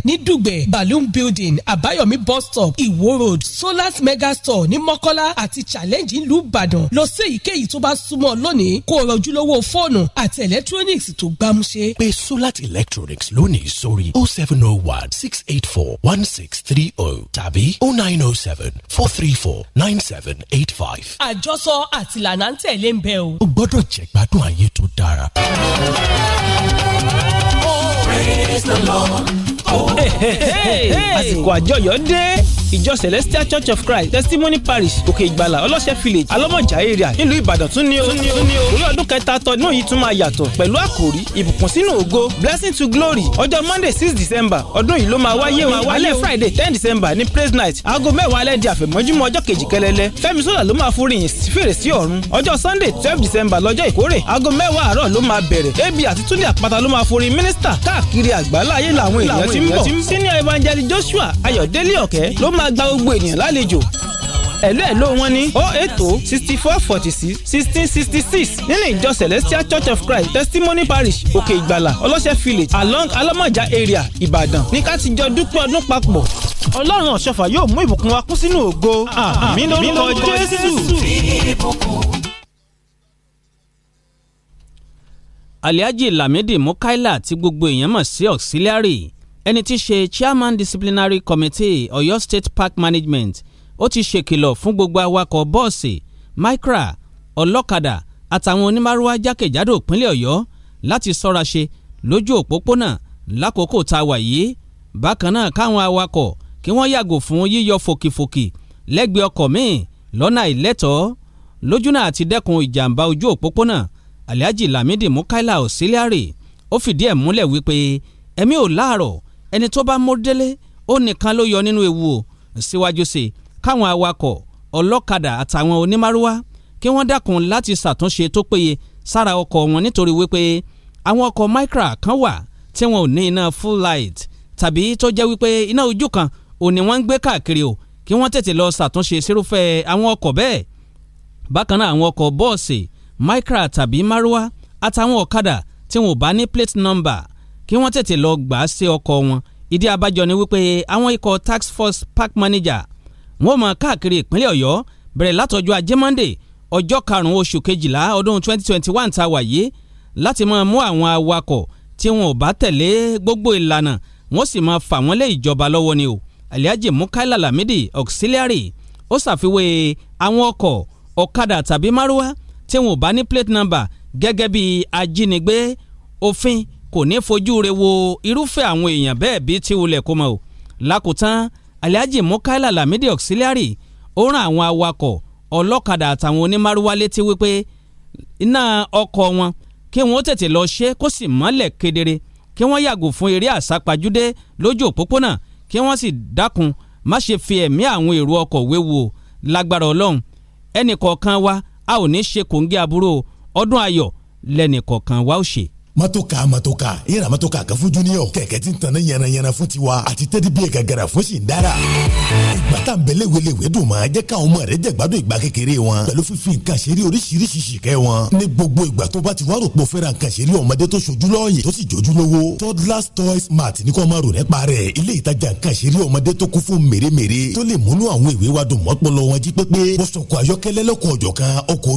ní dùgbẹ̀ balloon building àbáyọ̀mí bus stop iwo road solat mega store ní mọ́kọ́lá àti challenge ìlú ìbàdàn lọ sí èyíkéyìí tó bá súnmọ́ lónìí kó o rọjú lówó fóònù àti electronics tó gbámúṣé. pé solat electronics lónìí sórí oh seven oh one six eight four one six three oh tàbí oh nine oh seven four three four nine seven eight five life. àjọsọ àtìlànà ń tẹ̀lé ń bẹ o. o gbọ́dọ̀ jẹ́ gbádùn ayé tó dára. Oh, praise the lord. Oh, àsìkò àjọyọ̀ dé ìjọ celestial church of christ testimony parish òkè ìgbàlà ọlọ́sẹ̀ village alọ́mọjà area nílùú ìbàdàn tún ní o orí ọdún kẹta tọdún yìí tún máa yàtọ̀ pẹ̀lú àkòrí ìbùkún sínú ògo blessing to glory ọjọ́ monday six december ọdún yìí ló máa wáyé o alẹ́ friday ten december ní praise night aago mẹ́wàá alẹ́ di àfẹ̀mọ́júmọ́ ọjọ́ kejì kẹlẹ́lẹ́ fẹ́mi sọ́là ló máa foríyìn fèrèsé ọ̀run ọjọ́ sunday twelve december lọ́jọ́ ìkórè aago mẹ́wàá àárọ̀ ló máa bẹ̀rẹ̀ ab àti túnde àpáta ló máa forin mínísítà káàkiri àgbáláyé làwọn èèyàn ti ń bọ̀ senior evangelist joshua ayọ̀délé ọ̀kẹ́ ló má máa gba gbogbo ènìyàn lálejò ẹ̀lú ẹ̀lú wọn ní o oh ètò oh sixty four forty six sixteen sixty six nínú ìjọ celestial church of christ testimony parish òkè ìgbàlà ọlọ́sẹ̀ village along alọ́mọjà area ìbàdàn ní ká ti jọ dúpẹ́ ọdún papọ̀ ọlọ́run ọ̀ṣọ́fà yóò mú ìbùkún wa kún sínú ògo àmì lórúkọ jésù. aliaji lamidi mukaila ti gbogbo èèyàn mọ̀ sí auxiliary ẹni tí í ṣe chairman disciplinary committee Ọ̀yọ́ state park management ó ti ṣèkìlọ̀ fún gbogbo awakọ̀ bọ́ọ̀sì micra ọlọ́kadà àtàwọn onímàrúwá jákèjádò ìpínlẹ̀ Ọ̀yọ́ láti ṣọ́ra ṣe lójú òpópónà lákòókò tá a wà yìí bákan náà káwọn awakọ̀ kí wọ́n yàgò fún yíyọ fòkìfòkì lẹ́gbẹ̀ẹ́ ọkọ̀ míì lọ́nà àìlẹ́tọ̀ọ́ lójúnà àti dẹ́kun ìjàmbá ojú òpópónà Alhaji Lamidi Mukaila Auxiliary ó fìdí ẹ̀ múlẹ̀ wípé ẹ̀mí ò láàárọ̀ ẹni tó bá módélé ó nìkan ló yọ nínú ewu o síwájú sí i káwọn awakọ̀ ọlọ́kadà àtàwọn onímárúwá kí wọ́n dákun láti ṣàtúnṣe tó péye sára ọkọ̀ wọn nítorí wípé àwọn ọkọ̀ micra kan wà tí wọn ò ní iná full light tàbí tó jẹ́ wípé iná ojú kan ò ní wọ́n ń gbé káàkiri o kí wọ́n tètè lọ ṣàtúnṣe sírúfẹ́ àwọn ọkọ̀ bẹ́ẹ̀ bákan náà àwọn ọkọ̀ bọ́ọ̀sì micra tàbí márúwá àtàwọn ọ̀kadà tí wọn ò bá ní plate number kí wọ́n tètè lọ gbà á sí ọkọ̀ wọn ìdí abájọ ni wípé àwọn ikọ̀ task force park manager wọ́n máa káàkiri ìpínlẹ̀ ọ̀yọ́ bẹ̀rẹ̀ látọjọ́ ajé monde ọjọ́ karùn-ún oṣù kejìlá ọdún 2021 ta wà yìí láti máa mú àwọn awakọ̀ tí wọn ò bá tẹ̀lé gbogbo ìlànà wọ́n sì máa fà wọ́n lé ìjọba lọ́wọ́ ni o Alhaji Mukaila Lamidi auxiliary ó ṣàfiwé àwọn ọkọ̀ ọ̀kadà tàbí márúwá tí wọn ò bá ní plate number gẹ́gẹ́ bí ajínigbé òfin kò ní fojú re wo irúfẹ́ àwọn èèyàn bẹ́ẹ̀ bí tí wulẹ̀ kó mọ̀ o lákòótán Alhaji Mukaila Lamidi Auxiliary ó rán àwọn awakọ̀ ọlọ́kadà àtàwọn onímárúwá létí wípé iná ọkọ̀ wọn kí wọ́n tètè lọ ṣe kó sì mọ́lẹ̀ kedere kí wọ́n yàgò fún eré àsápajúdé lójú òpópónà kí wọ́n sì dákun má ṣe fi ẹ̀mí àwọn èrò ọkọ̀ wéwu o lágbára ọlọ́run ẹnì kọ̀ọ̀kan wa a ò ní ṣe kòńgẹ́ aburú ọdún ayọ̀ lẹ́nì kọ̀ọ̀kan wa ó ṣe mọ́tòkà mọ́tòkà ìyẹn mọ́tòkà kan fún junior kẹ̀kẹ́ tí ń tanná yànnayànna fún tiwa àti tẹ́tí bíi gàgàrà fún sì ń dára. ìgbà tá n bẹ̀lẹ̀ welewe dùn máa jẹ́ káwọn ọmọ rẹ̀ jẹ̀gbádùn ìgbà kékeré wọn pẹ̀lú fífi nǹkan ṣeré oríṣiríṣi ṣìkẹ́ wọn. ní gbogbo ìgbà tó bá ti wá rògbò fẹ́ra nǹkan ṣeré ọmọdé tó ṣojú lọ́ọ̀yìn tó sì jójú lówó. toddlers toys mart ní wa dùn mọ́pọlọ wọn jí pépé. bọ́sọ̀kọ̀ ayọ́kẹ́lẹ́ lọ́kọ̀ ọ̀jọ̀kan ọkọ̀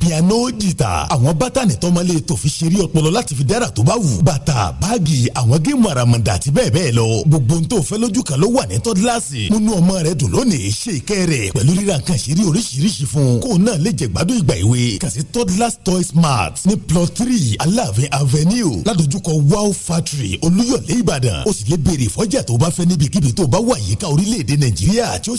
piano jìtà àwọn bátànì ètò fi ṣeré ọpọlọ láti fi dára tó bá wù. bàtà báàgì àwọn géèmù àràmàǹdà àti bẹ́ẹ̀ bẹ́ẹ̀ lọ. gbogbo n tó fẹ́ lójú kan ló wà ní tọ́dílàsì. múnú ọmọ rẹ dùn lónìí ṣe ìkẹ́ rẹ̀ pẹ̀lú ríra nǹkan ṣeré oríṣiríṣi fún. kó náà lè jẹ gbádùn ìgbà ìwé. kà sí tọ́dílàsì toy smart ní plot three aláàfin avenue ládojúkọ wow factory olúyọ̀lé ìbàdàn. ó sì lè béèrè fọ́jà tó bá fẹ́ níbikíbi tó bá wà yíká orílẹ̀-èdè nàìjíríà tí ó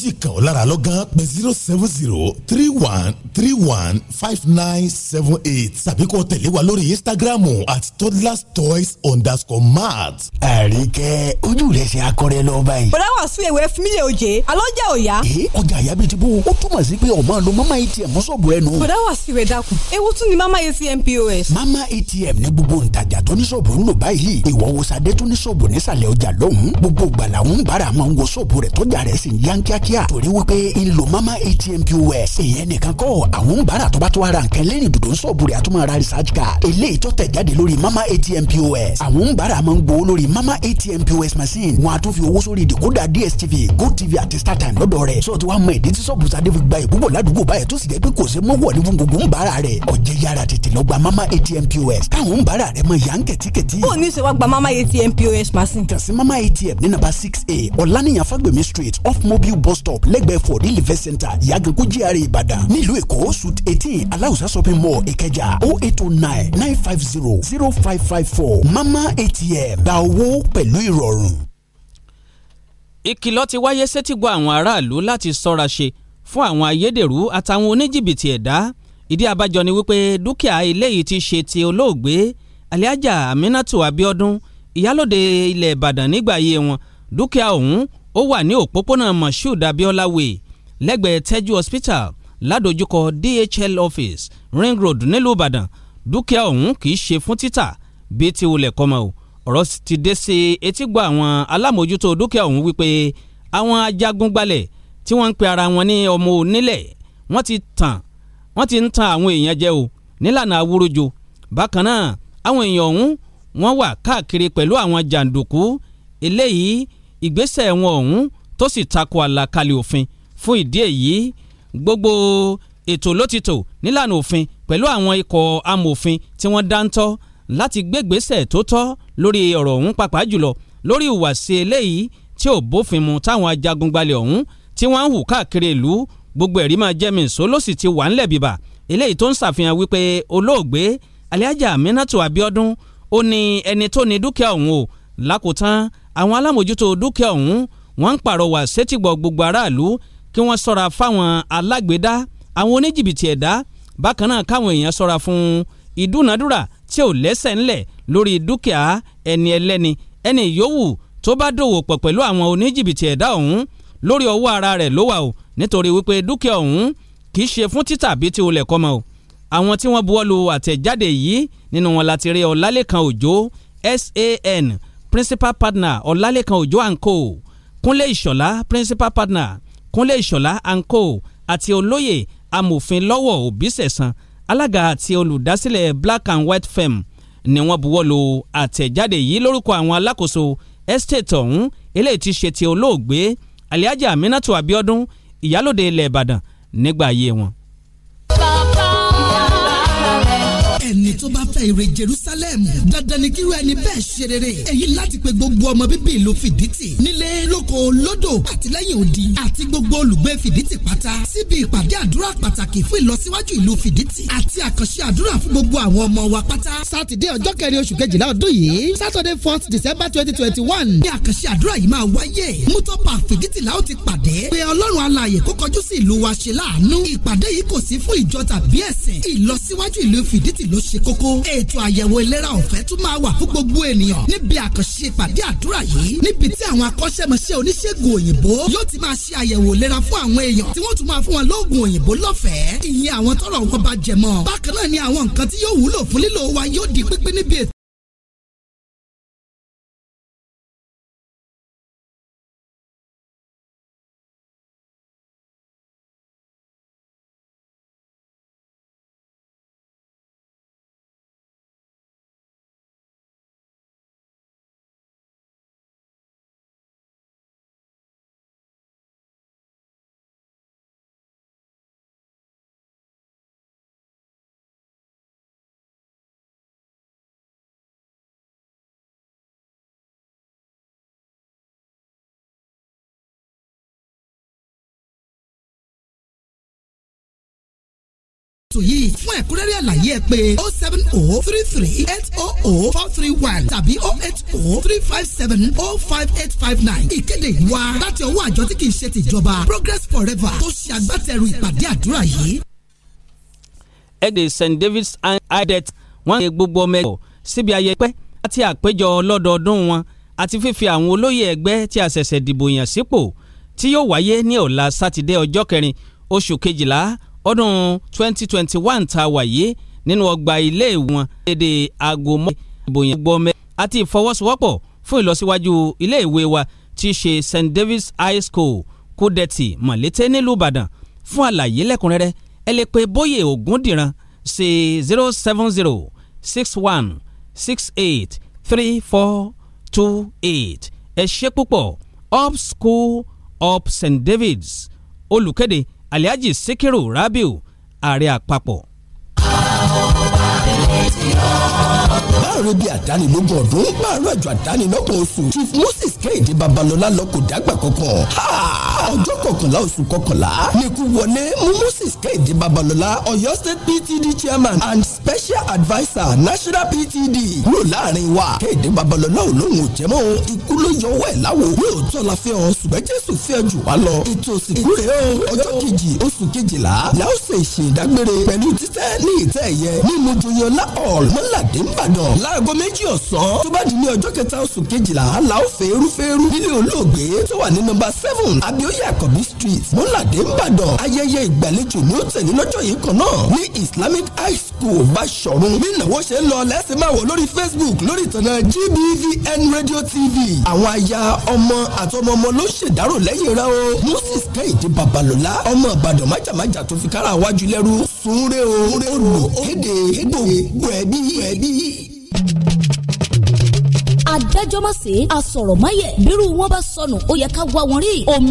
zero seven zero three one three one five nine seven eight tàbí kó tẹ̀lé lórí instagram at toddlers toys underscore mart. àríkẹ́ ojú rẹ̀ ṣe akọrẹ lọ báyìí. bọ̀dá wà sún ewé fún mi lè oje alọ́ jẹ́ òya. ee ọjà àyà bíi ti bó o túmọ̀ sí pé ọ̀gbọ́n lo mama atm mọ́sọ̀bù rẹ nù. bọ̀dá wà sí ìwé dàkún ewu tún ni mama atm pos. mama atm ní gbogbo ntajà tó ní sọ̀bù ń lò báyìí ìwọ wo sadé tó ní sọ̀bù nísàlẹ̀ ọjà lọ́hùn gbogbo gbala ń bára máa ń wo sọ̀bù rẹ̀ tọ́jà rẹ̀ sì ń yan kíákíá torí wípé ń lo mama atm pos èèyàn nìkan kọ́ àwọn ń bára tó bá tó ara nǹkan lẹ́yìn dòdò ń rẹ̀ àtúmọ̀ ara research card mẹ́ta eléyìí tó tẹ̀ jáde lórí mama atm pos àwọn ń bára máa ń gbowó lórí mama atm pos machine wọn a tún fi owó sórí ìdìkúdà dstv gotv àti startime lọ́dọ̀ rẹ̀ sọ ti wá mọ ìdí tí sọ́bùsàdé fi gba ìbúbọ̀ ládùúgbò báyìí tó sì jẹ́ pé kò sí mọ́wọ́ ní gbogbo ń bára rẹ̀ ọ̀jẹ̀ yára tètè lọ gba mama atm pos káwọn ń bára rẹ̀ mọ ìyá ń kẹ̀tíkẹ̀tí. ó ní sèwá gba mama atm pos machine. kàn sí mama atm ní nàbà six a ọ̀lànìyàn fagbemi street off mobile bus stop lẹ́gbẹ̀ẹ́ for the live center ìyàgànkú gr ìbàdàn nílùú èkó suit eighteen aláùsá shopping mall ìkẹjà oh eight oh nine nine five zero zero five five four mama atm gba owó pẹ̀lú ìrọ̀rùn. ìkìlọ̀ ti wáyé sétígbọ́ àwọn aráàlú láti ṣọ́ra ṣe fún àwọn ayédèrú àtàwọn oníjìbìtì ẹ̀dá ìdí abájọ ni wípé dúkìá eléyìí ti ṣe ti olóògbé aliaja aminatu abiodun ìyálòde ilẹ̀ ìbàdàn nígbà ayé wọn dúkìá ọ̀hún ó wà ní òpópónà moshood abiola way lẹ́gbẹ̀ẹ́ teju hospital ládojúkọ dhl office ring road nílùú ìbàdàn dúkìá ọ̀hún kì í ṣe fún títà bíi ti olè kọ́mọ o ọ̀rọ̀ ti dé sí etígbọ́ àwọn alámòjútó dúkìá ọ̀hún wípé àwọn ajagunbalẹ̀ tí wọ́n ń pe ara wọn ní ọmọ onílẹ̀ wọ́n ti tàn wọ́n ti ń tan àwọn èèyàn jẹ o nílànà awúrúju bákan náà àwọn èèyàn ọ̀hún wọ́n wà káàkiri pẹ̀lú àwọn jàǹdùkú eléyìí ìgbésẹ̀ wọn ọ̀hún tó sì tako àlàkalẹ̀ òfin fún ìdí èyí gbogbo ètò ló ti tò nílànà òfin pẹ̀lú àwọn ikọ̀ amòfin tí wọ́n dáńtọ́ láti gbégbèsè tó tọ́ lórí ọ̀rọ̀ ọ̀hún pàápàá jùlọ lórí ìwàsí eléyìí tí ò bófin mu táwọn ajagunbalẹ̀ ọ̀hún tí wọ́n ń hù káàkiri ìlú gbogbo ẹ̀rí máa jẹ́ mìíṣó ló sì ti wà ńlẹ̀ bíbà eléyìí tó ń ṣàfihàn wípé olóògbé Alhaja Aminatu Abiodun ó ní ẹni tó ní dúkìá ọ̀hún o lákòótán àwọn alámòjútó dúkìá ọ̀hún wọ́n ń pàrọwà sétìgbọ̀ gbogbo aráàlú kí wọ́n ṣọ́ra fáwọn alágbèédá àwọn oníjìbìtì ẹ̀dá bákan náà káwọn èèyàn ṣọ́ra fún ìdúnadúrà tí ò lẹ́sẹ̀ ńlẹ̀ lórí dúkìá ẹni ẹlẹ́ni ẹni yòówù tó bá dòwò pọ̀ pẹ̀lú àwọn oníjìbìtì ẹ̀dá ọ̀hún lórí ọwọ́ ara rẹ̀ ló wà o nítorí wípé dúkìá ọ̀hún kì í ṣe fún títà bí ti olè kọ́mọ o àwọn tí wọ́n buwọ́lu àtẹ̀jáde yìí nínú wọn láti rí ọ̀làlẹ́kan òjò san principal partner ọ̀làlẹ́kan òjò and co ìṣọ̀lá principal partner kúnlé ìṣọ̀lá and co àti olóyè amòfin lọ́wọ́ òbísẹ̀sán alága àti olùdásílẹ̀ black and white firm ni wọ́n buwọ́ lu àtẹ̀jáde yìí lórúkọ àwọn alákòóso estate ọ̀hún eléyìí ti ṣe ti olóògbé aliaja aminatu abiodun ìyálòde ilẹ̀ ìbàdàn nígbà ayé wọn ẹnikẹ́ni tó bá fẹ́ ire Jerusalem dandan ni kíru ẹni bẹ́ẹ̀ ṣe rere èyí láti pe gbogbo ọmọ bíbí ìlú fìdítì nílé lóko lódò àtìlẹ́yìn òdi àti gbogbo olùgbé fìdítì pátá síbi ìpàdé àdúrà pàtàkì fún ìlọsíwájú ìlú fìdítì àti àkànṣe àdúrà fún gbogbo àwọn ọmọ wa pátá. sátidé ọjọ́ kẹrin oṣù kejìlá ọdún yìí saturday fourth december twenty twenty one ní àkànṣe àdúrà yìí máa wáyé mútọ́pà fìdítì la ó ti pàdé pé ọlọ́run alààyè kó kọjú sí ìlú wa ṣe láàánú ìpàdé yìí kò sí fún ìjọ tàbí ẹ̀sìn ìlọsíwájú ìlú fìdítì ló ṣe ṣe kókó ètò àyẹ̀wò ìlera ọ̀fẹ́ tún máa wà fún gbogbo ènìyàn níbi àkànṣe ìpàdé àdúrà yìí níbi tí àwọn akọ́ṣẹ́mọṣẹ́ oníṣègùn òyìnbó yóò ti máa ṣe àyẹ̀wò ìlera fún àwọn èèyàn tí wọ́n tún máa fún wọn lóògùn òyìnbó lọ́fẹ̀ẹ́ ìyẹn àwọn tọ́rọ̀ wọn bá jẹ mọ́ bákan náà ni àwọn nǹkan tí yóò wúlò fún lílò wa yóò di pínpín níbi ètò kóòtù yìí fún ẹ̀kúnrẹ́rẹ́ àlàyé ẹ pé o seven o three three eight o o four three one tàbí o eight o three five seven o five eight five nine ìkéde yìí wá láti ọwọ́ àjọ tí kì í ṣe tìjọba progress forever tó ṣe agbátẹrù ìpàdé àdúrà yìí. ẹgbẹ́ st david's idet wọ́n ṣe gbogbo ọmọ ẹ̀kọ́ síbi ayẹpẹ́ àti àpéjọ lọ́dọọdún wọn àti fífi àwọn olóyè ẹgbẹ́ tí a ṣẹ̀ṣẹ̀ dìbò yàn sípò tí yóò wáyé ní ọ̀la sátidé ọjọ́ kẹrin oṣù kejìlá ọdún 2021 Twenty a wà yìí nínú ọgbà ilé ìwọ̀n léde aago mọ́ ìbòyìn gbọ́mẹ́ àti ìfọwọ́sowọ́pọ̀ fún ìlọsíwájú ilé ìwé wa ti ṣe St David's High School Kudeti. Mọ̀lété nílùú Ìbàdàn fún àlàyé lẹ́kùnrẹ́rẹ́ ẹ lè pe Bóyè Ògúndìran sí zero seven zero six one six eight three four two eight ẹ ṣe púpọ̀ up school up St David's olùkéde 08 Alhaji Sikiru Rabiu ààrẹ àpapọ̀ báàrò bíi àdánilógún ọdún báàrò àjọ àdánilọ́gbọ̀n oṣù Chief Moses Kẹ́hìndé Babalọ́lá lọ kò dágbà kankan ọjọ́ kọkànlá oṣù kọkànlá nìkú wọlé mú moses kéde babalọ́lá ọ̀yọ́ state ptd chairman and special adviser national ptd kúrò láàrin wa kéde babalọ́lá olóhùn òjẹ́mọ́ ikú ló yọ ọwọ́ ẹ̀ láwo lóòótọ́ la fẹ́ ọ ṣùgbọ́n jésù fẹ́ jù wá lọ ètò òsìnkú rẹ̀ o ọjọ́ kejì oṣù kejìlá láòsè ṣe ìdágbére pẹ̀lú títẹ́ ní ìtẹ́ ẹ̀yẹ nínú joyola hall mọ́ládé ńbàdàn láago méjì ọ̀sán tó bá di ní ọjọ́ kẹta oṣù kejìlá láòfẹ́ erúfẹ́ erú nílé olóògbé tó wà ní nọ́mbà seven abioye lórí àkànbí street mọ́ládé ìbàdàn ayẹyẹ ìgbàlejò ni ó tẹ̀lé lọ́jọ́ yìí kan náà ní islamic high school basọ̀run bí ìnáwó ṣe ń lọ lẹ́sìn máa wò lórí facebook lórí ìtànà gbvn radio tv àwọn aya ọmọ àtọmọ ọmọ ló ṣèdárò lẹ́yìn rẹ o moses kẹ́hìndé babalọ́lá ọmọ ìbàdàn májàmájà tó fi kára wájú lẹ́rú sunre o olùkéde gbogbo ẹbí. adájọ́mọ̀sí asọ̀rọ̀máyẹ̀ bírú wọn bá sọnù ó yẹ ká wá wọn rí omi